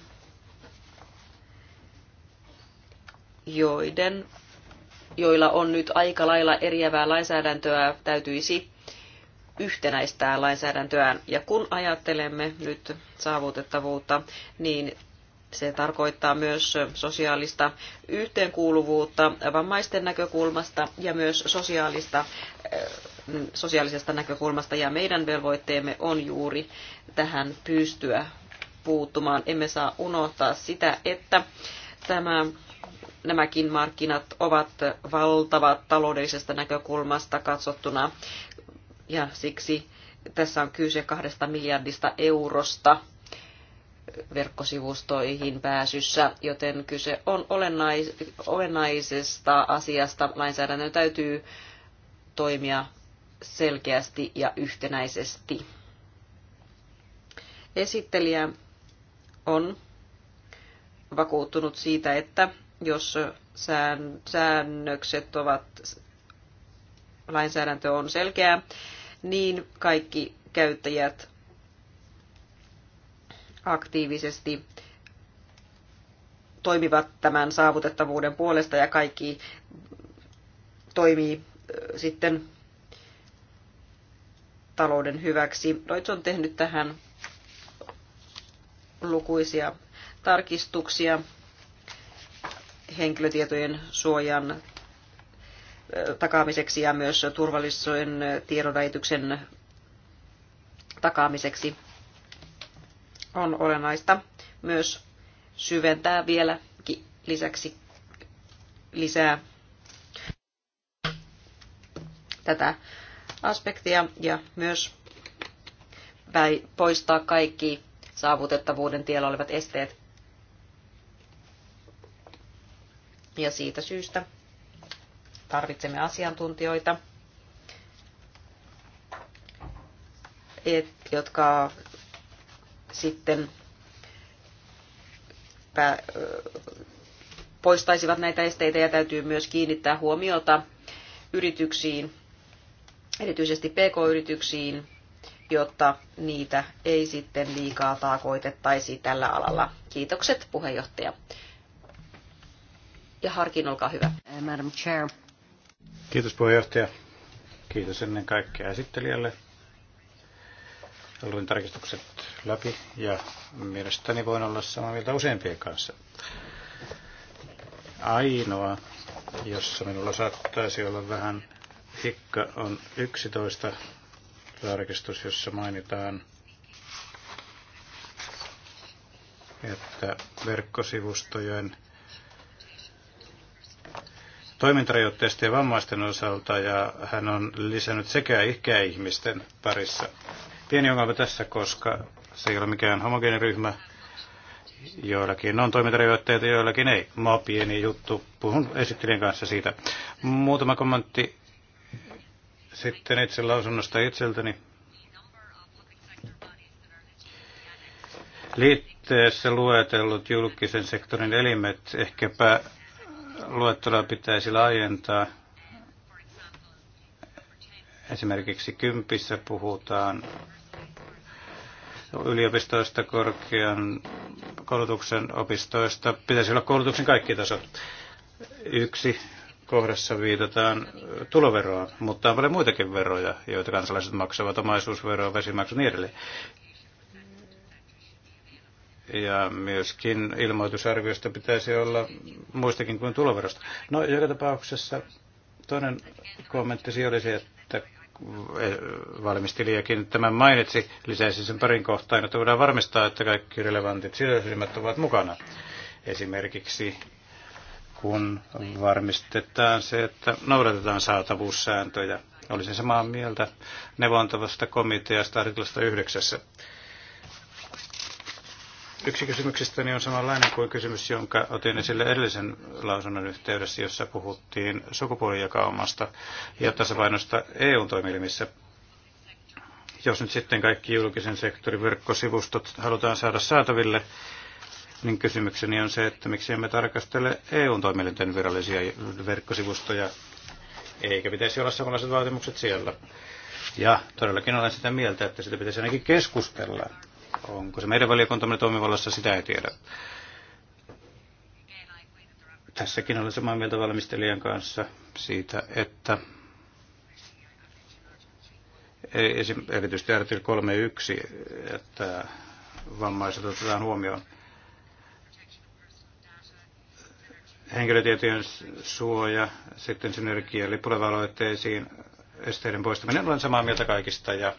S1: joiden, joilla on nyt aika lailla eriävää lainsäädäntöä, täytyisi yhtenäistää lainsäädäntöään. Ja kun ajattelemme nyt saavutettavuutta, niin se tarkoittaa myös sosiaalista yhteenkuuluvuutta vammaisten näkökulmasta ja myös sosiaalista, äh, sosiaalisesta näkökulmasta. Ja meidän velvoitteemme on juuri tähän pystyä puuttumaan. Emme saa unohtaa sitä, että tämä nämäkin markkinat ovat valtavat taloudellisesta näkökulmasta katsottuna ja siksi tässä on kyse kahdesta miljardista eurosta verkkosivustoihin pääsyssä, joten kyse on olennais, olennaisesta asiasta. Lainsäädännön täytyy toimia selkeästi ja yhtenäisesti. Esittelijä on vakuuttunut siitä, että jos säännökset ovat, lainsäädäntö on selkeä, niin kaikki käyttäjät aktiivisesti toimivat tämän saavutettavuuden puolesta ja kaikki toimii sitten talouden hyväksi. Deutsch on tehnyt tähän lukuisia tarkistuksia henkilötietojen suojan takaamiseksi ja myös turvallisen tiedonvälityksen takaamiseksi on olennaista myös syventää vielä lisäksi lisää tätä aspektia ja myös poistaa kaikki saavutettavuuden tiellä olevat esteet Ja siitä syystä tarvitsemme asiantuntijoita, jotka sitten poistaisivat näitä esteitä ja täytyy myös kiinnittää huomiota yrityksiin, erityisesti pk-yrityksiin, jotta niitä ei sitten liikaa taakoitettaisi tällä alalla. Kiitokset puheenjohtaja. Ja Harkin, olkaa hyvä. Eh, Madam Chair.
S3: Kiitos puheenjohtaja. Kiitos ennen kaikkea esittelijälle. Luin tarkistukset läpi ja mielestäni voin olla samaa mieltä useampien kanssa. Ainoa, jossa minulla saattaisi olla vähän hikka, on 11 tarkistus, jossa mainitaan, että verkkosivustojen toimintarajoitteisten ja vammaisten osalta ja hän on lisännyt sekä ikäihmisten parissa. Pieni ongelma tässä, koska se ei ole mikään homogeeniryhmä. Joillakin on toimintarajoitteita, joillakin ei. Mä pieni juttu. Puhun esittelijän kanssa siitä. Muutama kommentti sitten itse lausunnosta itseltäni. Liitteessä luetellut julkisen sektorin elimet ehkäpä luetteloa pitäisi laajentaa. Esimerkiksi kympissä puhutaan yliopistoista, korkean koulutuksen opistoista. Pitäisi olla koulutuksen kaikki tasot. Yksi kohdassa viitataan tuloveroon, mutta on paljon muitakin veroja, joita kansalaiset maksavat, omaisuusveroa, vesimaksu ja niin edelleen ja myöskin ilmoitusarviosta pitäisi olla muistakin kuin tuloverosta. No, joka tapauksessa toinen kommentti oli se, että eh, valmistelijakin tämän mainitsi, lisäisin sen parin kohtaan, että voidaan varmistaa, että kaikki relevantit sidosryhmät ovat mukana. Esimerkiksi kun varmistetaan se, että noudatetaan saatavuussääntöjä. Olisin samaa mieltä neuvontavasta komiteasta artiklasta yhdeksässä. Yksi kysymyksistäni on samanlainen kuin kysymys, jonka otin esille edellisen lausunnon yhteydessä, jossa puhuttiin sukupuolijakaumasta ja tasapainosta EU-toimielimissä. Jos nyt sitten kaikki julkisen sektorin verkkosivustot halutaan saada saataville, niin kysymykseni on se, että miksi emme tarkastele EU-toimielinten virallisia verkkosivustoja, eikä pitäisi olla samanlaiset vaatimukset siellä. Ja todellakin olen sitä mieltä, että sitä pitäisi ainakin keskustella Onko se meidän valiokuntamme toimivallassa, sitä ei tiedä. Tässäkin olen samaa mieltä valmistelijan kanssa siitä, että erityisesti artikla 3.1, että vammaiset otetaan huomioon. Henkilötietojen suoja, sitten synergia lippulevaloitteisiin, esteiden poistaminen. Olen samaa mieltä kaikista ja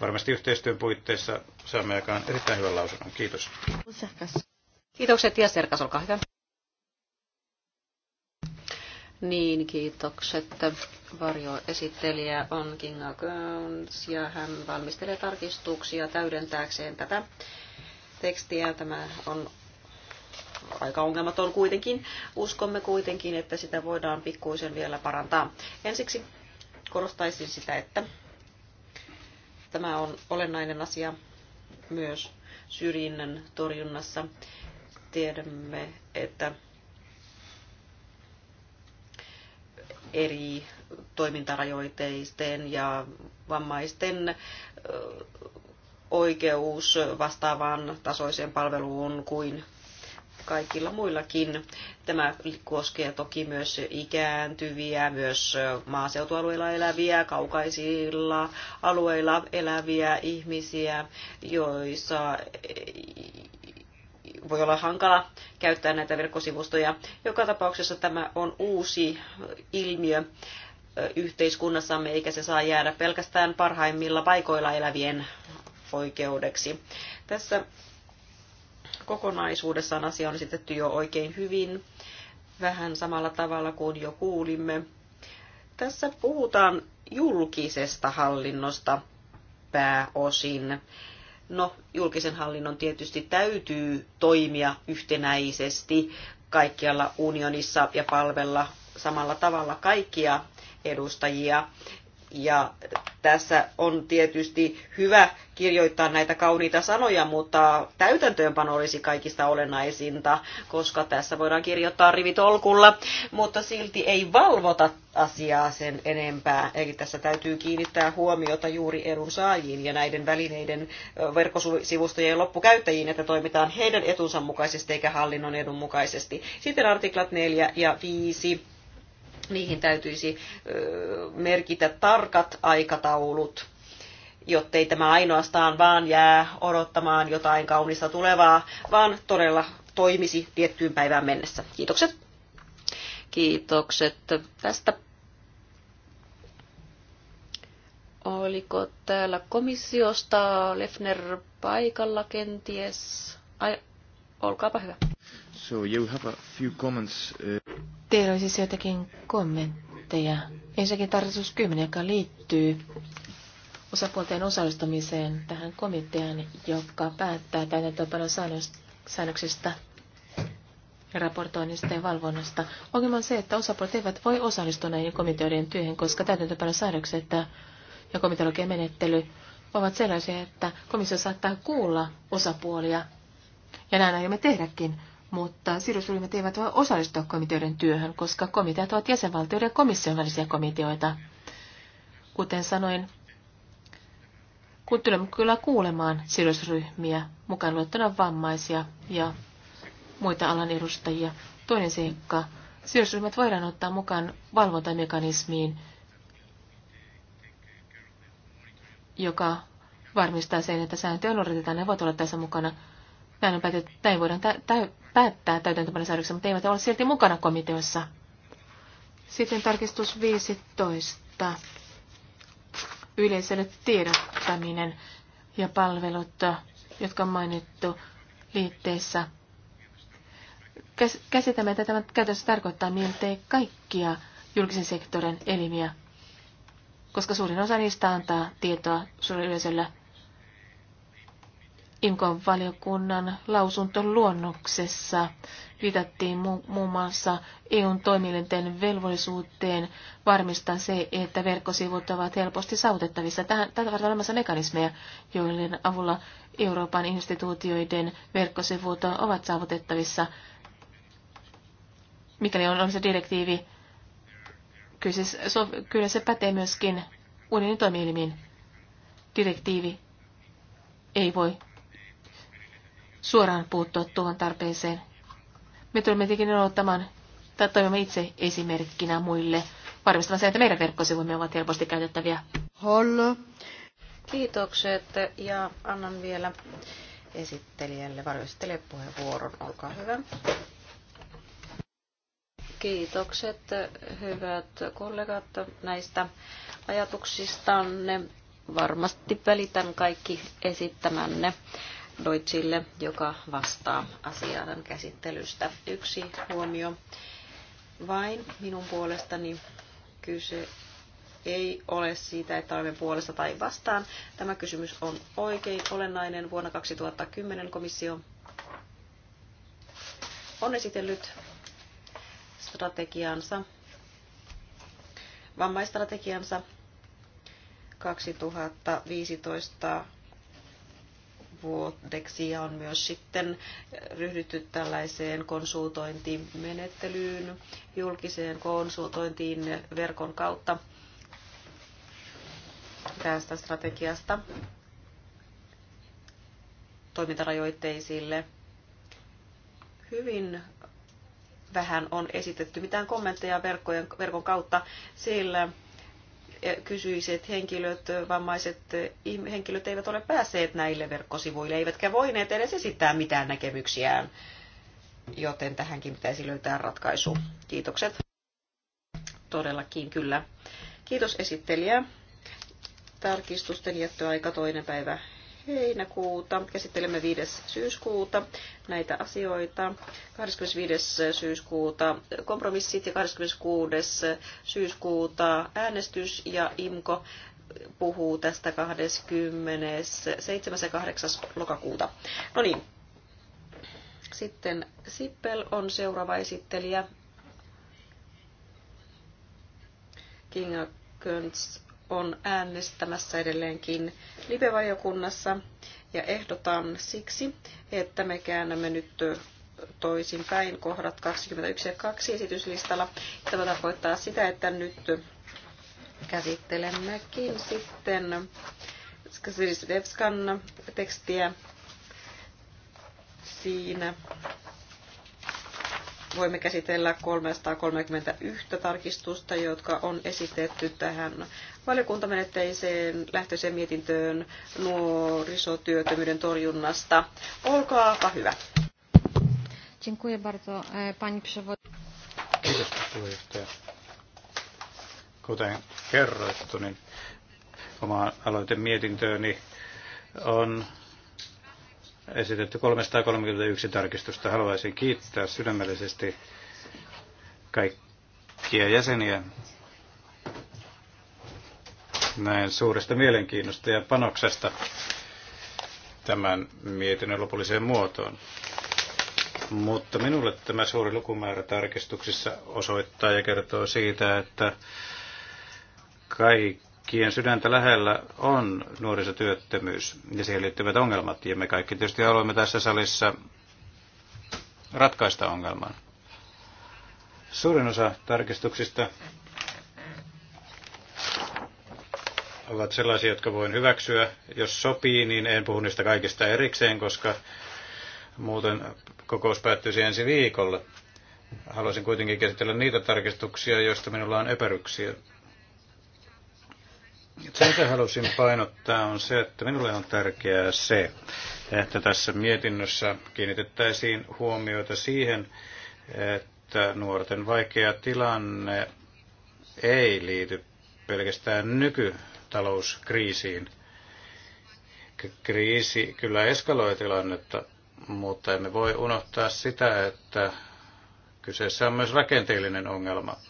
S3: varmasti yhteistyön puitteissa saamme aikaan erittäin hyvän lausunnon. Kiitos.
S1: Kiitokset ja Serkas, olkaa hyvä. Niin, kiitokset. esittelijä on Kinga Köns ja hän valmistelee tarkistuksia täydentääkseen tätä tekstiä. Tämä on aika ongelmaton kuitenkin. Uskomme kuitenkin, että sitä voidaan pikkuisen vielä parantaa. Ensiksi Korostaisin sitä, että tämä on olennainen asia myös syrjinnän torjunnassa. Tiedämme, että eri toimintarajoiteisten ja vammaisten oikeus vastaavaan tasoiseen palveluun kuin kaikilla muillakin. Tämä koskee toki myös ikääntyviä, myös maaseutualueilla eläviä, kaukaisilla alueilla eläviä ihmisiä, joissa voi olla hankala käyttää näitä verkkosivustoja. Joka tapauksessa tämä on uusi ilmiö yhteiskunnassamme, eikä se saa jäädä pelkästään parhaimmilla paikoilla elävien oikeudeksi. Tässä kokonaisuudessaan asia on esitetty jo oikein hyvin, vähän samalla tavalla kuin jo kuulimme. Tässä puhutaan julkisesta hallinnosta pääosin. No, julkisen hallinnon tietysti täytyy toimia yhtenäisesti kaikkialla unionissa ja palvella samalla tavalla kaikkia edustajia. Ja tässä on tietysti hyvä kirjoittaa näitä kauniita sanoja, mutta täytäntöönpano olisi kaikista olennaisinta, koska tässä voidaan kirjoittaa rivitolkulla, mutta silti ei valvota asiaa sen enempää. Eli tässä täytyy kiinnittää huomiota juuri edunsaajiin ja näiden välineiden verkkosivustojen loppukäyttäjiin, että toimitaan heidän etunsa mukaisesti eikä hallinnon edun mukaisesti. Sitten artiklat 4 ja 5 niihin täytyisi merkitä tarkat aikataulut, jottei tämä ainoastaan vaan jää odottamaan jotain kaunista tulevaa, vaan todella toimisi tiettyyn päivään mennessä. Kiitokset. Kiitokset tästä. Oliko täällä komissiosta Lefner paikalla
S2: kenties? Ai, olkaapa hyvä.
S3: So you have a few comments. Uh...
S2: Teillä olisi siis jotakin kommentteja. Ensinnäkin tarkistus 10, joka liittyy osapuolten osallistumiseen tähän komiteaan, joka päättää täytäntöönpanon säännöksistä ja raportoinnista ja valvonnasta. Ongelma on se, että osapuolet eivät voi osallistua näihin komiteoiden työhön, koska täytäntöönpanon säännökset ja komiteologien menettely ovat sellaisia, että komissio saattaa kuulla osapuolia. Ja näin aiomme tehdäkin, mutta sidosryhmät eivät voi osallistua komiteoiden työhön, koska komiteat ovat jäsenvaltioiden komission välisiä komiteoita. Kuten sanoin, kun tulemme kyllä kuulemaan sidosryhmiä, mukaan luettuna vammaisia ja muita alan edustajia. Toinen seikka, sidosryhmät voidaan ottaa mukaan valvontamekanismiin, joka varmistaa sen, että sääntöjä noudatetaan. ja voit olla tässä mukana. Näin, on päätetty, näin voidaan tä- tä- päättää täytäntöpanosäädöksen, mutta eivät ole silti mukana komiteossa. Sitten tarkistus 15. Yleisölle tiedottaminen ja palvelut, jotka on mainittu liitteessä. Käsitämme, että tämä käytännössä tarkoittaa miltei kaikkia julkisen sektorin elimiä, koska suurin osa niistä antaa tietoa suurelle yleisölle IMKOn valiokunnan lausuntoluonnoksessa viitattiin mu- muun muassa EUn toimielinten velvollisuuteen varmistaa se, että verkkosivut ovat helposti saavutettavissa. Tähän, tätä varten olemassa mekanismeja, joiden avulla Euroopan instituutioiden verkkosivut ovat saavutettavissa, mikäli on se direktiivi. Kyllä se, so, kyllä se pätee myöskin unionin toimielimiin. Direktiivi ei voi suoraan puuttua tuohon tarpeeseen. Me tulemme tietenkin odottamaan tai toimimme itse esimerkkinä muille varmistamaan sen, että meidän verkkosivumme ovat helposti käytettäviä.
S1: Hallo. Kiitokset ja annan vielä esittelijälle varjoesittelijä puheenvuoron. Olkaa hyvä. Kiitokset hyvät kollegat näistä ajatuksistanne. Varmasti välitän kaikki esittämänne Deutschille, joka vastaa asian käsittelystä. Yksi huomio vain minun puolestani. Kyse ei ole siitä, että olemme puolesta tai vastaan. Tämä kysymys on oikein olennainen. Vuonna 2010 komissio on esitellyt strategiansa, vammaistrategiansa 2015 vuoteksi ja on myös sitten ryhdytty tällaiseen konsultointimenettelyyn, julkiseen konsultointiin verkon kautta tästä strategiasta toimintarajoitteisille. Hyvin vähän on esitetty mitään kommentteja verkkojen, verkon kautta, sillä kysyiset henkilöt, vammaiset henkilöt eivät ole päässeet näille verkkosivuille, eivätkä voineet edes esittää mitään näkemyksiään. Joten tähänkin pitäisi löytää ratkaisu. Kiitokset. Todellakin kyllä. Kiitos esittelijä. Tarkistusten jättöaika toinen päivä heinäkuuta, käsittelemme 5. syyskuuta näitä asioita. 25. syyskuuta kompromissit ja 26. syyskuuta äänestys ja IMKO puhuu tästä 27. ja 8. lokakuuta. No niin, sitten Sippel on seuraava esittelijä. Kinga Könz on äänestämässä edelleenkin live-valiokunnassa ja ehdotan siksi, että me käännämme nyt toisinpäin kohdat 21 ja 2 esityslistalla. Tämä tarkoittaa sitä, että nyt käsittelemmekin sitten Skasiris Devskan tekstiä siinä voimme käsitellä 331 tarkistusta, jotka on esitetty tähän valiokuntamenetteiseen lähtöiseen mietintöön nuorisotyöttömyyden torjunnasta.
S2: Olkaapa hyvä. E,
S3: Kiitos, puheenjohtaja. Kuten kerroittu, niin oma aloitemietintööni on esitetty 331 tarkistusta. Haluaisin kiittää sydämellisesti kaikkia jäseniä näin suuresta mielenkiinnosta ja panoksesta tämän mietinnön lopulliseen muotoon. Mutta minulle tämä suuri lukumäärä tarkistuksissa osoittaa ja kertoo siitä, että kaikki kaikkien sydäntä lähellä on nuorisotyöttömyys ja siihen liittyvät ongelmat. Ja me kaikki tietysti haluamme tässä salissa ratkaista ongelman. Suurin osa tarkistuksista ovat sellaisia, jotka voin hyväksyä. Jos sopii, niin en puhu niistä kaikista erikseen, koska muuten kokous päättyisi ensi viikolla. Haluaisin kuitenkin käsitellä niitä tarkistuksia, joista minulla on epäryksiä. Se, mitä halusin painottaa, on se, että minulle on tärkeää se, että tässä mietinnössä kiinnitettäisiin huomiota siihen, että nuorten vaikea tilanne ei liity pelkästään nykytalouskriisiin. Kriisi kyllä eskaloi tilannetta, mutta emme voi unohtaa sitä, että kyseessä on myös rakenteellinen ongelma –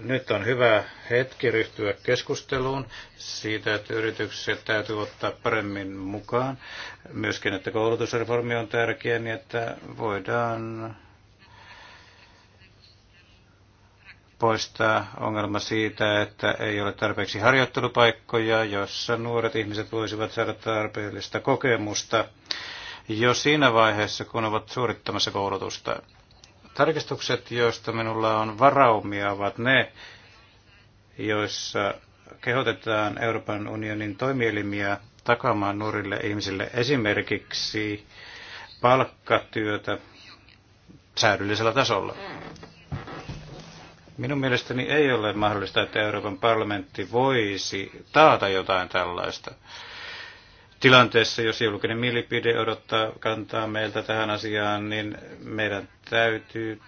S3: nyt on hyvä hetki ryhtyä keskusteluun siitä, että yritykset täytyy ottaa paremmin mukaan. Myöskin, että koulutusreformi on tärkeä, niin että voidaan poistaa ongelma siitä, että ei ole tarpeeksi harjoittelupaikkoja, jossa nuoret ihmiset voisivat saada tarpeellista kokemusta jo siinä vaiheessa, kun ovat suorittamassa koulutusta Tarkistukset, joista minulla on varaumia, ovat ne, joissa kehotetaan Euroopan unionin toimielimiä takaamaan nuorille ihmisille esimerkiksi palkkatyötä säädöllisellä tasolla. Minun mielestäni ei ole mahdollista, että Euroopan parlamentti voisi taata jotain tällaista tilanteessa, jos julkinen mielipide odottaa kantaa meiltä tähän asiaan, niin meidän täytyy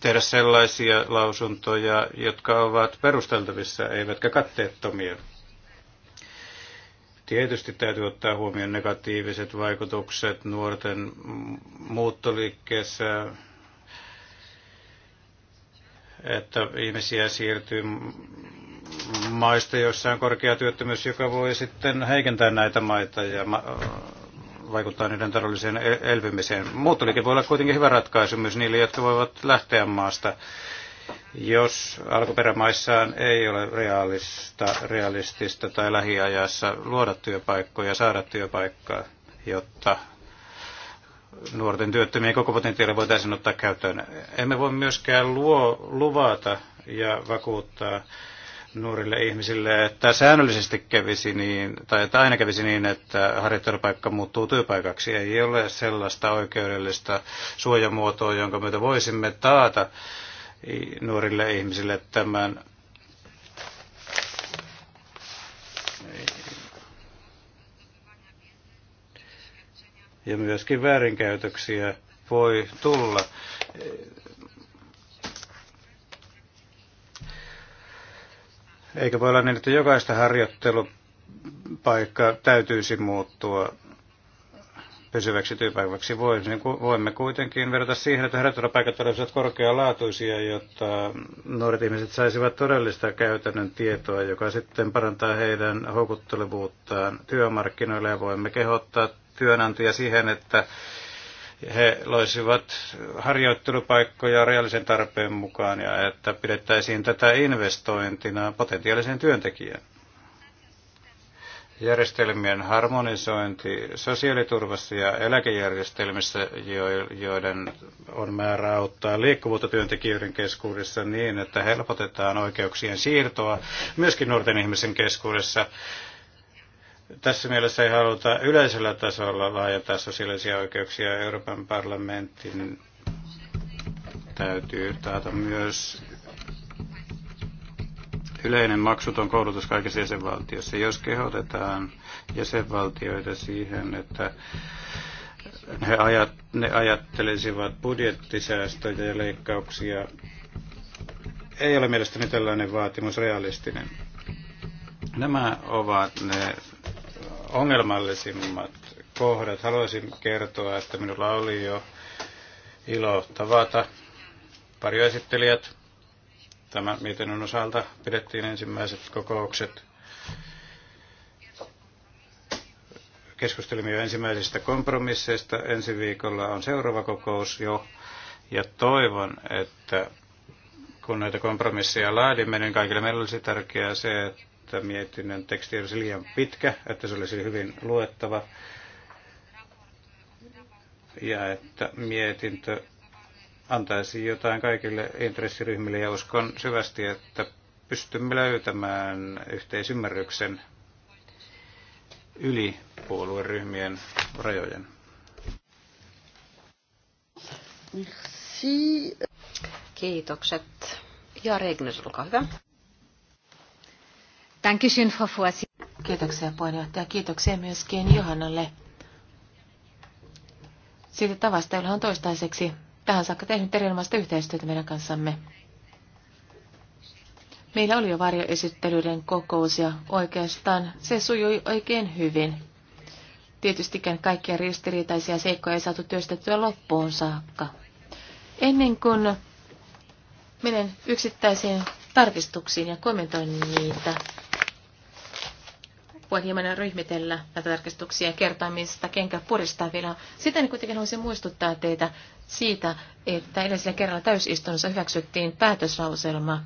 S3: tehdä sellaisia lausuntoja, jotka ovat perusteltavissa, eivätkä katteettomia. Tietysti täytyy ottaa huomioon negatiiviset vaikutukset nuorten muuttoliikkeessä, että ihmisiä siirtyy maista, joissa on korkea työttömyys, joka voi sitten heikentää näitä maita ja vaikuttaa niiden taloudelliseen elvymiseen. Muuttoliike voi olla kuitenkin hyvä ratkaisu myös niille, jotka voivat lähteä maasta, jos alkuperämaissaan ei ole realista, realistista tai lähiajassa luoda työpaikkoja, saada työpaikkaa, jotta nuorten työttömien koko potentiaali voitaisiin ottaa käyttöön. Emme voi myöskään luo, luvata ja vakuuttaa nuorille ihmisille, että säännöllisesti kävisi niin, tai että aina kävisi niin, että harjoittelupaikka muuttuu työpaikaksi. Ei ole sellaista oikeudellista suojamuotoa, jonka myötä voisimme taata nuorille ihmisille tämän ja myöskin väärinkäytöksiä voi tulla Eikä voi olla niin, että jokaista harjoittelupaikkaa täytyisi muuttua pysyväksi työpaikaksi. Niin voimme kuitenkin verrata siihen, että harjoittelupaikat olisivat korkealaatuisia, jotta nuoret ihmiset saisivat todellista käytännön tietoa, joka sitten parantaa heidän houkuttelevuuttaan työmarkkinoille. Ja voimme kehottaa työnantajia siihen, että he loisivat harjoittelupaikkoja reaalisen tarpeen mukaan ja että pidettäisiin tätä investointina potentiaaliseen työntekijään. Järjestelmien harmonisointi sosiaaliturvassa ja eläkejärjestelmissä, joiden on määrä auttaa liikkuvuutta työntekijöiden keskuudessa niin, että helpotetaan oikeuksien siirtoa myöskin nuorten ihmisen keskuudessa tässä mielessä ei haluta yleisellä tasolla laajentaa sosiaalisia oikeuksia. Euroopan parlamentin täytyy taata myös yleinen maksuton koulutus kaikissa jäsenvaltioissa. Jos kehotetaan jäsenvaltioita siihen, että he ajat, ne ajattelisivat budjettisäästöjä ja leikkauksia, ei ole mielestäni tällainen vaatimus realistinen. Nämä ovat ne ongelmallisimmat kohdat. Haluaisin kertoa, että minulla oli jo ilo tavata varjoesittelijät. Tämän mietinnön osalta pidettiin ensimmäiset kokoukset. Keskustelimme jo ensimmäisistä kompromisseista. Ensi viikolla on seuraava kokous jo. Ja toivon, että kun näitä kompromisseja laadimme, niin kaikille meillä olisi tärkeää se, että että mietinnön teksti olisi liian pitkä, että se olisi hyvin luettava ja että mietintö antaisi jotain kaikille intressiryhmille ja uskon syvästi, että pystymme löytämään yhteisymmärryksen yli puolueryhmien rajojen.
S1: Merci. Kiitokset. Ja Regnes, olkaa hyvä.
S2: Kiitoksia puheenjohtaja. Kiitoksia myöskin Johannalle siitä tavasta, jolla on toistaiseksi tähän saakka tehnyt erinomaista yhteistyötä meidän kanssamme. Meillä oli jo varjoesittelyiden kokous ja oikeastaan se sujui oikein hyvin. Tietystikään kaikkia ristiriitaisia seikkoja ei saatu työstettyä loppuun saakka. Ennen kuin menen yksittäisiin tarkistuksiin ja kommentoin niitä, voin hieman ryhmitellä näitä tarkistuksia ja kertoa, mistä kenkä puristaa vielä. Siten kuitenkin haluaisin muistuttaa teitä siitä, että edellisellä kerralla täysistunnossa hyväksyttiin päätöslauselma,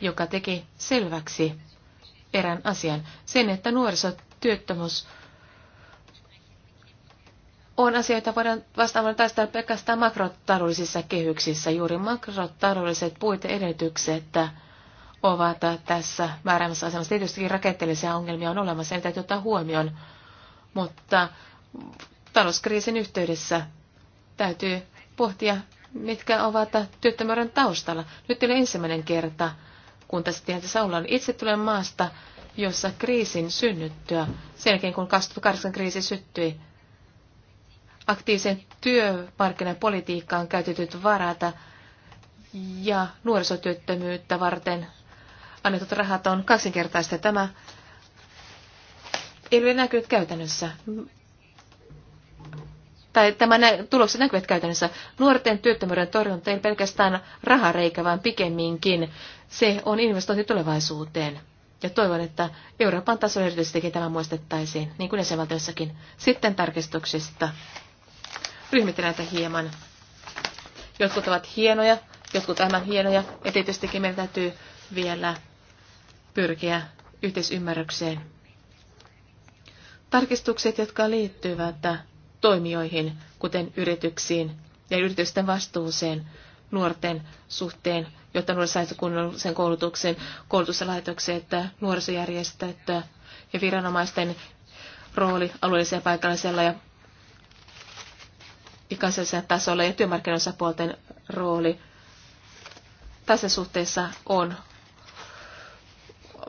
S2: joka teki selväksi erään asian. Sen, että nuorisotyöttömyys on asia, jota voidaan vastaamaan taistella pelkästään makrotaloudellisissa kehyksissä. Juuri makrotaloudelliset puiteedellytykset, että ovat tässä väärämmässä asemassa. Tietysti rakenteellisia ongelmia on olemassa, ja täytyy ottaa huomioon, mutta talouskriisin yhteydessä täytyy pohtia, mitkä ovat työttömyyden taustalla. Nyt ei ole ensimmäinen kerta, kun tässä tietysti ollaan. Itse tulen maasta, jossa kriisin synnyttyä, sen jälkeen kun 2008 kriisi syttyi, aktiivisen työmarkkinapolitiikkaan käytetyt varata ja nuorisotyöttömyyttä varten annetut rahat on kaksinkertaista. Tämä ei ole näkynyt käytännössä. Tai tämä nä- tulokset näkyvät käytännössä. Nuorten työttömyyden torjunta ei pelkästään rahareikä, vaan pikemminkin se on investointi tulevaisuuteen. Ja toivon, että Euroopan tasolla erityisestikin tämä muistettaisiin, niin kuin jäsenvaltioissakin. Sitten tarkistuksista. Ryhmittelen näitä hieman. Jotkut ovat hienoja, jotkut vähemmän hienoja. Ja tietystikin meidän täytyy vielä pyrkiä yhteisymmärrykseen. Tarkistukset, jotka liittyvät toimijoihin, kuten yrityksiin ja yritysten vastuuseen nuorten suhteen, jotta nuoret saisivat kunnollisen koulutuksen, koulutuslaitokset, nuorisojärjestöt ja viranomaisten rooli alueellisella paikallisella ja kansallisella tasolla ja työmarkkinoissa puolten rooli tässä suhteessa on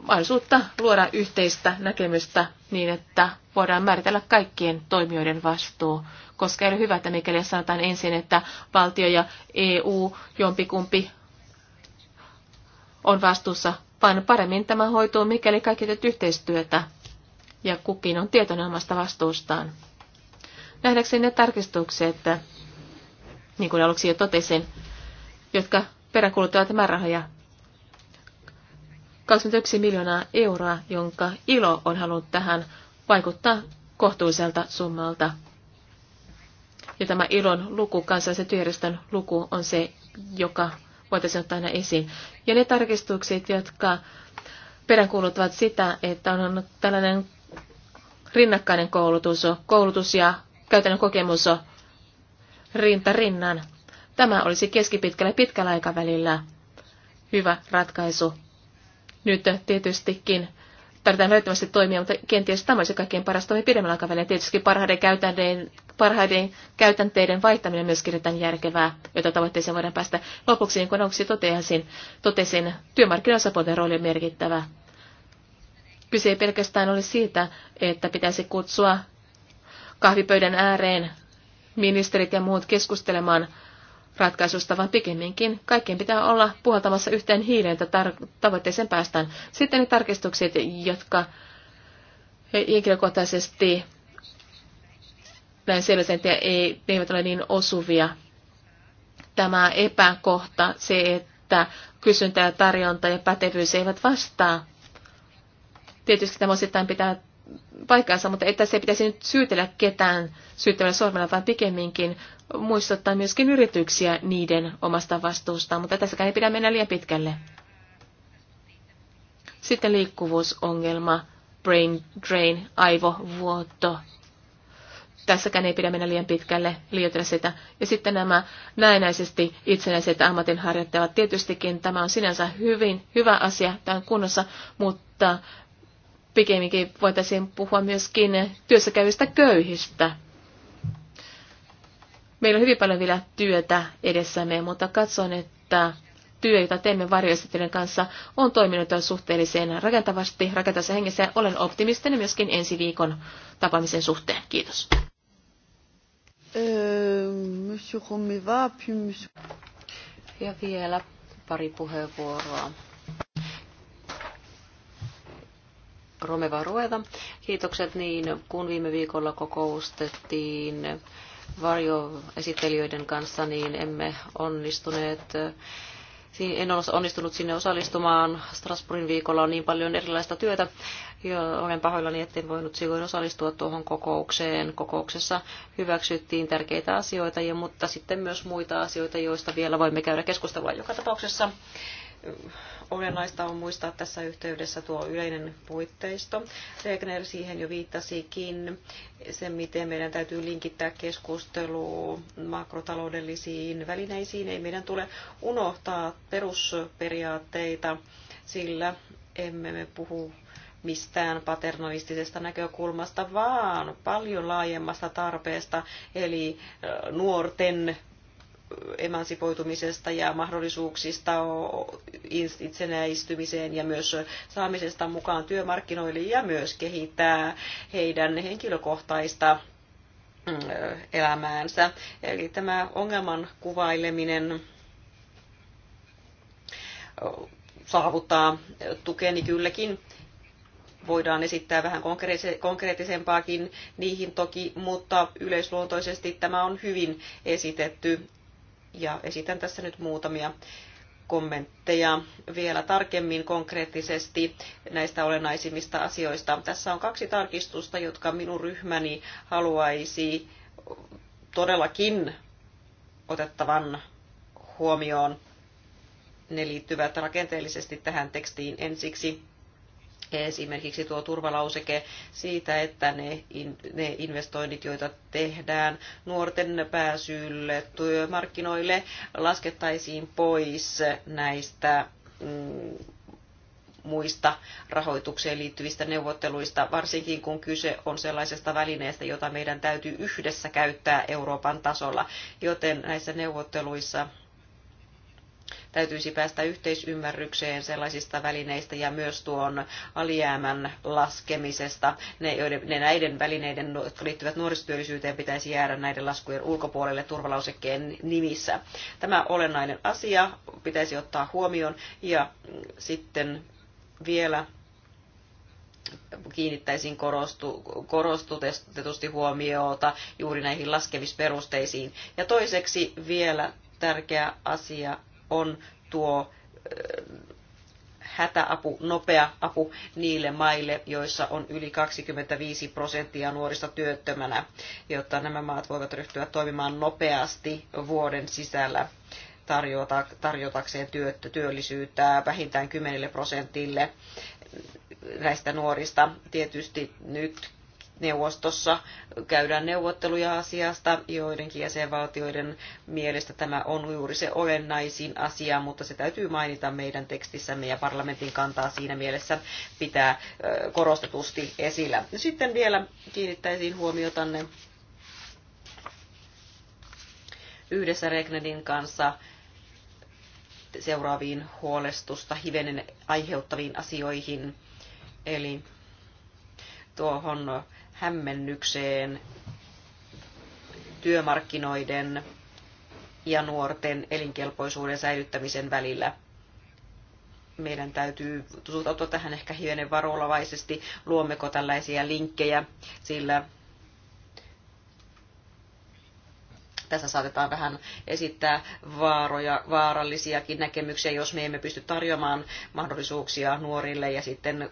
S2: mahdollisuutta luoda yhteistä näkemystä niin, että voidaan määritellä kaikkien toimijoiden vastuu. Koska ei ole hyvä, että mikäli sanotaan ensin, että valtio ja EU jompikumpi on vastuussa, vaan paremmin tämä hoituu, mikäli kaikki teet yhteistyötä ja kukin on tietoinen omasta vastuustaan. Nähdäkseni ne tarkistukset, että, niin kuin aluksi jo totesin, jotka peräkuluttavat määrärahoja 21 miljoonaa euroa, jonka ILO on halunnut tähän vaikuttaa kohtuulliselta summalta. Ja tämä ILON luku, kansallisen työjärjestön luku, on se, joka voitaisiin ottaa aina esiin. Ja ne tarkistukset, jotka peräänkuuluttavat sitä, että on tällainen rinnakkainen koulutus, koulutus ja käytännön kokemus rinta rinnan. Tämä olisi keskipitkällä ja pitkällä aikavälillä hyvä ratkaisu. Nyt tietystikin tarvitaan löytämästi toimia, mutta kenties tämä olisi kaikkein paras toimi pidemmällä aikavälillä. Tietysti parhaiden käytänteiden, parhaiden käytänteiden vaihtaminen myös kirjoitetaan järkevää, jota tavoitteeseen voidaan päästä. Lopuksi, niin kuin onksi totesin, totesin työmarkkinaosapuolten rooli on merkittävä. Kyse ei pelkästään ole siitä, että pitäisi kutsua kahvipöydän ääreen ministerit ja muut keskustelemaan ratkaisusta, vaan pikemminkin kaikkien pitää olla puhaltamassa yhteen hiileen, että tavoitteeseen päästään. Sitten ne tarkistukset, jotka henkilökohtaisesti näin selväsentia ei, ne eivät ole niin osuvia. Tämä epäkohta, se, että kysyntä ja tarjonta ja pätevyys eivät vastaa. Tietysti tämä osittain pitää paikkaansa, mutta että se pitäisi nyt syytellä ketään syyttävällä sormella, vaan pikemminkin muistuttaa myöskin yrityksiä niiden omasta vastuusta, mutta tässäkään ei pidä mennä liian pitkälle. Sitten liikkuvuusongelma, brain drain, aivovuoto. Tässäkään ei pidä mennä liian pitkälle, liioitella sitä. Ja sitten nämä näennäisesti itsenäiset ammatinharjoittajat. Tietystikin tämä on sinänsä hyvin hyvä asia, tämä on kunnossa, mutta pikemminkin voitaisiin puhua myöskin työssäkäyvistä köyhistä. Meillä on hyvin paljon vielä työtä edessämme, mutta katson, että työ, jota teemme varjoesittelijän kanssa, on toiminut suhteellisen rakentavasti, rakentavassa hengessä olen optimistinen myöskin ensi viikon tapaamisen suhteen. Kiitos.
S1: Öö, ja vielä pari puheenvuoroa Romeva Rueda. Kiitokset niin, kun viime viikolla kokoustettiin varjoesittelijöiden kanssa, niin emme onnistuneet en ole onnistunut sinne osallistumaan. Strasbourgin viikolla on niin paljon erilaista työtä. Ja olen pahoillani, etten voinut silloin osallistua tuohon kokoukseen. Kokouksessa hyväksyttiin tärkeitä asioita, ja, mutta sitten myös muita asioita, joista vielä voimme käydä keskustelua joka tapauksessa. Olennaista on muistaa tässä yhteydessä tuo yleinen puitteisto. Regner siihen jo viittasikin, se miten meidän täytyy linkittää keskustelu makrotaloudellisiin välineisiin. Ei meidän tule unohtaa perusperiaatteita, sillä emme me puhu mistään paternalistisesta näkökulmasta, vaan paljon laajemmasta tarpeesta, eli nuorten emansipoitumisesta ja mahdollisuuksista itsenäistymiseen ja myös saamisesta mukaan työmarkkinoille ja myös kehittää heidän henkilökohtaista mm, elämäänsä. Eli tämä ongelman kuvaileminen saavuttaa tukeni kylläkin voidaan esittää vähän konkreettisempaakin niihin toki, mutta yleisluontoisesti tämä on hyvin esitetty ja esitän tässä nyt muutamia kommentteja vielä tarkemmin konkreettisesti näistä olennaisimmista asioista. Tässä on kaksi tarkistusta, jotka minun ryhmäni haluaisi todellakin otettavan huomioon. Ne liittyvät rakenteellisesti tähän tekstiin ensiksi esimerkiksi tuo turvalauseke siitä, että ne, in, ne investoinnit, joita tehdään nuorten pääsylle työmarkkinoille, laskettaisiin pois näistä mm, muista rahoitukseen liittyvistä neuvotteluista, varsinkin kun kyse on sellaisesta välineestä, jota meidän täytyy yhdessä käyttää Euroopan tasolla. Joten näissä neuvotteluissa täytyisi päästä yhteisymmärrykseen sellaisista välineistä ja myös tuon alijäämän laskemisesta. Ne, ne näiden välineiden, jotka liittyvät nuorisotyöllisyyteen, pitäisi jäädä näiden laskujen ulkopuolelle turvalausekkeen nimissä. Tämä olennainen asia pitäisi ottaa huomioon ja sitten vielä kiinnittäisin korostu, korostutetusti huomiota juuri näihin laskemisperusteisiin. Ja toiseksi vielä tärkeä asia on tuo hätäapu, nopea apu niille maille, joissa on yli 25 prosenttia nuorista työttömänä, jotta nämä maat voivat ryhtyä toimimaan nopeasti vuoden sisällä tarjota, tarjotakseen työllisyyttä vähintään 10 prosentille näistä nuorista. Tietysti nyt neuvostossa käydään neuvotteluja asiasta. Joidenkin jäsenvaltioiden mielestä tämä on juuri se olennaisin asia, mutta se täytyy mainita meidän tekstissämme ja parlamentin kantaa siinä mielessä pitää korostetusti esillä. Sitten vielä kiinnittäisin huomiotanne yhdessä Regnedin kanssa seuraaviin huolestusta hivenen aiheuttaviin asioihin. Eli tuohon hämmennykseen työmarkkinoiden ja nuorten elinkelpoisuuden säilyttämisen välillä. Meidän täytyy suhtautua tähän ehkä hivenen varovaisesti, luommeko tällaisia linkkejä, sillä Tässä saatetaan vähän esittää vaaroja, vaarallisiakin näkemyksiä, jos me emme pysty tarjoamaan mahdollisuuksia nuorille ja sitten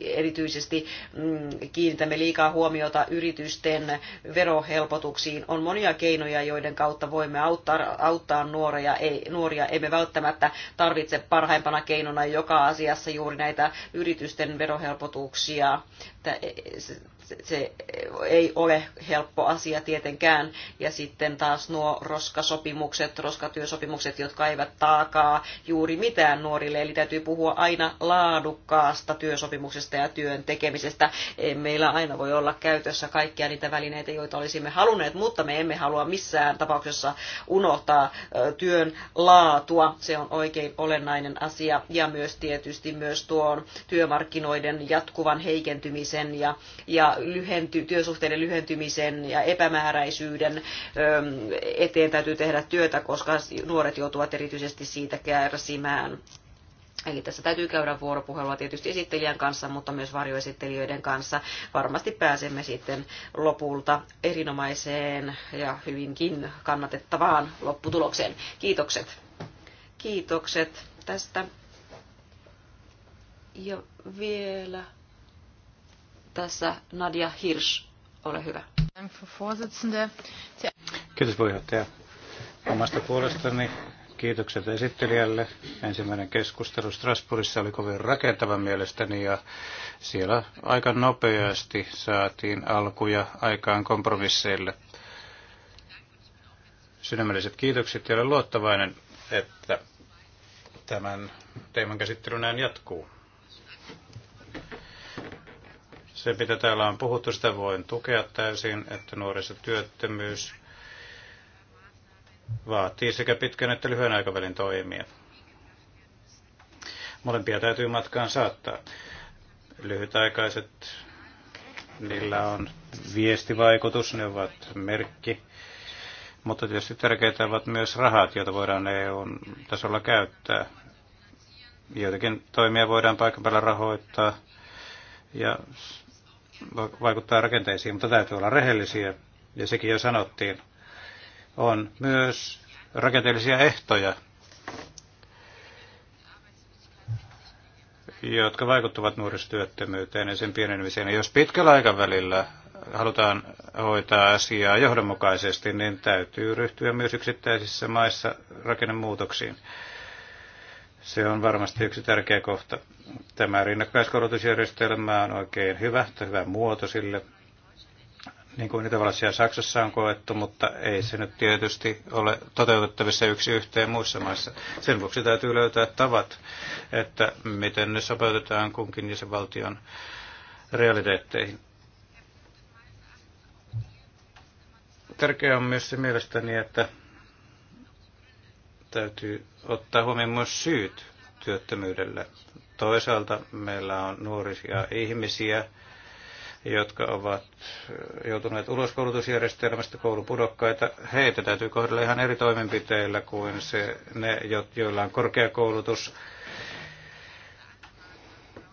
S1: erityisesti mm, kiinnitämme liikaa huomiota yritysten verohelpotuksiin. On monia keinoja, joiden kautta voimme auttaa, auttaa nuoria, ei, nuoria. Emme välttämättä tarvitse parhaimpana keinona joka asiassa juuri näitä yritysten verohelpotuksia e, e, se ei ole helppo asia tietenkään. Ja sitten taas nuo roskasopimukset, roskatyösopimukset, jotka eivät taakaa juuri mitään nuorille. Eli täytyy puhua aina laadukkaasta työsopimuksesta ja työn tekemisestä. E, meillä aina voi olla käytössä kaikkia niitä välineitä, joita olisimme halunneet, mutta me emme halua missään tapauksessa unohtaa työn laatua. Se on oikein olennainen asia. Ja myös tietysti myös tuon työmarkkinoiden jatkuvan heikentymisen ja, ja lyhenty, työsuhteiden lyhentymisen ja epämääräisyyden eteen täytyy tehdä työtä, koska nuoret joutuvat erityisesti siitä kärsimään. Eli tässä täytyy käydä vuoropuhelua tietysti esittelijän kanssa, mutta myös varjoesittelijöiden kanssa. Varmasti pääsemme sitten lopulta erinomaiseen ja hyvinkin kannatettavaan lopputulokseen. Kiitokset. Kiitokset tästä. Ja vielä tässä Nadia Hirsch, ole hyvä.
S3: Kiitos puheenjohtaja. Omasta puolestani kiitokset esittelijälle. Ensimmäinen keskustelu Strasbourgissa oli kovin rakentava mielestäni ja siellä aika nopeasti saatiin alkuja aikaan kompromisseille. Sydämelliset kiitokset ja olen luottavainen, että tämän teeman käsittely näin jatkuu. Se, mitä täällä on puhuttu, sitä voin tukea täysin, että nuorisotyöttömyys vaatii sekä pitkän että lyhyen aikavälin toimia. Molempia täytyy matkaan saattaa. Lyhytaikaiset, niillä on viestivaikutus, ne ovat merkki, mutta tietysti tärkeitä ovat myös rahat, joita voidaan EU-tasolla käyttää. Joitakin toimia voidaan paikan päällä rahoittaa ja vaikuttaa rakenteisiin, mutta täytyy olla rehellisiä, ja sekin jo sanottiin. On myös rakenteellisia ehtoja, jotka vaikuttavat nuorisotyöttömyyteen ja sen pienenemiseen. Jos pitkällä aikavälillä halutaan hoitaa asiaa johdonmukaisesti, niin täytyy ryhtyä myös yksittäisissä maissa rakennemuutoksiin. Se on varmasti yksi tärkeä kohta. Tämä rinnakkaiskorotusjärjestelmä on oikein hyvä, hyvä muoto sille. Niin kuin niitä ja Saksassa on koettu, mutta ei se nyt tietysti ole toteutettavissa yksi yhteen muissa maissa. Sen vuoksi täytyy löytää tavat, että miten ne sopeutetaan kunkin jäsenvaltion realiteetteihin. Tärkeää on myös se mielestäni, että Täytyy ottaa huomioon myös syyt työttömyydelle. Toisaalta meillä on nuorisia ihmisiä, jotka ovat joutuneet ulos koulutusjärjestelmästä koulupudokkaita. Heitä täytyy kohdella ihan eri toimenpiteillä kuin se, ne, joilla on korkeakoulutus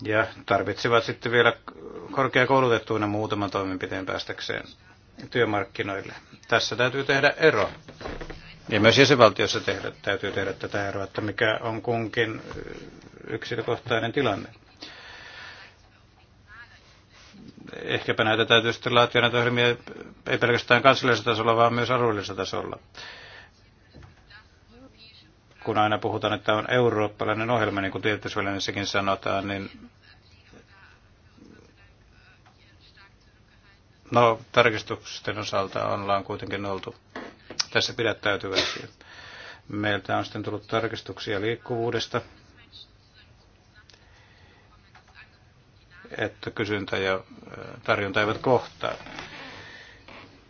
S3: ja tarvitsevat sitten vielä korkeakoulutettuina muutaman toimenpiteen päästäkseen työmarkkinoille. Tässä täytyy tehdä ero ja myös jäsenvaltiossa tehdä, täytyy tehdä tätä eroa, että mikä on kunkin yksilökohtainen tilanne. Ehkäpä näitä täytyy sitten laatia näitä ohjelmia ei pelkästään kansallisella tasolla, vaan myös alueellisella tasolla. Kun aina puhutaan, että on eurooppalainen ohjelma, niin kuin tietysvälineissäkin sanotaan, niin no, tarkistusten osalta ollaan kuitenkin oltu tässä pidättäytyväisiä. Meiltä on sitten tullut tarkistuksia liikkuvuudesta, että kysyntä ja tarjonta eivät kohtaa.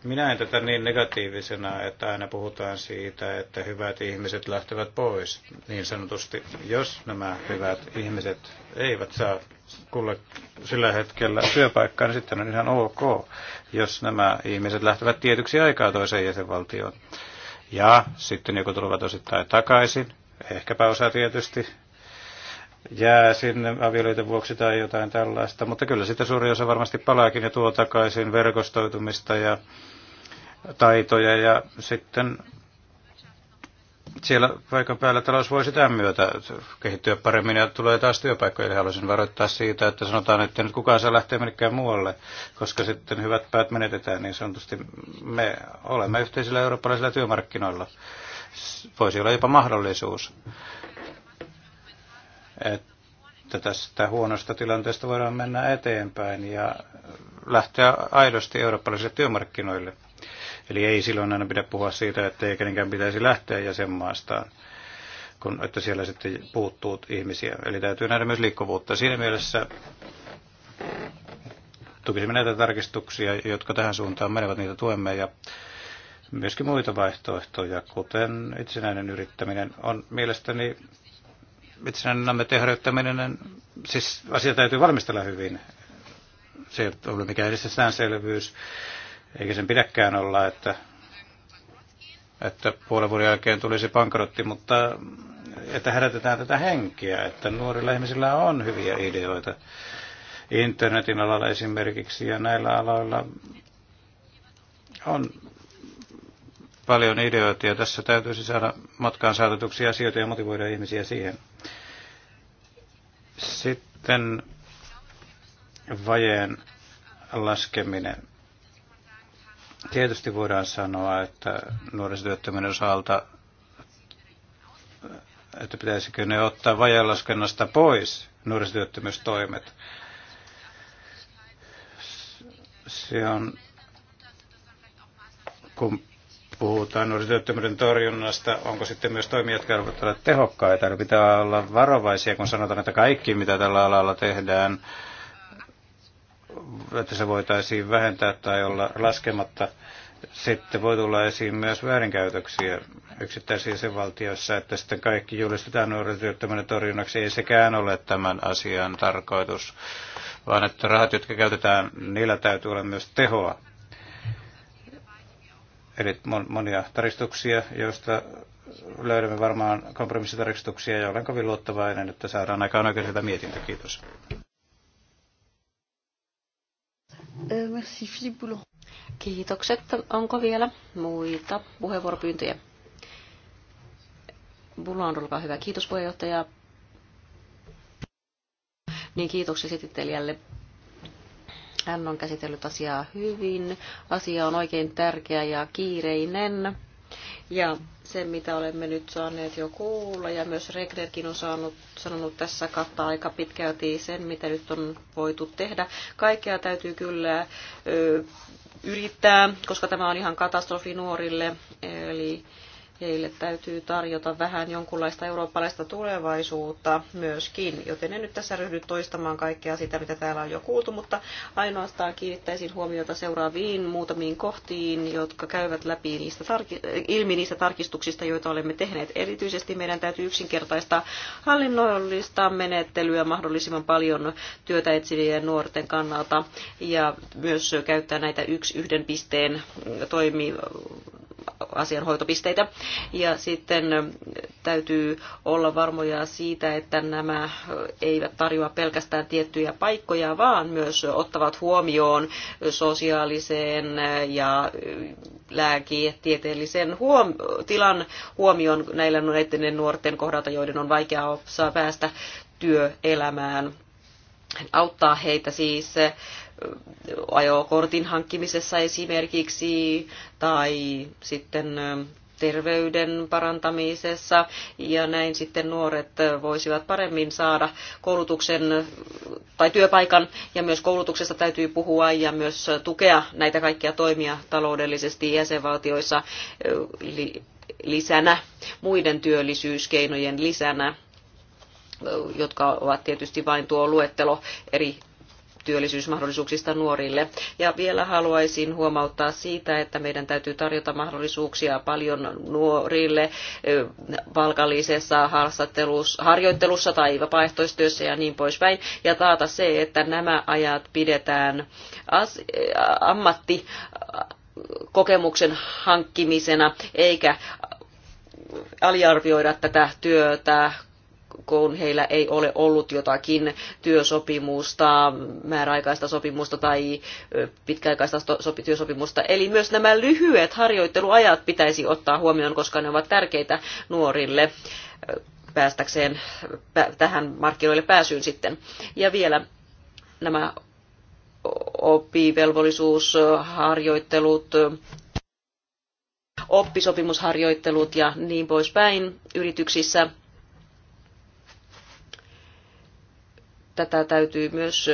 S3: Minä en tätä niin negatiivisena, että aina puhutaan siitä, että hyvät ihmiset lähtevät pois, niin sanotusti. Jos nämä hyvät ihmiset eivät saa kulle sillä hetkellä työpaikkaa, niin sitten on ihan ok, jos nämä ihmiset lähtevät tietyksi aikaa toiseen jäsenvaltioon. Ja sitten joku tulevat osittain takaisin, ehkäpä osa tietysti jää sinne avioliiton vuoksi tai jotain tällaista, mutta kyllä sitä suuri osa varmasti palaakin ja tuo takaisin verkostoitumista ja taitoja ja sitten siellä paikan päällä talous voi sitä myötä kehittyä paremmin ja tulee taas työpaikkoja. Eli haluaisin varoittaa siitä, että sanotaan, että nyt kukaan saa lähteä minnekään muualle, koska sitten hyvät päät menetetään, niin sanotusti me olemme yhteisillä eurooppalaisilla työmarkkinoilla. Voisi olla jopa mahdollisuus, että tästä huonosta tilanteesta voidaan mennä eteenpäin ja lähteä aidosti eurooppalaisille työmarkkinoille Eli ei silloin aina pidä puhua siitä, että ei kenenkään pitäisi lähteä jäsenmaastaan, kun, että siellä sitten puuttuu ihmisiä. Eli täytyy nähdä myös liikkuvuutta. Siinä mielessä tukisimme näitä tarkistuksia, jotka tähän suuntaan menevät, niitä tuemme ja myöskin muita vaihtoehtoja, kuten itsenäinen yrittäminen on mielestäni itsenäinen ammattiyrittäminen, siis asia täytyy valmistella hyvin. Se ei ole mikään selvyys. Eikä sen pidäkään olla, että, että puolen vuoden jälkeen tulisi pankrotti, mutta että herätetään tätä henkeä, että nuorilla ihmisillä on hyviä ideoita internetin alalla esimerkiksi ja näillä aloilla on paljon ideoita ja tässä täytyisi saada matkaan saatetuksia asioita ja motivoida ihmisiä siihen. Sitten vajeen laskeminen. Tietysti voidaan sanoa, että nuorisotyöttömyyden osalta, että pitäisikö ne ottaa vajalaskennasta pois, nuorisotyöttömyystoimet. Se on, kun puhutaan nuorisotyöttömyyden torjunnasta, onko sitten myös toimia, jotka ovat olla tehokkaita? Eli pitää olla varovaisia, kun sanotaan, että kaikki, mitä tällä alalla tehdään, että se voitaisiin vähentää tai olla laskematta. Sitten voi tulla esiin myös väärinkäytöksiä sen valtioissa, että sitten kaikki julistetaan nuorisotyöttömyyden torjunnaksi. Ei sekään ole tämän asian tarkoitus, vaan että rahat, jotka käytetään, niillä täytyy olla myös tehoa. Eli monia taristuksia, joista löydämme varmaan kompromissitarkistuksia ja olen kovin luottavainen, että saadaan aikaan oikein hyvä mietintö. Kiitos.
S1: Merci, Philippe Boulon. Kiitokset. Onko vielä muita puheenvuoropyyntöjä? Boulon, olkaa hyvä. Kiitos puheenjohtaja. Niin kiitoksia esittelijälle. Hän on käsitellyt asiaa hyvin. Asia on oikein tärkeä ja kiireinen. Ja se, mitä olemme nyt saaneet jo kuulla, ja myös Regnerkin on saanut, sanonut tässä kattaa aika pitkälti sen, mitä nyt on voitu tehdä. Kaikkea täytyy kyllä ö, yrittää, koska tämä on ihan katastrofi nuorille. Eli Heille täytyy tarjota vähän jonkunlaista eurooppalaista tulevaisuutta myöskin, joten en nyt tässä ryhdy toistamaan kaikkea sitä, mitä täällä on jo kuultu, mutta ainoastaan kiinnittäisin huomiota seuraaviin muutamiin kohtiin, jotka käyvät läpi niistä tarki- ilmi niistä tarkistuksista, joita olemme tehneet. Erityisesti meidän täytyy yksinkertaistaa hallinnollista menettelyä mahdollisimman paljon työtä etsivien nuorten kannalta ja myös käyttää näitä yksi yhden pisteen toimi asianhoitopisteitä. Ja sitten täytyy olla varmoja siitä, että nämä eivät tarjoa pelkästään tiettyjä paikkoja, vaan myös ottavat huomioon sosiaalisen ja lääketieteellisen huom- tilan huomioon näillä näiden nuorten kohdalta, joiden on vaikea päästä työelämään auttaa heitä siis ajokortin hankkimisessa esimerkiksi tai sitten terveyden parantamisessa ja näin sitten nuoret voisivat paremmin saada koulutuksen tai työpaikan ja myös koulutuksesta täytyy puhua ja myös tukea näitä kaikkia toimia taloudellisesti jäsenvaltioissa lisänä, muiden työllisyyskeinojen lisänä jotka ovat tietysti vain tuo luettelo eri työllisyysmahdollisuuksista nuorille. Ja vielä haluaisin huomauttaa siitä, että meidän täytyy tarjota mahdollisuuksia paljon nuorille palkallisessa harjoittelussa tai vapaaehtoistyössä ja niin poispäin. Ja taata se, että nämä ajat pidetään as- äh, ammatti kokemuksen hankkimisena, eikä aliarvioida tätä työtä kun heillä ei ole ollut jotakin työsopimusta, määräaikaista sopimusta tai pitkäaikaista työsopimusta. Eli myös nämä lyhyet harjoitteluajat pitäisi ottaa huomioon, koska ne ovat tärkeitä nuorille päästäkseen tähän markkinoille pääsyyn sitten. Ja vielä nämä oppivelvollisuusharjoittelut, oppisopimusharjoittelut ja niin poispäin yrityksissä tätä täytyy myös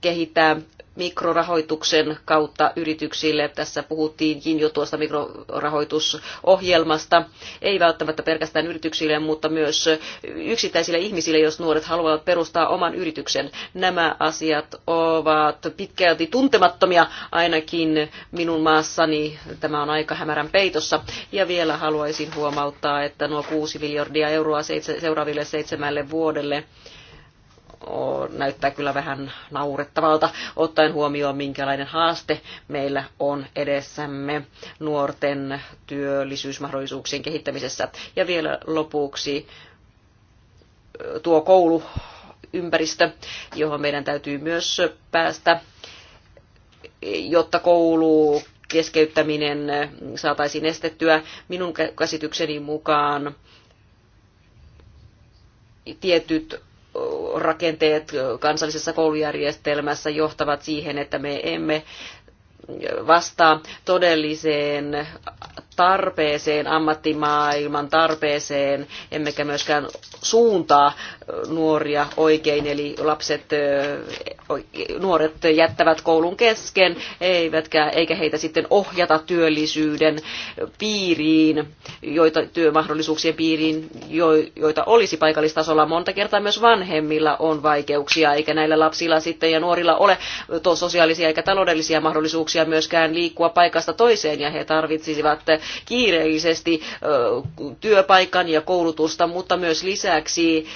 S1: kehittää mikrorahoituksen kautta yrityksille. Tässä puhuttiinkin jo tuosta mikrorahoitusohjelmasta. Ei välttämättä pelkästään yrityksille, mutta myös yksittäisille ihmisille, jos nuoret haluavat perustaa oman yrityksen. Nämä asiat ovat pitkälti tuntemattomia, ainakin minun maassani. Tämä on aika hämärän peitossa. Ja vielä haluaisin huomauttaa, että nuo 6 miljardia euroa seuraaville seitsemälle vuodelle – näyttää kyllä vähän naurettavalta, ottaen huomioon, minkälainen haaste meillä on edessämme nuorten työllisyysmahdollisuuksien kehittämisessä. Ja vielä lopuksi tuo kouluympäristö, johon meidän täytyy myös päästä, jotta koulu keskeyttäminen saataisiin estettyä. Minun käsitykseni mukaan tietyt rakenteet kansallisessa koulujärjestelmässä johtavat siihen, että me emme vastaa todelliseen tarpeeseen, ammattimaailman tarpeeseen, emmekä myöskään suuntaa nuoria oikein, eli lapset, nuoret jättävät koulun kesken, eivätkä, eikä heitä sitten ohjata työllisyyden piiriin, joita, työmahdollisuuksien piiriin, joita olisi paikallistasolla. Monta kertaa myös vanhemmilla on vaikeuksia, eikä näillä lapsilla sitten ja nuorilla ole sosiaalisia eikä taloudellisia mahdollisuuksia mahdollisuuksia myöskään liikkua paikasta toiseen ja he tarvitsisivat kiireellisesti työpaikan ja koulutusta, mutta myös lisäksi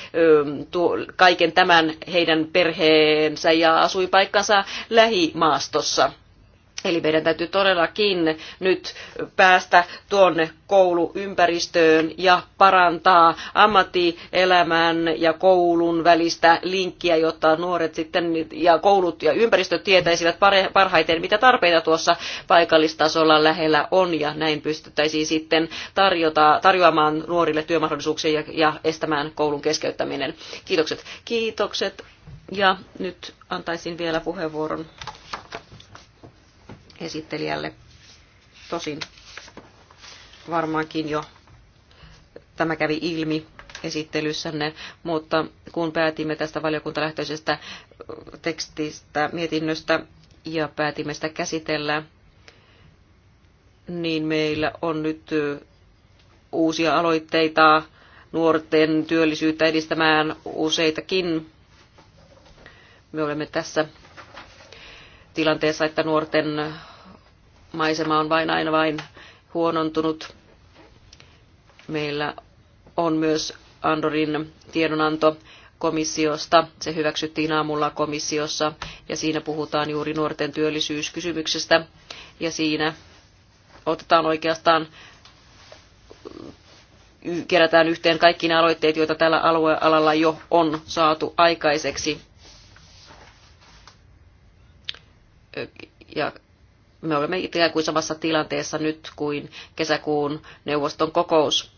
S1: kaiken tämän heidän perheensä ja asuinpaikkansa lähimaastossa. Eli meidän täytyy todellakin nyt päästä tuonne kouluympäristöön ja parantaa ammattielämän ja koulun välistä linkkiä, jotta nuoret sitten ja koulut ja ympäristöt tietäisivät parhaiten, mitä tarpeita tuossa paikallistasolla lähellä on ja näin pystyttäisiin sitten tarjota, tarjoamaan nuorille työmahdollisuuksia ja, ja estämään koulun keskeyttäminen. Kiitokset. Kiitokset. Ja nyt antaisin vielä puheenvuoron esittelijälle. Tosin varmaankin jo tämä kävi ilmi esittelyssänne, mutta kun päätimme tästä valiokuntalähtöisestä tekstistä, mietinnöstä ja päätimme sitä käsitellä, niin meillä on nyt uusia aloitteita nuorten työllisyyttä edistämään useitakin. Me olemme tässä tilanteessa, että nuorten maisema on vain aina vain huonontunut. Meillä on myös Andorin tiedonanto komissiosta. Se hyväksyttiin aamulla komissiossa ja siinä puhutaan juuri nuorten työllisyyskysymyksestä ja siinä otetaan oikeastaan kerätään yhteen kaikki ne aloitteet, joita tällä aluealalla jo on saatu aikaiseksi. Ja me olemme ikään kuin samassa tilanteessa nyt kuin kesäkuun neuvoston kokous.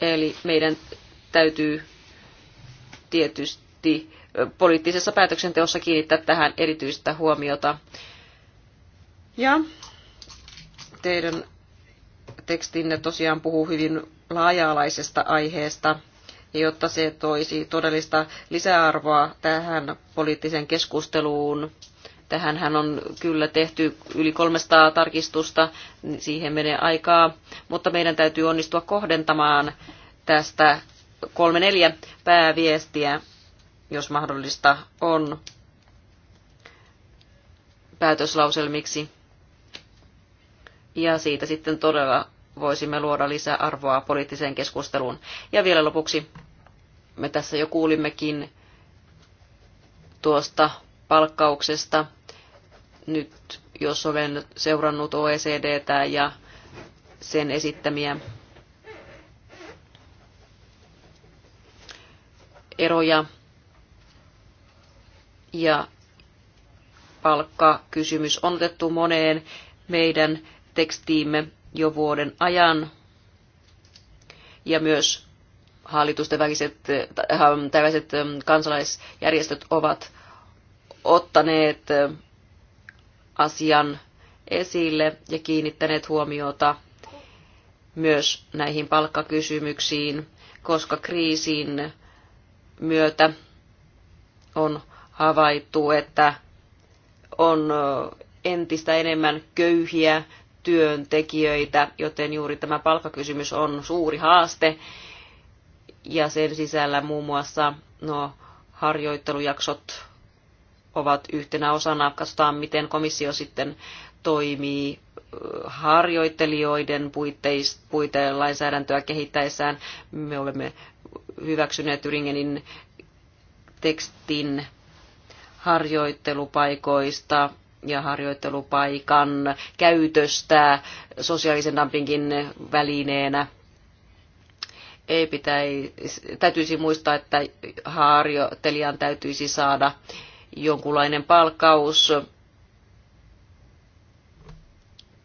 S1: Eli meidän täytyy tietysti poliittisessa päätöksenteossa kiinnittää tähän erityistä huomiota. Ja teidän tekstinne tosiaan puhuu hyvin laaja-alaisesta aiheesta jotta se toisi todellista lisäarvoa tähän poliittiseen keskusteluun. Tähänhän on kyllä tehty yli 300 tarkistusta, niin siihen menee aikaa, mutta meidän täytyy onnistua kohdentamaan tästä kolme neljä pääviestiä, jos mahdollista on päätöslauselmiksi. Ja siitä sitten todella voisimme luoda lisäarvoa poliittiseen keskusteluun. Ja vielä lopuksi me tässä jo kuulimmekin tuosta palkkauksesta. Nyt jos olen seurannut OECDtä ja sen esittämiä eroja ja palkkakysymys on otettu moneen meidän tekstiimme jo vuoden ajan ja myös hallitusten väliset, äh, ähm, tällaiset ähm, kansalaisjärjestöt ovat ottaneet äh, asian esille ja kiinnittäneet huomiota myös näihin palkkakysymyksiin, koska kriisin myötä on havaittu, että on äh, entistä enemmän köyhiä työntekijöitä, joten juuri tämä palkkakysymys on suuri haaste ja sen sisällä muun muassa no, harjoittelujaksot ovat yhtenä osana. Katsotaan, miten komissio sitten toimii harjoittelijoiden puitteis, lainsäädäntöä kehittäessään. Me olemme hyväksyneet Yringenin tekstin harjoittelupaikoista ja harjoittelupaikan käytöstä sosiaalisen dumpingin välineenä ei pitäisi, täytyisi muistaa, että harjoittelijan täytyisi saada jonkunlainen palkkaus,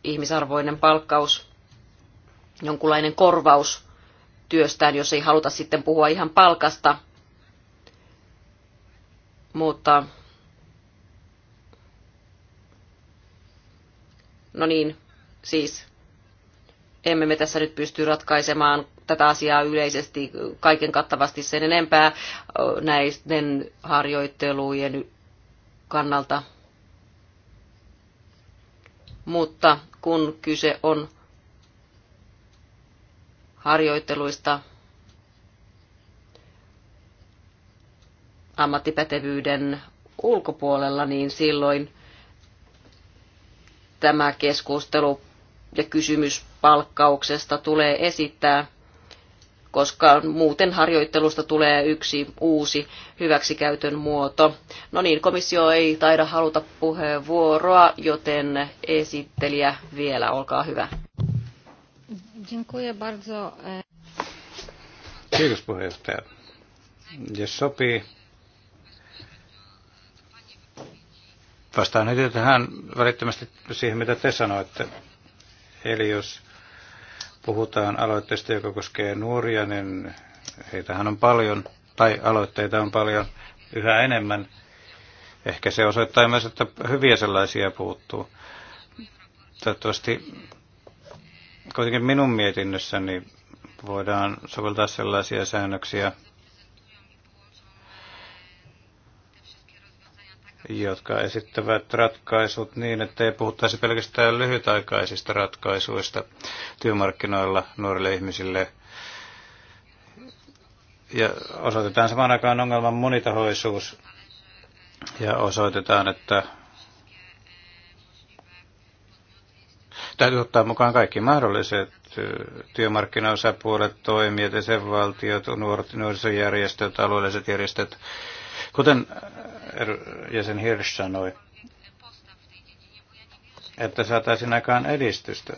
S1: ihmisarvoinen palkkaus, jonkunlainen korvaus työstään, jos ei haluta sitten puhua ihan palkasta. Mutta no niin, siis emme me tässä nyt pysty ratkaisemaan tätä asiaa yleisesti kaiken kattavasti sen enempää näiden harjoittelujen kannalta. Mutta kun kyse on harjoitteluista ammattipätevyyden ulkopuolella, niin silloin tämä keskustelu ja kysymys palkkauksesta tulee esittää – koska muuten harjoittelusta tulee yksi uusi hyväksikäytön muoto. No niin, komissio ei taida haluta puheenvuoroa, joten esittelijä vielä, olkaa hyvä.
S3: Kiitos puheenjohtaja. Jos sopii, vastaan heti tähän välittömästi siihen, mitä te sanoitte. Eli jos puhutaan aloitteesta, joka koskee nuoria, niin heitähän on paljon, tai aloitteita on paljon yhä enemmän. Ehkä se osoittaa myös, että hyviä sellaisia puuttuu. Toivottavasti kuitenkin minun mietinnössäni voidaan soveltaa sellaisia säännöksiä, jotka esittävät ratkaisut niin, että ei puhuttaisi pelkästään lyhytaikaisista ratkaisuista työmarkkinoilla nuorille ihmisille. Ja osoitetaan samaan aikaan ongelman monitahoisuus ja osoitetaan, että täytyy ottaa mukaan kaikki mahdolliset työmarkkinaosapuolet, toimijat, jäsenvaltiot, nuorisojärjestöt, alueelliset järjestöt, Kuten er, jäsen Hirsch sanoi, että saataisiin aikaan edistystä.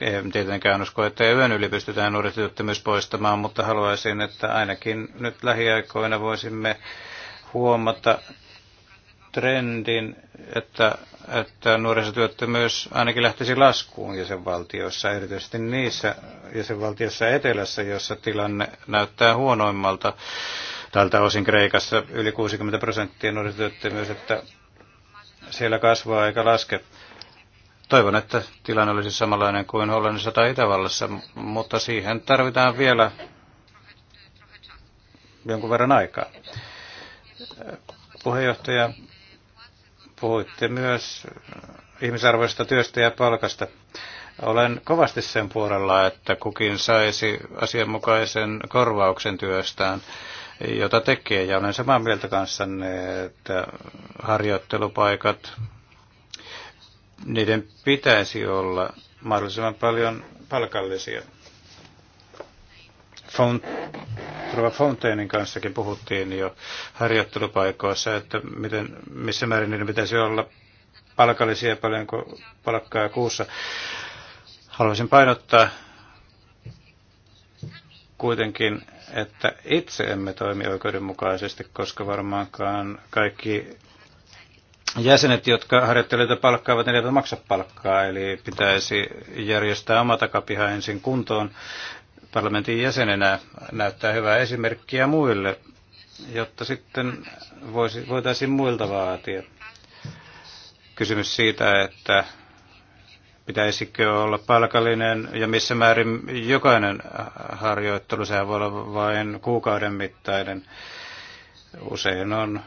S3: En tietenkään usko, että yön yli pystytään nuorisotyöttömyys poistamaan, mutta haluaisin, että ainakin nyt lähiaikoina voisimme huomata trendin, että, että nuorisotyöttömyys ainakin lähtisi laskuun jäsenvaltioissa, erityisesti niissä jäsenvaltioissa etelässä, jossa tilanne näyttää huonoimmalta Tältä osin Kreikassa yli 60 prosenttia nuorisotyöttömyys, että siellä kasvaa eikä laske. Toivon, että tilanne olisi samanlainen kuin Hollannissa tai Itävallassa, mutta siihen tarvitaan vielä jonkun verran aikaa. Puheenjohtaja, puhuitte myös ihmisarvoista työstä ja palkasta. Olen kovasti sen puolella, että kukin saisi asianmukaisen korvauksen työstään jota tekee. Ja olen samaa mieltä kanssanne, että harjoittelupaikat, niiden pitäisi olla mahdollisimman paljon palkallisia. Font, Rova kanssakin puhuttiin jo harjoittelupaikoissa, että miten, missä määrin niiden pitäisi olla palkallisia, paljonko palkkaa kuussa. Haluaisin painottaa kuitenkin että itse emme toimi oikeudenmukaisesti, koska varmaankaan kaikki jäsenet, jotka harjoittelijoita palkkaavat, ne eivät maksa palkkaa, eli pitäisi järjestää oma takapiha ensin kuntoon. Parlamentin jäsenenä näyttää hyvää esimerkkiä muille, jotta sitten voisi, voitaisiin muilta vaatia. Kysymys siitä, että Pitäisikö olla palkallinen ja missä määrin jokainen harjoittelu, sehän voi olla vain kuukauden mittainen. Usein on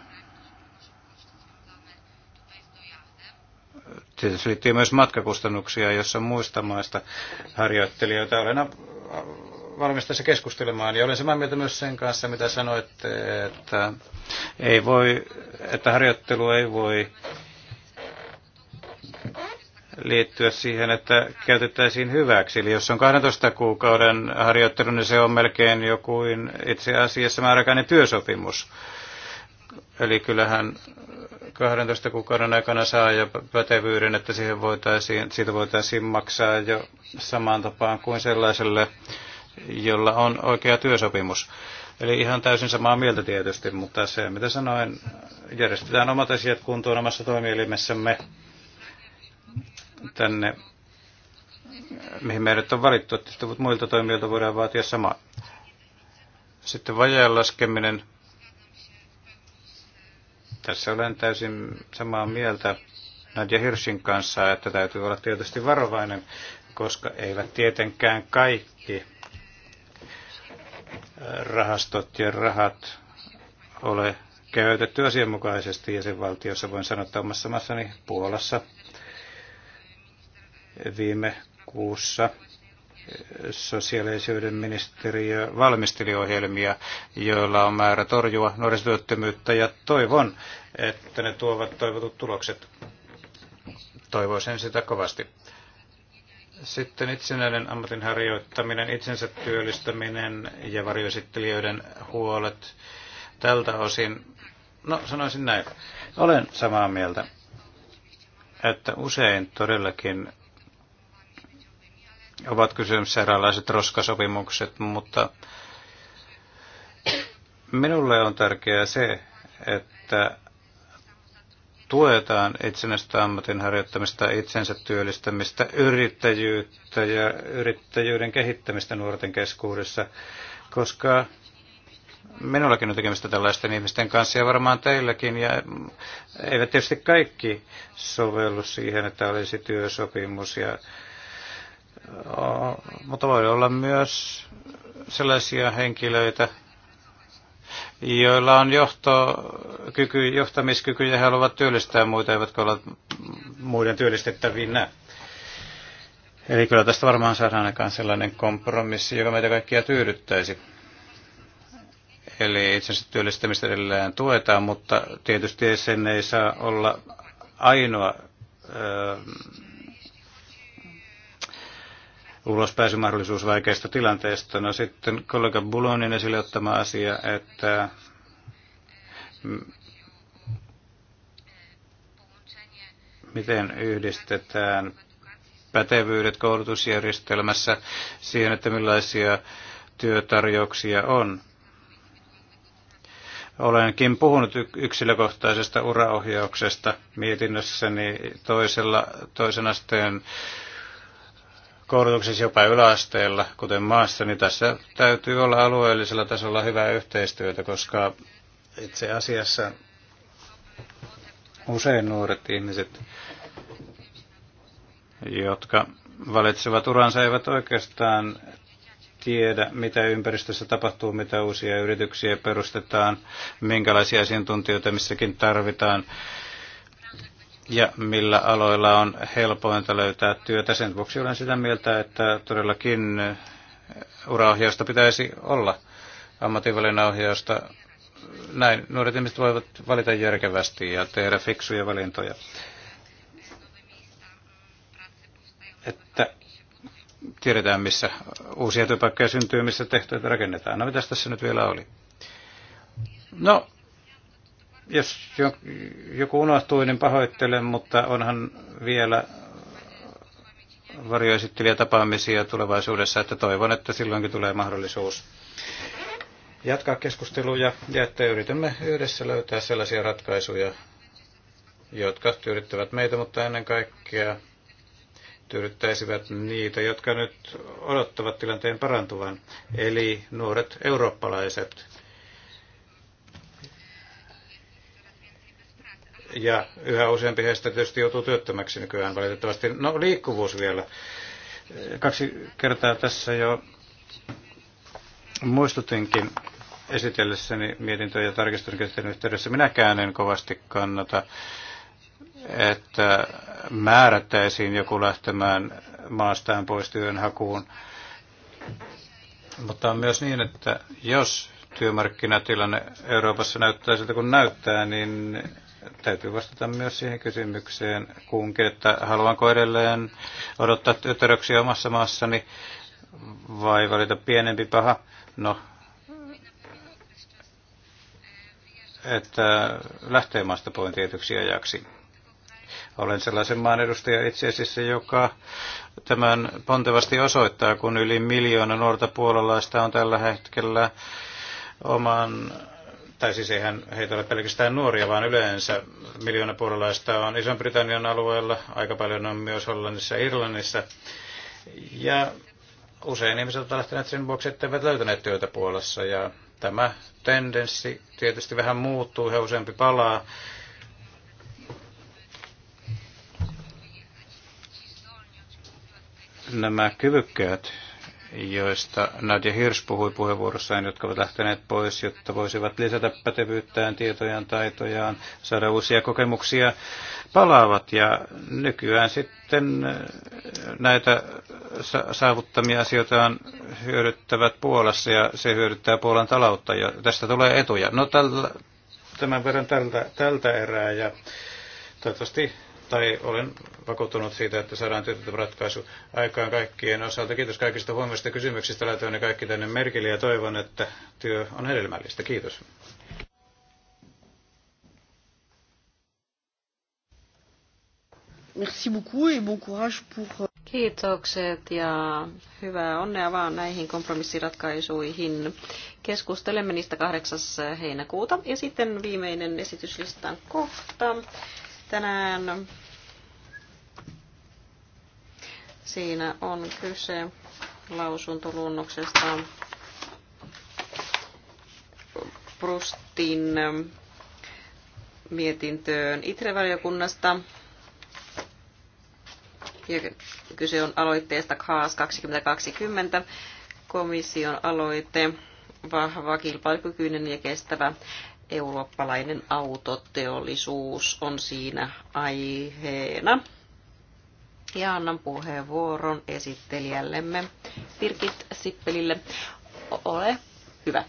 S3: tietysti liittyy myös matkakustannuksia, jossa muista maista harjoittelijoita olen valmis tässä keskustelemaan. Ja olen samaa mieltä myös sen kanssa, mitä sanoitte, että, ei voi, että harjoittelu ei voi liittyä siihen, että käytettäisiin hyväksi. Eli jos on 12 kuukauden harjoittelu, niin se on melkein joku itse asiassa määräkäinen työsopimus. Eli kyllähän 12 kuukauden aikana saa jo pätevyyden, että siihen voitaisiin, siitä voitaisiin maksaa jo samaan tapaan kuin sellaiselle, jolla on oikea työsopimus. Eli ihan täysin samaa mieltä tietysti, mutta se mitä sanoin, järjestetään omat asiat kuntoon omassa toimielimessämme tänne, mihin meidät on valittu. Tietysti muilta toimijoilta voidaan vaatia sama. Sitten vajeen laskeminen. Tässä olen täysin samaa mieltä Nadja Hirsin kanssa, että täytyy olla tietysti varovainen, koska eivät tietenkään kaikki rahastot ja rahat ole käytetty asianmukaisesti jäsenvaltiossa. Voin sanoa, että omassa maassani Puolassa viime kuussa ja ministeriö valmisteli ohjelmia, joilla on määrä torjua nuorisotyöttömyyttä ja toivon, että ne tuovat toivotut tulokset. Toivoisin sitä kovasti. Sitten itsenäinen ammatin harjoittaminen, itsensä työllistäminen ja varjoesittelijöiden huolet. Tältä osin, no sanoisin näin, olen samaa mieltä, että usein todellakin ovat kysymyksessä eräänlaiset roskasopimukset, mutta minulle on tärkeää se, että tuetaan itsenäistä ammatin harjoittamista, itsensä työllistämistä, yrittäjyyttä ja yrittäjyyden kehittämistä nuorten keskuudessa, koska minullakin on tekemistä tällaisten ihmisten kanssa ja varmaan teilläkin. Ja eivät tietysti kaikki sovellu siihen, että olisi työsopimus ja mutta voi olla myös sellaisia henkilöitä, joilla on johtokyky, johtamiskyky ja he haluavat työllistää muita, eivätkä olla muiden työllistettävinä. Eli kyllä tästä varmaan saadaan ainakaan sellainen kompromissi, joka meitä kaikkia tyydyttäisi. Eli itse asiassa työllistämistä edelleen tuetaan, mutta tietysti sen ei saa olla ainoa ulospääsymahdollisuus vaikeista tilanteista. No sitten kollega Bulonin esille ottama asia, että miten yhdistetään pätevyydet koulutusjärjestelmässä siihen, että millaisia työtarjouksia on. Olenkin puhunut yksilökohtaisesta uraohjauksesta mietinnössäni toisella, toisen asteen koulutuksessa jopa yläasteella, kuten maassa, niin tässä täytyy olla alueellisella tasolla hyvää yhteistyötä, koska itse asiassa usein nuoret ihmiset, jotka valitsevat uransa, eivät oikeastaan tiedä, mitä ympäristössä tapahtuu, mitä uusia yrityksiä perustetaan, minkälaisia asiantuntijoita missäkin tarvitaan ja millä aloilla on helpointa löytää työtä. Sen vuoksi olen sitä mieltä, että todellakin eh, uraohjausta pitäisi olla, ammatinvalinnanohjausta. Näin nuoret ihmiset voivat valita järkevästi ja tehdä fiksuja valintoja. Että tiedetään, missä uusia työpaikkoja syntyy, missä tehtäviä rakennetaan. No mitä tässä nyt vielä oli? No, jos joku unohtui, niin pahoittelen, mutta onhan vielä tapaamisia tulevaisuudessa, että toivon, että silloinkin tulee mahdollisuus jatkaa keskusteluja ja että yritämme yhdessä löytää sellaisia ratkaisuja, jotka tyydyttävät meitä, mutta ennen kaikkea tyydyttäisivät niitä, jotka nyt odottavat tilanteen parantuvan, eli nuoret eurooppalaiset, ja yhä useampi heistä tietysti joutuu työttömäksi nykyään valitettavasti. No liikkuvuus vielä. Kaksi kertaa tässä jo muistutinkin esitellessäni mietintöjä ja tarkistuskäsittelyn yhteydessä. Minäkään en kovasti kannata, että määrättäisiin joku lähtemään maastaan pois työnhakuun. Mutta on myös niin, että jos työmarkkinatilanne Euroopassa näyttää siltä kuin näyttää, niin täytyy vastata myös siihen kysymykseen, kunkin, että haluanko edelleen odottaa tytöröksiä omassa maassani vai valita pienempi paha. No, että lähtee maasta pois tietyksi ajaksi. Olen sellaisen maan edustaja itse asiassa, joka tämän pontevasti osoittaa, kun yli miljoona nuorta puolalaista on tällä hetkellä oman tai siis eihän heitä ole pelkästään nuoria, vaan yleensä miljoona puolalaista on iso britannian alueella, aika paljon on myös Hollannissa ja Irlannissa. Ja usein ihmiset ovat lähteneet sen vuoksi, että eivät löytäneet työtä Puolassa ja tämä tendenssi tietysti vähän muuttuu, he useampi palaa. Nämä kyvykkäät joista Nadja Hirsch puhui puheenvuorossaan, jotka ovat lähteneet pois, jotta voisivat lisätä pätevyyttään, tietojaan, taitojaan, saada uusia kokemuksia, palaavat. Ja nykyään sitten äh, näitä saavuttamia asioitaan hyödyttävät Puolassa ja se hyödyttää Puolan taloutta ja tästä tulee etuja. No tällä, tämän verran tältä, tältä erää ja toivottavasti tai olen vakuuttunut siitä, että saadaan tyydyttävä ratkaisu aikaan kaikkien osalta. Kiitos kaikista huomioista kysymyksistä. Laitoin ne kaikki tänne merkille ja toivon, että työ on hedelmällistä. Kiitos.
S1: Merci beaucoup et bon courage pour... Euh, Kiitokset ja hyvää onnea vaan näihin kompromissiratkaisuihin. Keskustelemme niistä 8. heinäkuuta. Ja sitten viimeinen esityslistan kohta tänään. Siinä on kyse lausuntoluonnoksesta Prustin mietintöön Itrevaliokunnasta. Ja kyse on aloitteesta KAAS 2020, komission aloite, vahva, kilpailukykyinen ja kestävä eurooppalainen autoteollisuus on siinä aiheena. Ja annan puheenvuoron esittelijällemme Pirkit Sippelille. Ole hyvä.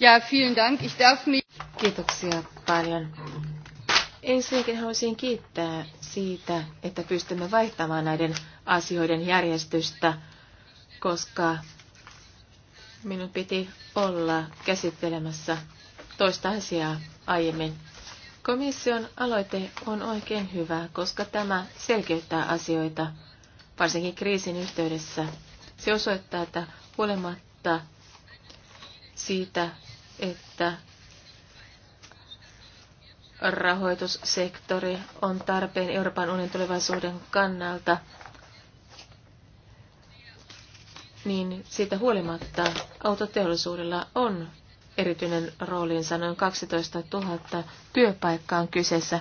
S2: Ja, vielen Dank. Ich darf mich... Kiitoksia paljon. Ensinnäkin haluaisin kiittää siitä, että pystymme vaihtamaan näiden asioiden järjestystä, koska Minun piti olla käsittelemässä toista asiaa aiemmin. Komission aloite on oikein hyvä, koska tämä selkeyttää asioita, varsinkin kriisin yhteydessä. Se osoittaa, että huolimatta siitä, että rahoitussektori on tarpeen Euroopan unionin tulevaisuuden kannalta, niin siitä huolimatta autoteollisuudella on erityinen roolinsa noin 12 000 työpaikkaa on kyseessä.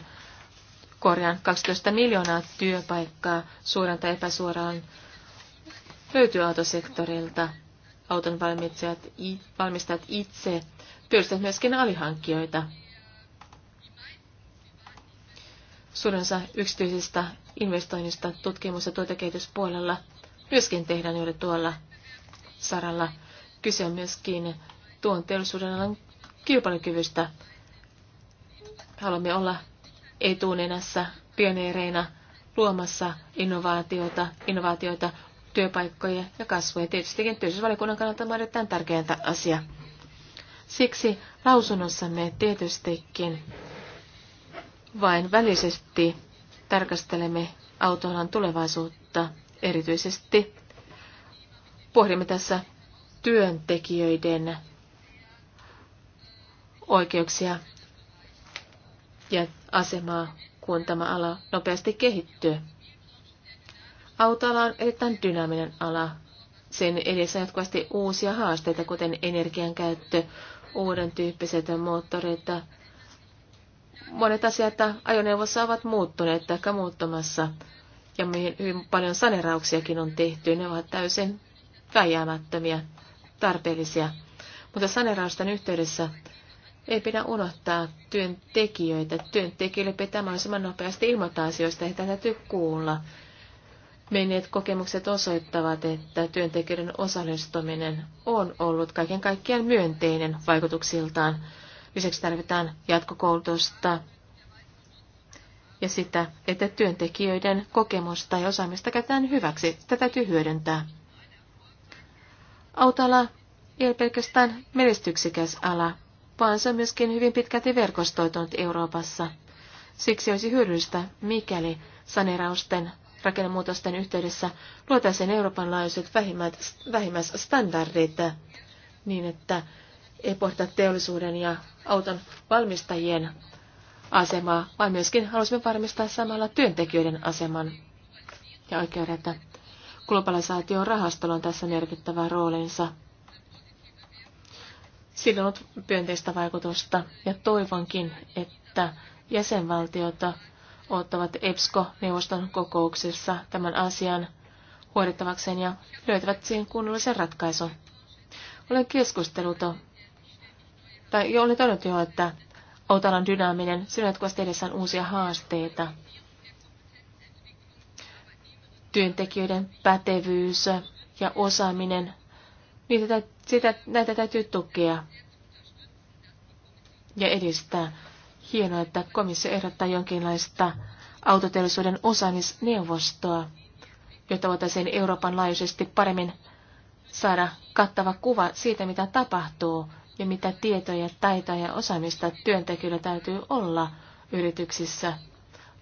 S2: Korjaan 12 miljoonaa työpaikkaa suoraan tai epäsuoraan löytyy autosektorilta. Auton valmistajat, valmistajat itse työllistävät myöskin alihankkijoita. Suurensa yksityisistä investoinnista tutkimus- ja tuotekehityspuolella myöskin tehdään juuri tuolla saralla. Kyse on myöskin tuon teollisuuden alan kilpailukyvystä. Haluamme olla etunenässä pioneereina luomassa innovaatioita, innovaatioita työpaikkoja ja kasvua. Ja tietystikin työllisyysvaliokunnan kannalta on erittäin tärkeä asia. Siksi lausunnossamme tietystikin vain välisesti tarkastelemme autoalan tulevaisuutta, erityisesti pohdimme tässä työntekijöiden oikeuksia ja asemaa, kun tämä ala nopeasti kehittyy. Autoala on erittäin dynaaminen ala. Sen edessä jatkuvasti uusia haasteita, kuten energian käyttö, uuden tyyppiset moottorit. Monet asiat ajoneuvossa ovat muuttuneet tai muuttumassa, ja mihin hyvin paljon saneerauksiakin on tehty. Ne ovat täysin väijäämättömiä, tarpeellisia. Mutta saneerausten yhteydessä ei pidä unohtaa työntekijöitä. Työntekijöille pitää mahdollisimman nopeasti ilmoittaa asioista, heitä täytyy kuulla. Menneet kokemukset osoittavat, että työntekijöiden osallistuminen on ollut kaiken kaikkiaan myönteinen vaikutuksiltaan. Lisäksi tarvitaan jatkokoulutusta ja sitä, että työntekijöiden kokemusta ja osaamista käytetään hyväksi. Sitä täytyy hyödyntää. Autoala ei ole pelkästään menestyksikäs ala, vaan se on myöskin hyvin pitkälti verkostoitunut Euroopassa. Siksi olisi hyödyllistä, mikäli saneerausten rakennemuutosten yhteydessä luotaisiin Euroopan laajuiset vähimmäisstandardit niin, että ei pohdita teollisuuden ja auton valmistajien asemaa, vaan myöskin halusimme varmistaa samalla työntekijöiden aseman ja oikeudet. Globalisaation rahastolla on tässä merkittävä roolinsa. Sillä on ollut pyönteistä vaikutusta ja toivonkin, että jäsenvaltiota ottavat EPSCO-neuvoston kokouksessa tämän asian huolittavakseen ja löytävät siihen kunnollisen ratkaisun. Olen keskustellut, tai olen todennut jo, että Outalan dynaaminen, sillä jatkuvasti edessään uusia haasteita työntekijöiden pätevyys ja osaaminen. Niitä, sitä, näitä täytyy tukea ja edistää. Hienoa, että komissio ehdottaa jonkinlaista autoteollisuuden osaamisneuvostoa, jotta voitaisiin Euroopan laajuisesti paremmin saada kattava kuva siitä, mitä tapahtuu ja mitä tietoja, taitoja ja osaamista työntekijöillä täytyy olla yrityksissä,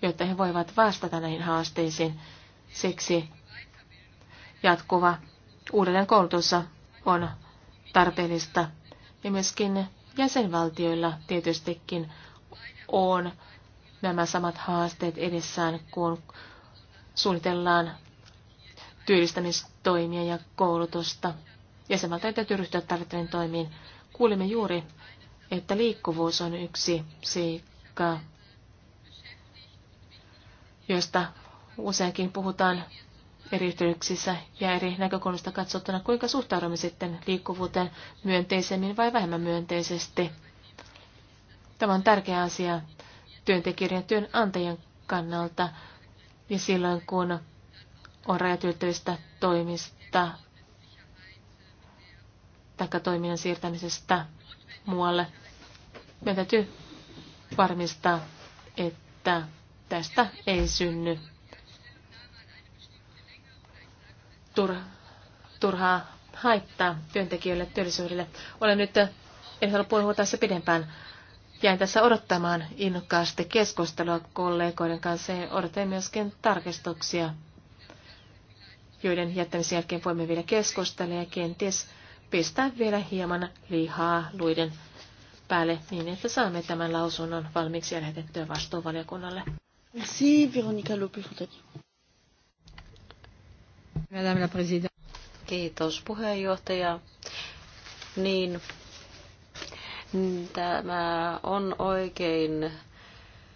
S2: jotta he voivat vastata näihin haasteisiin. Siksi jatkuva koulutus on tarpeellista. Ja myöskin jäsenvaltioilla tietystikin on nämä samat haasteet edessään, kun suunnitellaan työllistämistoimia ja koulutusta. Jäsenvaltioiden täytyy ryhtyä tarvittaviin toimiin. Kuulimme juuri, että liikkuvuus on yksi seikka, josta Useinkin puhutaan eri yhteyksissä ja eri näkökulmista katsottuna, kuinka suhtaudumme sitten liikkuvuuteen myönteisemmin vai vähemmän myönteisesti. Tämä on tärkeä asia työntekijöiden ja työnantajien kannalta ja silloin, kun on rajatyöttävistä toimista tai toiminnan siirtämisestä muualle. Meidän täytyy varmistaa, että tästä ei synny tur, turhaa haittaa työntekijöille, työllisyydelle. Olen nyt, eh, en halua puhua tässä pidempään, jäin tässä odottamaan innokkaasti keskustelua kollegoiden kanssa ja odotan myöskin tarkistuksia, joiden jättämisen jälkeen voimme vielä keskustella ja kenties pistää vielä hieman lihaa luiden päälle niin, että saamme tämän lausunnon valmiiksi ja lähetettyä vastuuvaliokunnalle. Merci, Veronica
S1: lopez Madame la Kiitos puheenjohtaja. Niin, tämä on oikein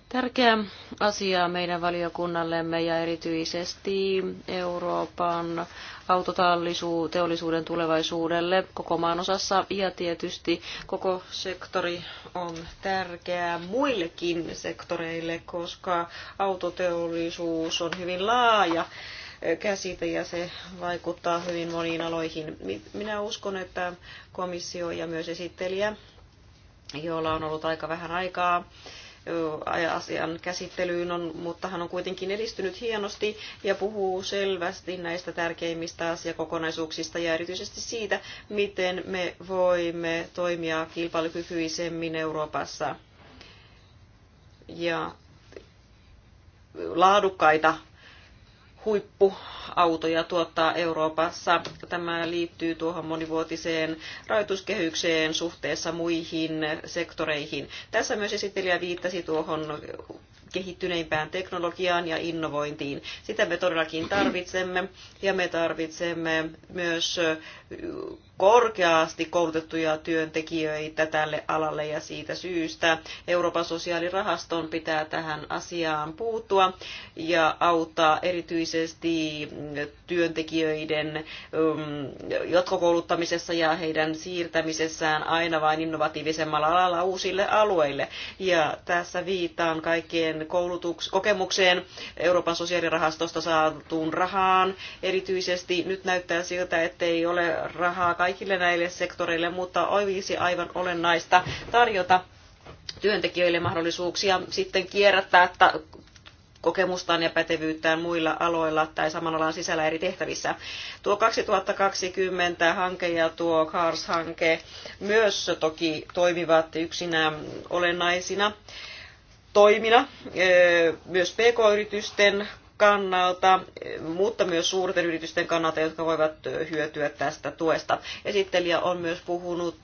S1: tärkeä asia meidän valiokunnallemme ja erityisesti Euroopan autotallisuuteollisuuden tulevaisuudelle koko maan osassa ja tietysti koko sektori on tärkeä muillekin sektoreille, koska autoteollisuus on hyvin laaja käsite ja se vaikuttaa hyvin moniin aloihin. Minä uskon, että komissio ja myös esittelijä, jolla on ollut aika vähän aikaa, asian käsittelyyn, on, mutta hän on kuitenkin edistynyt hienosti ja puhuu selvästi näistä tärkeimmistä asiakokonaisuuksista ja erityisesti siitä, miten me voimme toimia kilpailukykyisemmin Euroopassa. Ja laadukkaita huippuautoja tuottaa Euroopassa. Tämä liittyy tuohon monivuotiseen rajoituskehykseen suhteessa muihin sektoreihin. Tässä myös esittelijä viittasi tuohon kehittyneimpään teknologiaan ja innovointiin. Sitä me todellakin tarvitsemme ja me tarvitsemme myös korkeasti koulutettuja työntekijöitä tälle alalle ja siitä syystä Euroopan sosiaalirahaston pitää tähän asiaan puuttua ja auttaa erityisesti työntekijöiden mm, jatkokouluttamisessa ja heidän siirtämisessään aina vain innovatiivisemmalla alalla uusille alueille. Ja tässä viittaan kaikkien koulutuks- kokemukseen Euroopan sosiaalirahastosta saatuun rahaan. Erityisesti nyt näyttää siltä, ettei ole rahaa kaikille kaikille näille sektoreille, mutta olisi aivan olennaista tarjota työntekijöille mahdollisuuksia sitten kierrättää kokemustaan ja pätevyyttään muilla aloilla tai saman alan sisällä eri tehtävissä. Tuo 2020 hanke ja tuo CARS-hanke myös toki toimivat yksinä olennaisina toimina myös pk-yritysten kannalta, mutta myös suurten yritysten kannalta, jotka voivat hyötyä tästä tuesta. Esittelijä on myös puhunut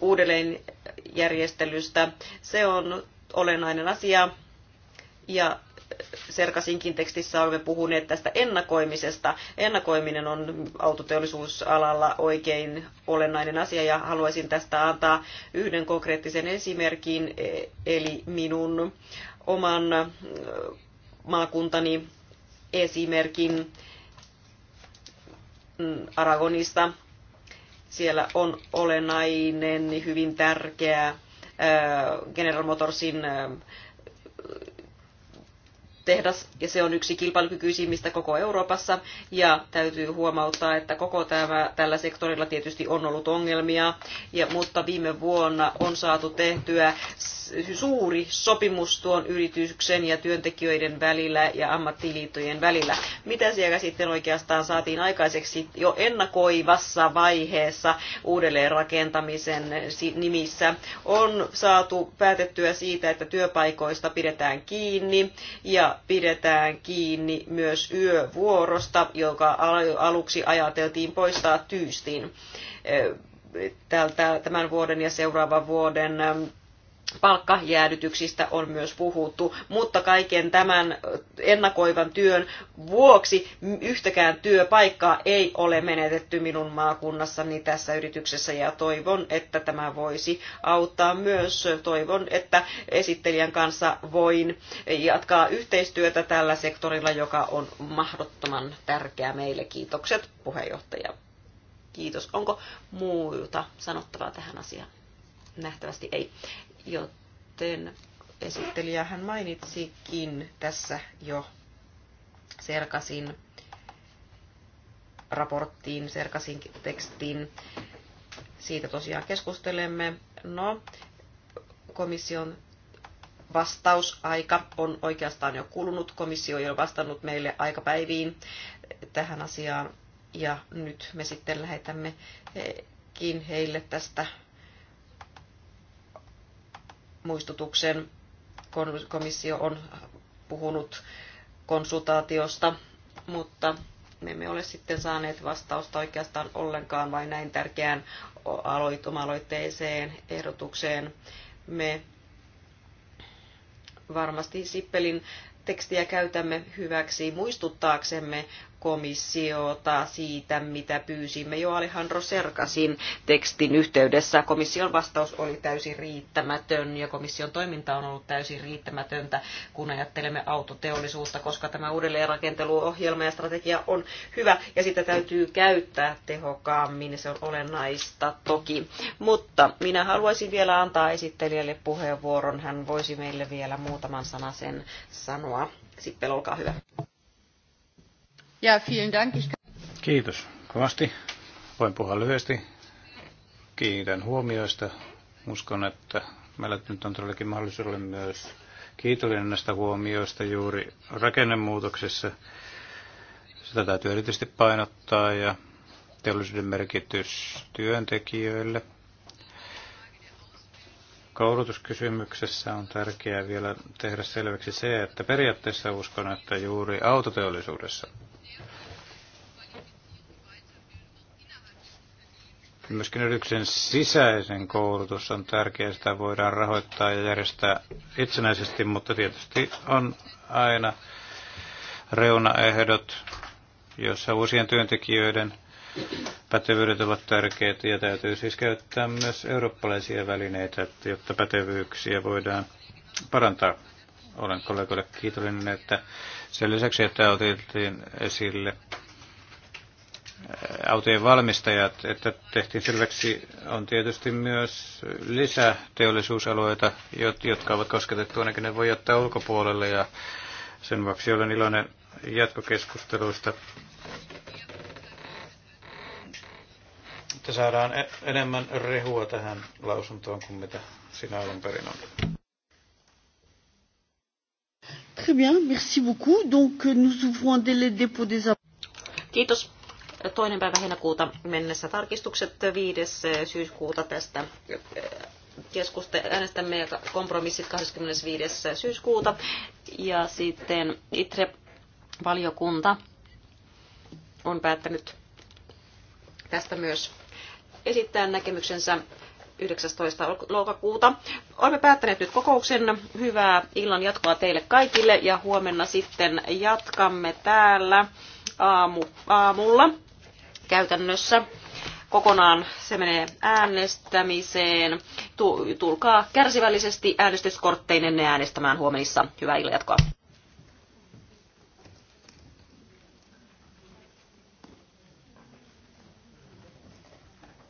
S1: uudelleenjärjestelystä. Se on olennainen asia ja Serkasinkin tekstissä olemme puhuneet tästä ennakoimisesta. Ennakoiminen on autoteollisuusalalla oikein olennainen asia ja haluaisin tästä antaa yhden konkreettisen esimerkin, e- eli minun oman maakuntani esimerkin mm, Aragonista. Siellä on olennainen, hyvin tärkeä General Motorsin tehdas, ja se on yksi kilpailukykyisimmistä koko Euroopassa, ja täytyy huomauttaa, että koko tämä, tällä sektorilla tietysti on ollut ongelmia, ja, mutta viime vuonna on saatu tehtyä suuri sopimus tuon yrityksen ja työntekijöiden välillä ja ammattiliittojen välillä. Mitä siellä sitten oikeastaan saatiin aikaiseksi jo ennakoivassa vaiheessa uudelleenrakentamisen nimissä? On saatu päätettyä siitä, että työpaikoista pidetään kiinni, ja pidetään kiinni myös yövuorosta, joka aluksi ajateltiin poistaa tyystin tämän vuoden ja seuraavan vuoden palkkajäädytyksistä on myös puhuttu, mutta kaiken tämän ennakoivan työn vuoksi yhtäkään työpaikkaa ei ole menetetty minun maakunnassani tässä yrityksessä ja toivon, että tämä voisi auttaa myös. Toivon, että esittelijän kanssa voin jatkaa yhteistyötä tällä sektorilla, joka on mahdottoman tärkeä meille. Kiitokset puheenjohtaja. Kiitos. Onko muuta sanottavaa tähän asiaan? Nähtävästi ei joten esittelijä hän mainitsikin tässä jo Serkasin raporttiin, Serkasin tekstiin. Siitä tosiaan keskustelemme. No, komission vastausaika on oikeastaan jo kulunut. Komissio ei ole vastannut meille aikapäiviin tähän asiaan. Ja nyt me sitten lähetämmekin heille tästä muistutuksen. Komissio on puhunut konsultaatiosta, mutta me emme ole sitten saaneet vastausta oikeastaan ollenkaan vain näin tärkeään aloitteeseen ehdotukseen. Me varmasti Sippelin tekstiä käytämme hyväksi muistuttaaksemme komissiota siitä, mitä pyysimme jo Alejandro Serkasin tekstin yhteydessä. Komission vastaus oli täysin riittämätön ja komission toiminta on ollut täysin riittämätöntä, kun ajattelemme autoteollisuutta, koska tämä uudelleenrakenteluohjelma ja strategia on hyvä ja sitä täytyy käyttää tehokkaammin, se on olennaista toki. Mutta minä haluaisin vielä antaa esittelijälle puheenvuoron, hän voisi meille vielä muutaman sanan sen sanoa. Sippel, olkaa hyvä.
S3: Ja, vielen Dank. Kiitos kovasti. Voin puhua lyhyesti. Kiitän huomioista. Uskon, että meillä nyt on todellakin mahdollisuudelle myös kiitollinen näistä huomioista juuri rakennemuutoksessa. Sitä täytyy erityisesti painottaa ja teollisuuden merkitys työntekijöille. Koulutuskysymyksessä on tärkeää vielä tehdä selväksi se, että periaatteessa uskon, että juuri autoteollisuudessa Myöskin yrityksen sisäisen koulutus on tärkeää, sitä voidaan rahoittaa ja järjestää itsenäisesti, mutta tietysti on aina reunaehdot, joissa uusien työntekijöiden pätevyydet ovat tärkeitä ja täytyy siis käyttää myös eurooppalaisia välineitä, jotta pätevyyksiä voidaan parantaa. Olen kollegoille kiitollinen, että sen lisäksi, että otettiin esille autojen valmistajat, että tehtiin selväksi, on tietysti myös lisäteollisuusalueita, jotka ovat kosketettu, ainakin ne voi jättää ulkopuolelle ja sen vuoksi olen iloinen jatkokeskusteluista. Että saadaan e-, enemmän rehua tähän lausuntoon kuin mitä sinä alun perin on.
S1: Très bien, merci beaucoup. Donc nous ouvrons un délai de dépôt des Kiitos toinen päivä heinäkuuta mennessä tarkistukset 5. syyskuuta tästä keskuste, äänestämme kompromissit 25. syyskuuta ja sitten itse valiokunta on päättänyt tästä myös esittää näkemyksensä 19. lokakuuta. Olemme päättäneet nyt kokouksen. Hyvää illan jatkoa teille kaikille ja huomenna sitten jatkamme täällä aamu, aamulla käytännössä kokonaan se menee äänestämiseen. Tulkaa kärsivällisesti äänestyskortteinen äänestämään huomenissa. Hyvää jatkoa.